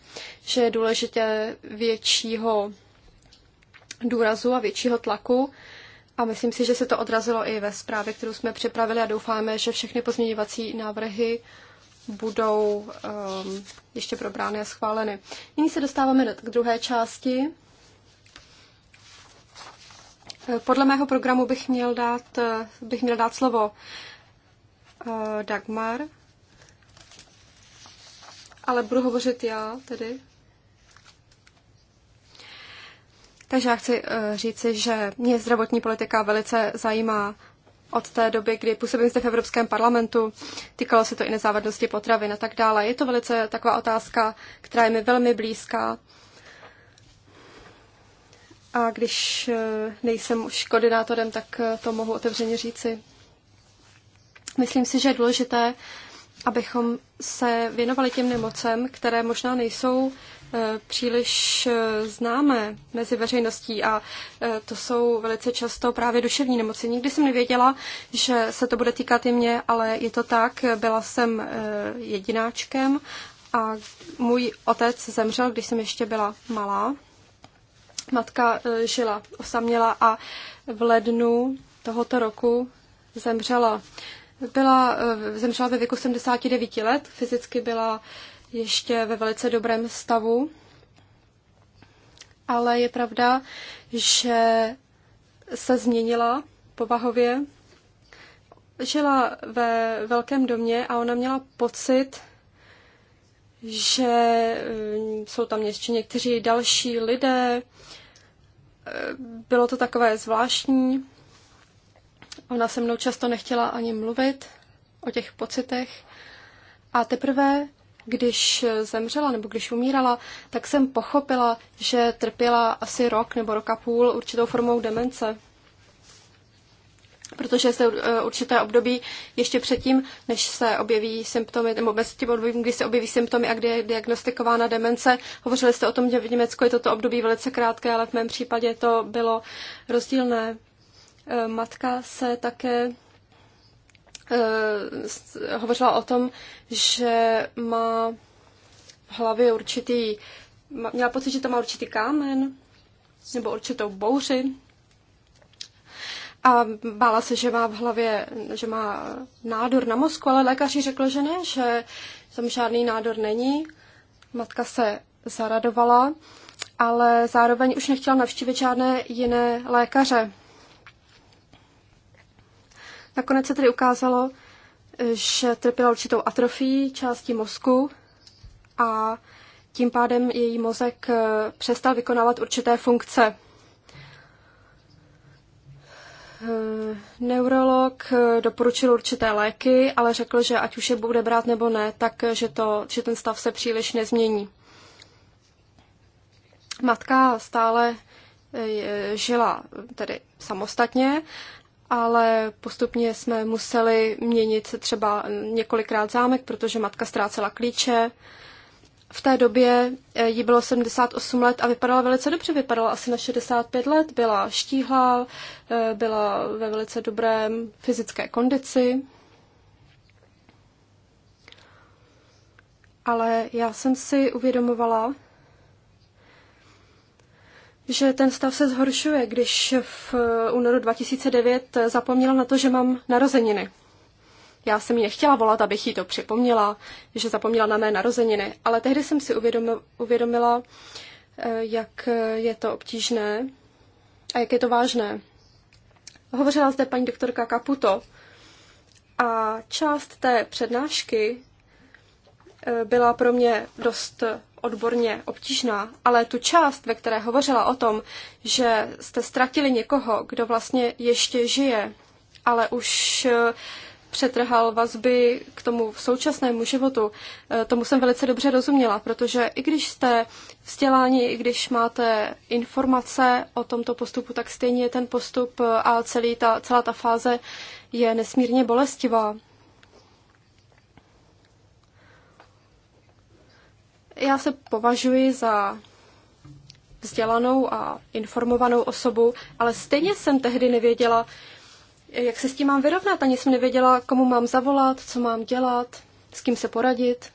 že je důležitě většího důrazu a většího tlaku a myslím si, že se to odrazilo i ve zprávě, kterou jsme připravili a doufáme, že všechny pozměňovací návrhy budou um, ještě probrány a schváleny. Nyní se dostáváme k druhé části. Podle mého programu bych měl dát, bych měl dát slovo eh, Dagmar, ale budu hovořit já tedy. Takže já chci eh, říci, že mě zdravotní politika velice zajímá od té doby, kdy působím zde v Evropském parlamentu. Týkalo se to i nezávadnosti potravin a tak dále. Je to velice taková otázka, která je mi velmi blízká a když eh, nejsem už koordinátorem, tak eh, to mohu otevřeně říci. Myslím si, že je důležité, abychom se věnovali těm nemocem, které možná nejsou eh, příliš známé mezi veřejností a to jsou velice často právě duševní nemoci. Nikdy jsem nevěděla, že se to bude týkat i mě, ale je to tak. Byla jsem jedináčkem a můj otec zemřel, když jsem ještě byla malá. Matka e, žila osaměla a v lednu tohoto roku zemřela. Byla, e, zemřela ve věku 79 let, fyzicky byla ještě ve velice dobrém stavu, ale je pravda, že se změnila povahově. Žila ve velkém domě a ona měla pocit, že eh, jsou tam ještě někteří další lidé. Eh, bylo to takové zvláštní. Ona se mnou často nechtěla ani mluvit o těch pocitech. A teprve, když zemřela nebo když umírala, tak jsem pochopila, že trpěla asi rok nebo rok a půl určitou formou demence protože se eh, určité období ještě předtím, než se objeví symptomy, nebo bez tím obdobím, kdy se objeví symptomy a kdy je diagnostikována demence. Hovořili jste o tom, že v Německu je toto období velice krátké, ale v mém případě to bylo rozdílné. Eh, matka se také eh, hovořila o tom, že má v hlavě určitý, měla pocit, že to má určitý kámen nebo určitou bouři, a bála se, že má v hlavě, že má nádor na mozku, ale lékaři řekl, že ne, že tam žádný nádor není. Matka se zaradovala, ale zároveň už nechtěla navštívit žádné jiné lékaře. Nakonec se tedy ukázalo, že trpěla určitou atrofií části mozku a tím pádem její mozek přestal vykonávat určité funkce. Eh, neurolog eh, doporučil určité léky, ale řekl, že ať už je bude brát nebo ne, tak eh, že, to, že ten stav se příliš nezmění. Matka stále žila tedy samostatně, ale postupně jsme museli měnit třeba několikrát zámek, protože matka ztrácela klíče. Uh, v té době eh, jí bylo 78 let a vypadala velice dobře, vypadala asi na 65 let, byla štíhlá, eh, byla ve velice dobré fyzické kondici. Ale já jsem si uvědomovala, že ten stav se zhoršuje, když v únoru 2009 zapomněla na to, že mám narozeniny. Já jsem ji nechtěla volat, abych jí to připomněla, že zapomněla na mé narozeniny, ale tehdy jsem si uvědomila, eh, jak eh, je to obtížné a jak je to vážné. Hovořila zde paní doktorka Kaputo a část té přednášky eh, byla pro mě dost odborně obtížná, ale tu část, ve které hovořila o tom, že jste ztratili někoho, kdo vlastně ještě žije, ale už přetrhal vazby k tomu současnému životu. Eh, tomu jsem velice dobře rozuměla, protože i když jste vzděláni, i když máte informace o tomto postupu, tak stejně je ten postup eh, a celý ta, celá ta fáze je nesmírně bolestivá. Já se považuji za vzdělanou a informovanou osobu, ale stejně jsem tehdy nevěděla, jak se s tím mám vyrovnat. Ani jsem nevěděla, komu mám zavolat, co mám dělat, s kým se poradit.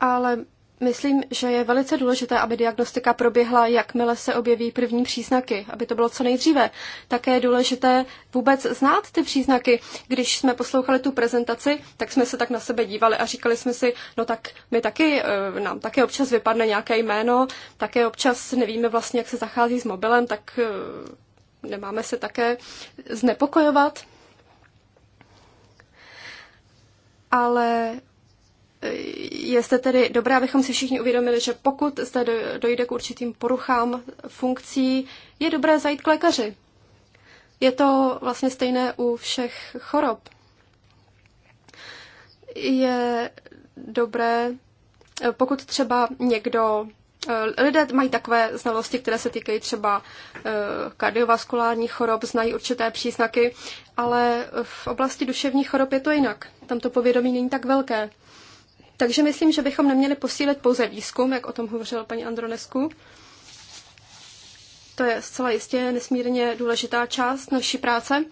Ale Myslím, že je velice důležité, aby diagnostika proběhla, jakmile se objeví první příznaky, aby to bylo co nejdříve. Také je důležité vůbec znát ty příznaky. Když jsme poslouchali tu prezentaci, tak jsme se tak na sebe dívali a říkali jsme si, no tak my taky, eh, nám také občas vypadne nějaké jméno, také občas nevíme vlastně, jak se zachází s mobilem, tak eh, nemáme se také znepokojovat. Ale jestli tedy dobré, abychom si všichni uvědomili, že pokud zde dojde k určitým poruchám funkcí, je dobré zajít k lékaři. Je to vlastně stejné u všech chorob. Je dobré, pokud třeba někdo eh, Lidé mají takové znalosti, které se týkají třeba eh, kardiovaskulárních chorob, znají určité příznaky, ale v oblasti duševních chorob je to jinak. Tam to povědomí není tak velké. Takže myslím, že bychom neměli posílit pouze výzkum, jak o tom hovořila paní Andronesku. To je zcela jistě nesmírně důležitá část naší práce,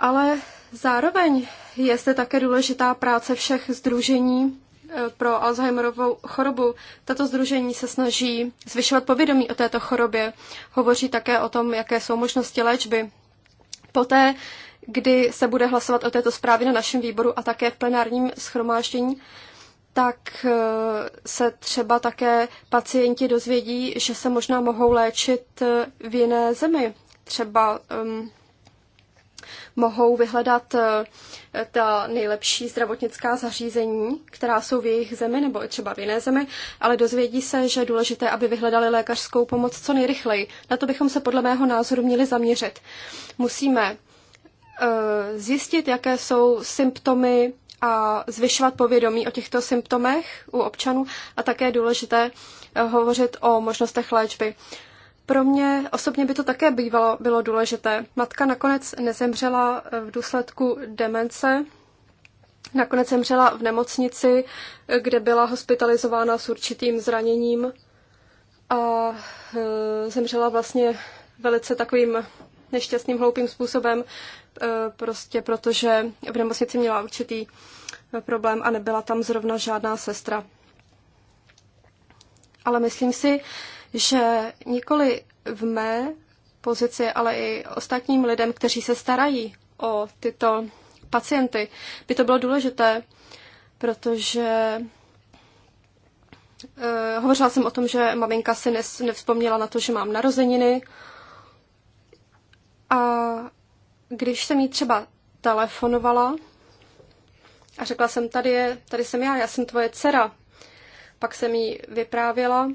ale zároveň je zde také důležitá práce všech združení eh, pro Alzheimerovou chorobu. Tato združení se snaží zvyšovat povědomí o této chorobě, hovoří také o tom, jaké jsou možnosti léčby. Poté kdy se bude hlasovat o této zprávě na našem výboru a také v plenárním schromáždění, tak eh, se třeba také pacienti dozvědí, že se možná mohou léčit eh, v jiné zemi. Třeba um, mohou vyhledat eh, ta nejlepší zdravotnická zařízení, která jsou v jejich zemi nebo i třeba v jiné zemi, ale dozvědí se, že je důležité, aby vyhledali lékařskou pomoc co nejrychleji. Na to bychom se podle mého názoru měli zaměřit. Musíme Eh, zjistit, jaké jsou symptomy a zvyšovat povědomí o těchto symptomech u občanů a také je důležité eh, hovořit o možnostech léčby. Pro mě osobně by to také bývalo, bylo důležité. Matka nakonec nezemřela eh, v důsledku demence, nakonec zemřela v nemocnici, kde byla hospitalizována s určitým zraněním a zemřela vlastně velice takovým nešťastným, hloupým způsobem. Eh, prostě protože v nemocnici měla určitý eh, problém a nebyla tam zrovna žádná sestra. Ale myslím si, že nikoli v mé pozici, ale i ostatním lidem, kteří se starají o tyto pacienty, by to bylo důležité, protože uh, hovořila jsem o tom, že maminka si nes, nevzpomněla na to, že mám narozeniny a když jsem jí třeba telefonovala a řekla jsem, tady, je, tady jsem já, já jsem tvoje dcera, pak jsem jí vyprávěla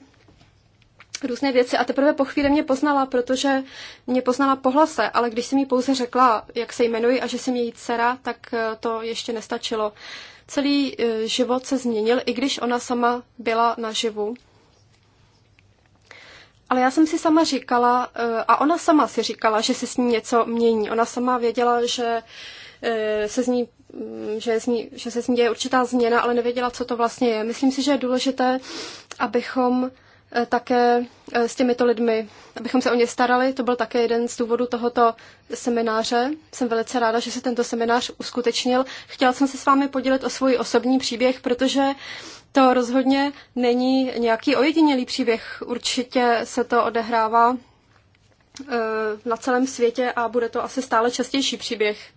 různé věci a teprve po chvíli mě poznala, protože mě poznala po hlase, ale když jsem jí pouze řekla, jak se jmenuji a že jsem její dcera, tak eh, to ještě nestačilo. Celý eh, život se změnil, i když ona sama byla naživu. Ale já jsem si sama říkala, eh, a ona sama si říkala, že se s ní něco mění. Ona sama věděla, že eh, se z ní, mm, že, z ní, že se z ní děje určitá změna, ale nevěděla, co to vlastně je. Myslím si, že je důležité, abychom Eh, také eh, s těmito lidmi, abychom se o ně starali. To byl také jeden z důvodů tohoto semináře. Jsem velice ráda, že se tento seminář uskutečnil. Chtěla jsem se s vámi podělit o svůj osobní příběh, protože to rozhodně není nějaký ojedinělý příběh. Určitě se to odehrává eh, na celém světě a bude to asi stále častější příběh.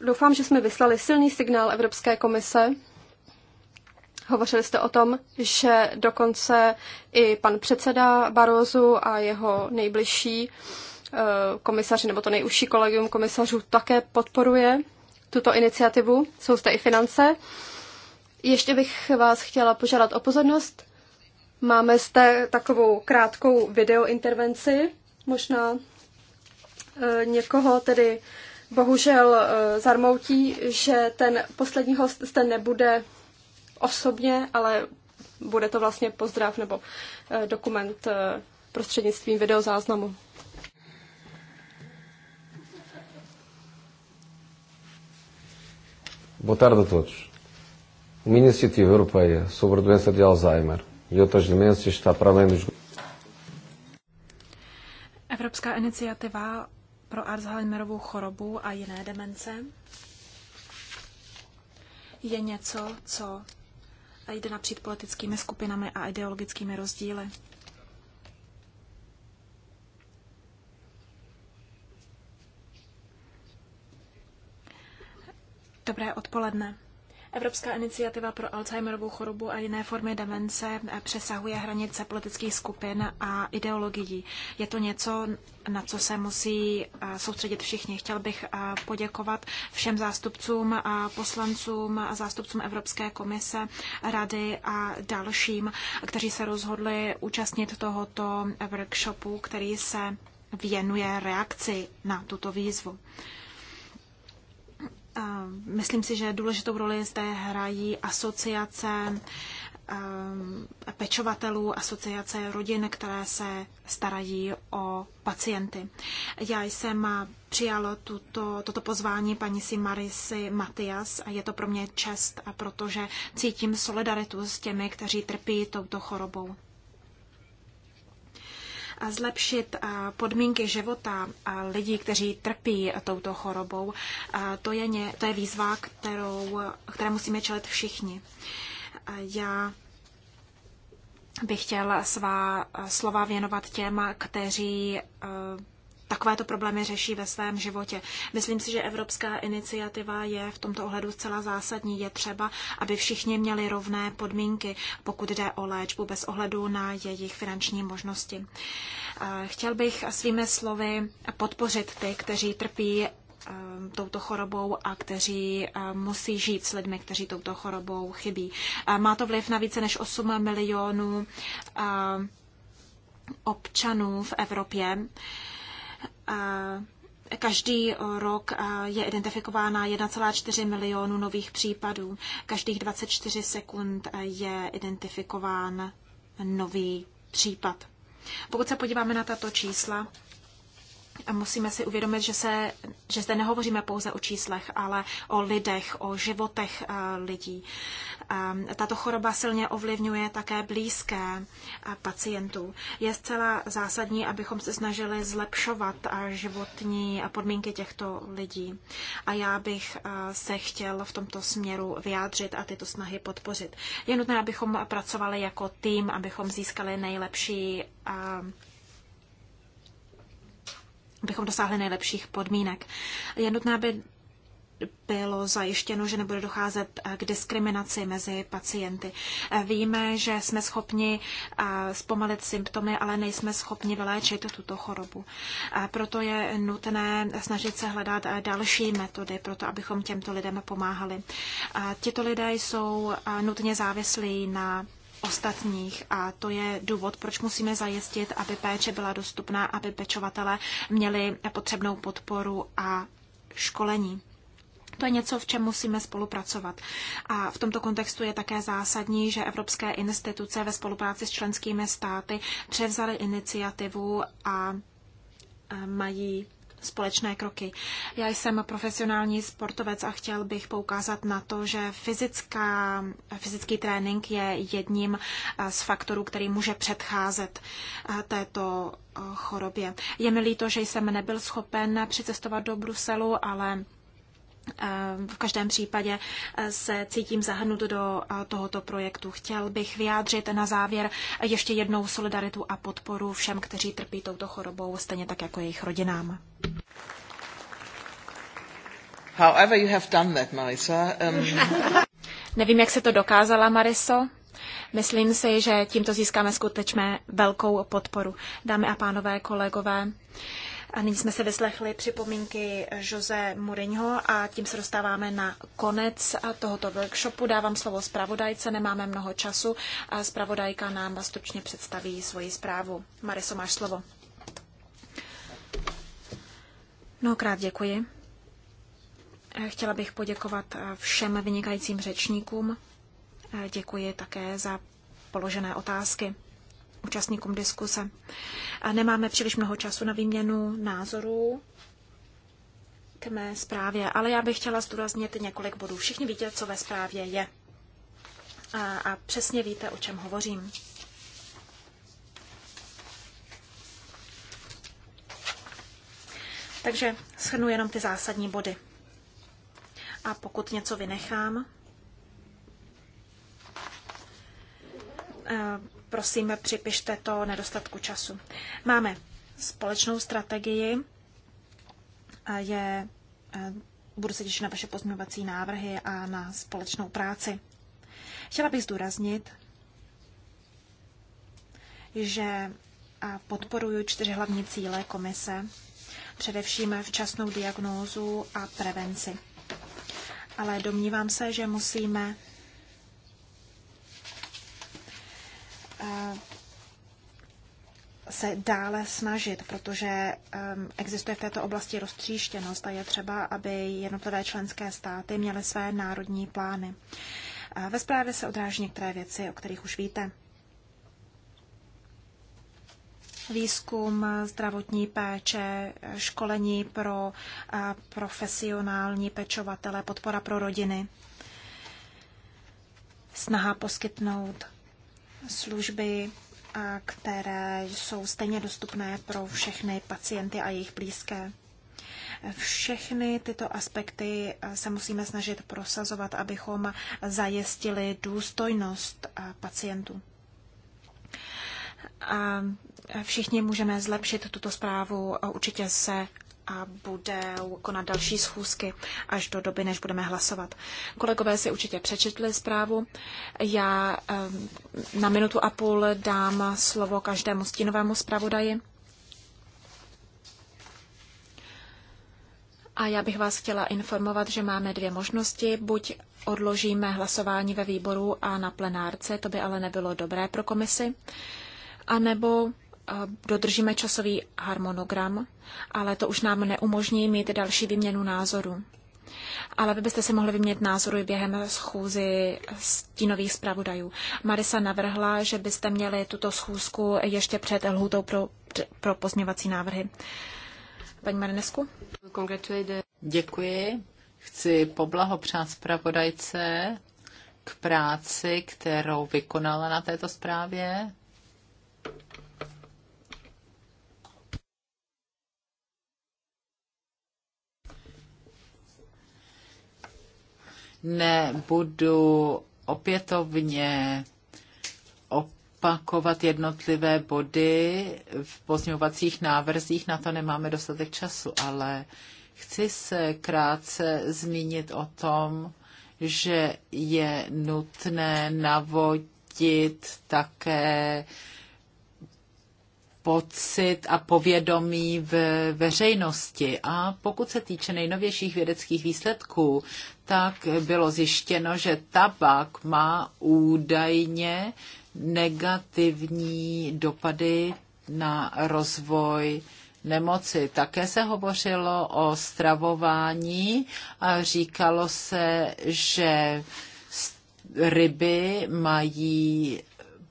Doufám, že jsme vyslali silný signál Evropské komise Hovořili jste o tom, že dokonce i pan předseda Barozu a jeho nejbližší eh, komisaři, nebo to nejužší kolegium komisařů, také podporuje tuto iniciativu. Jsou zde i finance. Ještě bych vás chtěla požádat o pozornost. Máme zde takovou krátkou videointervenci, možná eh, někoho tedy bohužel eh, zarmoutí, že ten poslední host zde nebude osobně, ale bude to vlastně pozdrav nebo eh, dokument eh, prostřednictvím videozáznamu. Boa tarde a todos. Uma iniciativa europeia sobre a doença de Alzheimer e outras demências está para além dos. Evropská iniciativa pro Alzheimerovou chorobu a jiné demence je něco, co a jde napříč politickými skupinami a ideologickými rozdíly. Dobré odpoledne. Evropská iniciativa pro Alzheimerovou chorobu a jiné formy demence eh, přesahuje hranice politických skupin a ideologií. Je to něco, na co se musí eh, soustředit všichni. Chtěl bych eh, poděkovat všem zástupcům a poslancům a zástupcům Evropské komise, rady a dalším, kteří se rozhodli účastnit tohoto workshopu, který se věnuje reakci na tuto výzvu. Myslím si, že důležitou roli zde hrají asociace ehm, pečovatelů, asociace rodin, které se starají o pacienty. Já jsem přijala tuto, toto pozvání paní si Marisy Matias a je to pro mě čest, protože cítím solidaritu s těmi, kteří trpí touto chorobou zlepšit podmínky života lidí, kteří trpí touto chorobou, to je, ně, to je výzva, kterou, které musíme čelit všichni. Já bych chtěl svá slova věnovat těm, kteří takovéto problémy řeší ve svém životě. Myslím si, že evropská iniciativa je v tomto ohledu zcela zásadní. Je třeba, aby všichni měli rovné podmínky, pokud jde o léčbu, bez ohledu na jejich finanční možnosti. Chtěl bych svými slovy podpořit ty, kteří trpí touto chorobou a kteří musí žít s lidmi, kteří touto chorobou chybí. Má to vliv na více než 8 milionů občanů v Evropě Každý rok je identifikována 1,4 milionu nových případů. Každých 24 sekund je identifikován nový případ. Pokud se podíváme na tato čísla, musíme si uvědomit, že, se, že zde nehovoříme pouze o číslech, ale o lidech, o životech eh, lidí. Ehm, tato choroba silně ovlivňuje také blízké eh, pacientů. Je zcela zásadní, abychom se snažili zlepšovat eh, životní podmínky těchto lidí. A já bych se chtěl v tomto směru vyjádřit a tyto snahy podpořit. Je nutné, abychom pracovali jako tým, abychom získali nejlepší ehm, abychom dosáhli nejlepších podmínek. Je nutné, aby bylo zajištěno, že nebude docházet eh, k diskriminaci mezi pacienty. Eh, víme, že jsme schopni eh, zpomalit symptomy, ale nejsme schopni vyléčit tuto chorobu. Proto je nutné snažit se hledat další metody, proto abychom těmto lidem pomáhali. Tito lidé jsou nutně závislí na ostatních a to je důvod, proč musíme zajistit, aby péče byla dostupná, aby pečovatele měli potřebnou podporu a školení. To je něco, v čem musíme spolupracovat. A v tomto kontextu je také zásadní, že evropské instituce ve spolupráci s členskými státy převzaly iniciativu a mají společné kroky. Já jsem profesionální sportovec a chtěl bych poukázat na to, že fyzická, fyzický trénink je jedním eh, z faktorů, který může předcházet eh, této eh, chorobě. Je mi líto, že jsem nebyl schopen přicestovat do Bruselu, ale v každém případě eh, se cítím zahrnut do eh, tohoto projektu. Chtěl bych vyjádřit na závěr ještě jednou solidaritu a podporu všem, kteří trpí touto chorobou, stejně tak jako jejich rodinám. However you have done that, Marisa. Um... Nevím, jak se to dokázala, Mariso. Myslím si, že tímto získáme skutečně velkou podporu. Dámy a pánové, kolegové, a nyní jsme se vyslechli připomínky Jose Mourinho a tím se dostáváme na konec tohoto workshopu. Dávám slovo zpravodajce, nemáme mnoho času a zpravodajka nám stručně představí svoji zprávu. Mariso, máš slovo. Mnohokrát děkuji. Chtěla bych poděkovat všem vynikajícím řečníkům. Děkuji také za položené otázky účastníkům diskuse. Nemáme příliš mnoho času na výměnu názorů k mé zprávě, ale já bych chtěla zdůraznit několik bodů. Všichni víte, co ve zprávě je. A, a přesně víte, o čem hovořím. Takže shrnu jenom ty zásadní body. A pokud něco vynechám, Prosím, připište to nedostatku času. Máme společnou strategii, je, budu se těšit na vaše pozměňovací návrhy a na společnou práci. Chtěla bych zdůraznit, že podporuji čtyři hlavní cíle komise, především včasnou diagnózu a prevenci. Ale domnívám se, že musíme Eh, se dále snažit, protože ehm, existuje v této oblasti roztříštěnost a je třeba, aby jednotlivé členské státy měly své národní plány. Eh, ve zprávě se odráží některé věci, o kterých už víte. Výzkum, zdravotní péče, školení pro eh, profesionální pečovatele, podpora pro rodiny, snaha poskytnout služby, které jsou stejně dostupné pro všechny pacienty a jejich blízké. Všechny tyto aspekty eh, se musíme snažit prosazovat, abychom zajistili důstojnost eh, pacientů. A všichni můžeme zlepšit tuto zprávu. Určitě se a bude konat další schůzky až do doby, než budeme hlasovat. Kolegové si určitě přečetli zprávu. Já na minutu a půl dám slovo každému stínovému zpravodaji. A já bych vás chtěla informovat, že máme dvě možnosti. Buď odložíme hlasování ve výboru a na plenárce, to by ale nebylo dobré pro komisi, anebo dodržíme časový harmonogram, ale to už nám neumožní mít další výměnu názoru. Ale vy byste si mohli vyměnit názory během schůzy stínových zpravodajů. Marisa navrhla, že byste měli tuto schůzku ještě před lhůtou pro, pro pozměvací návrhy. Paní Marinesku? Děkuji. Chci poblahopřát zpravodajce k práci, kterou vykonala na této zprávě. nebudu opětovně opakovat jednotlivé body v pozměňovacích návrzích, na to nemáme dostatek času, ale chci se krátce zmínit o tom, že je nutné navodit také pocit a povědomí v veřejnosti. A pokud se týče nejnovějších vědeckých výsledků, tak bylo zjištěno, že tabak má údajně negativní dopady na rozvoj nemoci. Také se hovořilo o stravování a říkalo se, že ryby mají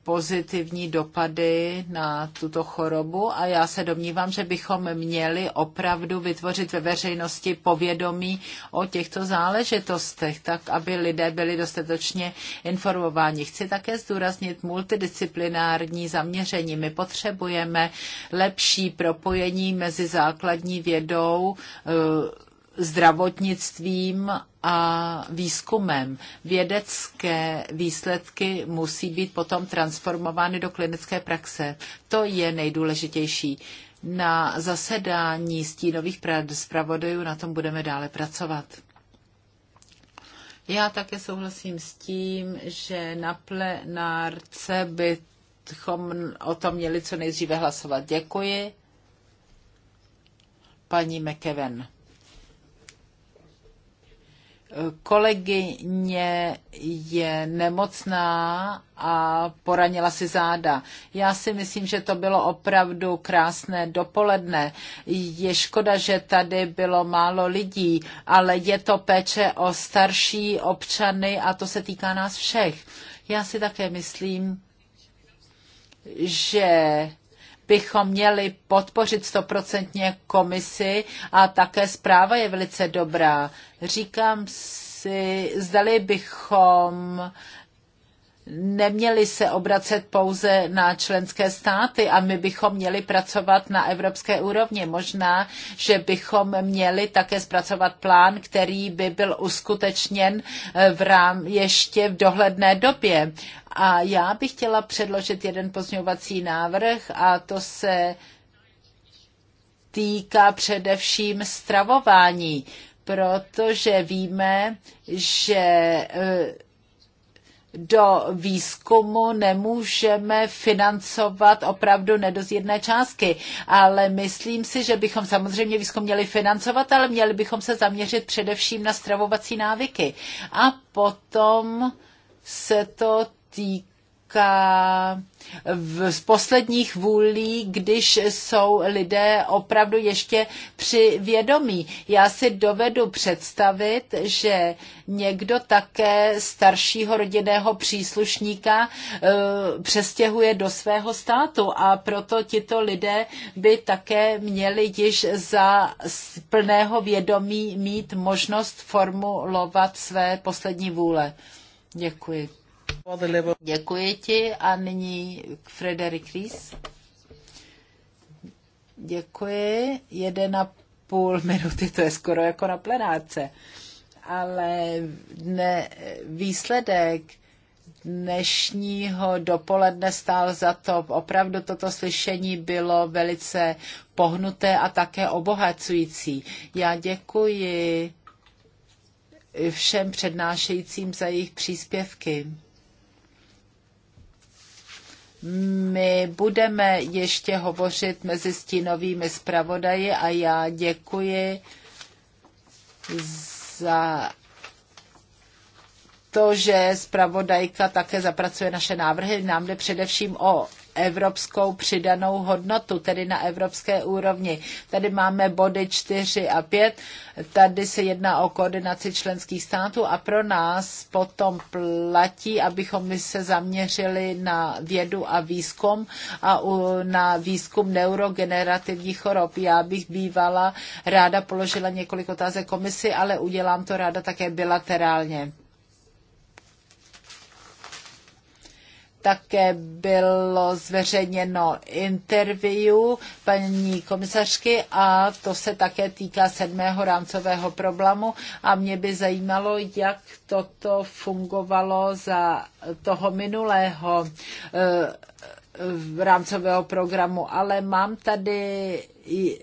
pozitivní dopady na tuto chorobu a já se domnívám, že bychom měli opravdu vytvořit ve veřejnosti povědomí o těchto záležitostech, tak aby lidé byli dostatečně informováni. Chci také zdůraznit multidisciplinární zaměření. My potřebujeme lepší propojení mezi základní vědou, eh, zdravotnictvím a výzkumem. Vědecké výsledky musí být potom transformovány do klinické praxe. To je nejdůležitější. Na zasedání stínových zpravodajů na tom budeme dále pracovat. Já také souhlasím s tím, že na plenárce bychom o tom měli co nejdříve hlasovat. Děkuji. Paní McEwen kolegyně je nemocná a poranila si záda. Já si myslím, že to bylo opravdu krásné dopoledne. Je škoda, že tady bylo málo lidí, ale je to péče o starší občany a to se týká nás všech. Já si také myslím, že bychom měli podpořit stoprocentně komisi a také zpráva je velice dobrá. Říkám si, zdali bychom neměli se obracet pouze na členské státy a my bychom měli pracovat na evropské úrovni. Možná, že bychom měli také zpracovat plán, který by byl uskutečněn eh, v rám ještě v dohledné době. A já bych chtěla předložit jeden pozměňovací návrh a to se týká především stravování, protože víme, že eh, do výzkumu nemůžeme financovat opravdu nedozjedné částky, ale myslím si, že bychom samozřejmě výzkum měli financovat, ale měli bychom se zaměřit především na stravovací návyky. A potom se to týká v z posledních vůlí, když jsou lidé opravdu ještě při vědomí. Já si dovedu představit, že někdo také staršího rodinného příslušníka eh, přestěhuje do svého státu a proto tito lidé by také měli již za plného vědomí mít možnost formulovat své poslední vůle. Děkuji. Děkuji ti a nyní Frederik Ries. Děkuji. Jeden a půl minuty, to je skoro jako na plenáce, Ale ne, výsledek dnešního dopoledne stál za to. Opravdu toto slyšení bylo velice pohnuté a také obohacující. Já děkuji všem přednášejícím za jejich příspěvky. My budeme ještě hovořit mezi stínovými zpravodaji a já děkuji za to, že zpravodajka také zapracuje naše návrhy. Nám jde především o evropskou přidanou hodnotu, tedy na evropské úrovni. Tady máme body 4 a 5, tady se jedná o koordinaci členských států a pro nás potom platí, abychom my se zaměřili na vědu a výzkum a na výzkum neurogenerativních chorob. Já bych bývala ráda položila několik otázek komisi, ale udělám to ráda také bilaterálně. také bylo zveřejněno interview paní komisařky a to se také týká sedmého rámcového problému a mě by zajímalo, jak toto fungovalo za toho minulého v eh, rámcového programu, ale mám tady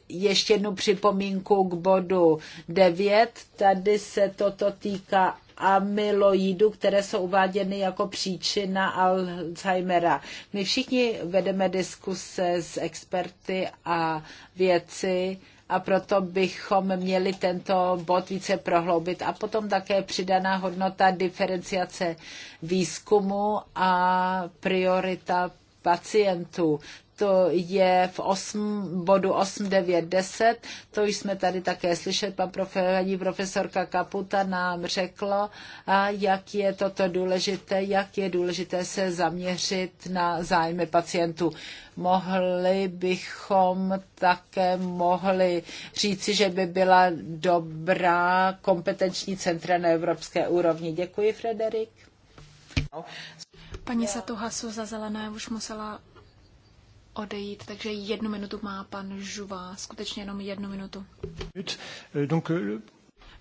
ještě jednu připomínku k bodu 9. Tady se toto týká amyloidů, které jsou uváděny jako příčina Alzheimera. My všichni vedeme diskuse s experty a věci, a proto bychom měli tento bod více prohloubit. A potom také přidaná hodnota diferenciace výzkumu a priorita pacientů to je v 8, bodu 8, 9, 10, to už jsme tady také slyšet, pan profe, paní profesorka Kaputa nám řekla, a jak je toto důležité, jak je důležité se zaměřit na zájmy pacientů. Mohli bychom také mohli říci, že by byla dobrá kompetenční centra na evropské úrovni. Děkuji, Frederik. Paní Satuhasu za zelené už musela odejít, takže jednu minutu má pan Žuva, skutečně jenom jednu minutu. Euh,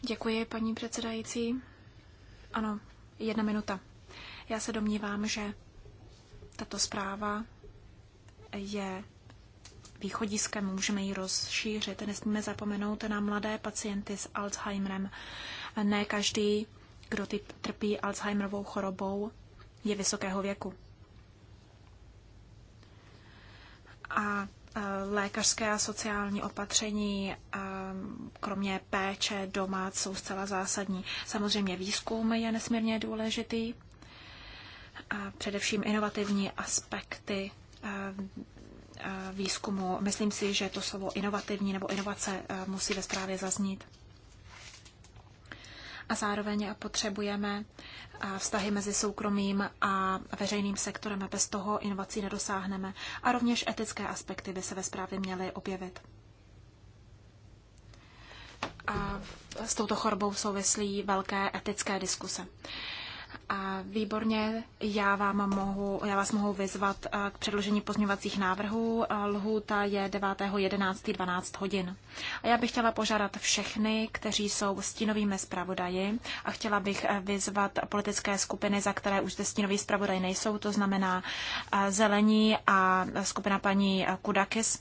Děkuji, paní předsedající. Ano, jedna minuta. Já se domnívám, že tato zpráva je východiskem, můžeme ji rozšířit. Nesmíme zapomenout na mladé pacienty s Alzheimerem. Ne každý, kdo ty trpí Alzheimerovou chorobou, je vysokého věku. a lékařské a sociální opatření, kromě péče doma, jsou zcela zásadní. Samozřejmě výzkum je nesmírně důležitý, a především inovativní aspekty výzkumu. Myslím si, že to slovo inovativní nebo inovace musí ve zprávě zaznít a zároveň potřebujeme vztahy mezi soukromým a veřejným sektorem. Bez toho inovací nedosáhneme a rovněž etické aspekty by se ve zprávě měly objevit. A s touto chorbou souvislí velké etické diskuse. A výborně, já, vám mohu, já vás mohu vyzvat eh, k předložení pozměňovacích návrhů. Eh, lhůta je 12 hodin. A já bych chtěla požádat všechny, kteří jsou stínovými zpravodaji a chtěla bych eh, vyzvat politické skupiny, za které už zde stínoví zpravodaj nejsou, to znamená Zelení a skupina paní Kudakis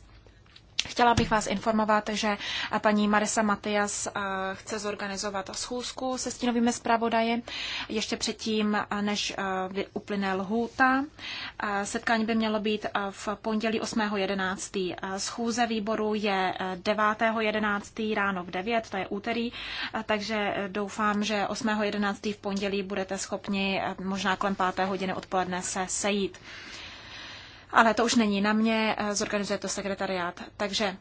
Chtěla bych vás informovat, že paní Marisa Matias eh, chce zorganizovat schůzku se stínovými zpravodaji ještě předtím, eh, než eh, uplyne lhůta. Setkání by mělo být v pondělí 8.11. Schůze výboru je 9.11. ráno v 9, to je úterý, takže doufám, že 8.11. v pondělí budete schopni možná kolem 5. hodiny odpoledne se sejít ale to už není na mě, eh, zorganizuje to sekretariát. Takže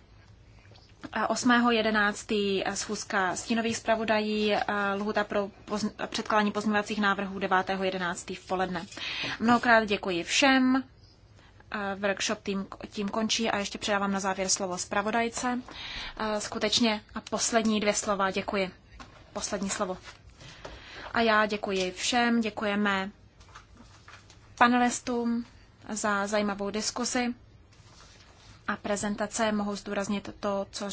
8.11. Eh, eh, schůzka stínových zpravodají, lhuta pro pozn- předkládání pozměňovacích návrhů 9.11. v poledne. Mnohokrát děkuji všem. Workshop tím, tím končí a ještě předávám na závěr slovo zpravodajce. Skutečně a poslední dvě slova děkuji. Poslední slovo. A já děkuji všem, děkujeme panelistům za zajímavou diskusi a prezentace. Mohu zdůraznit to, co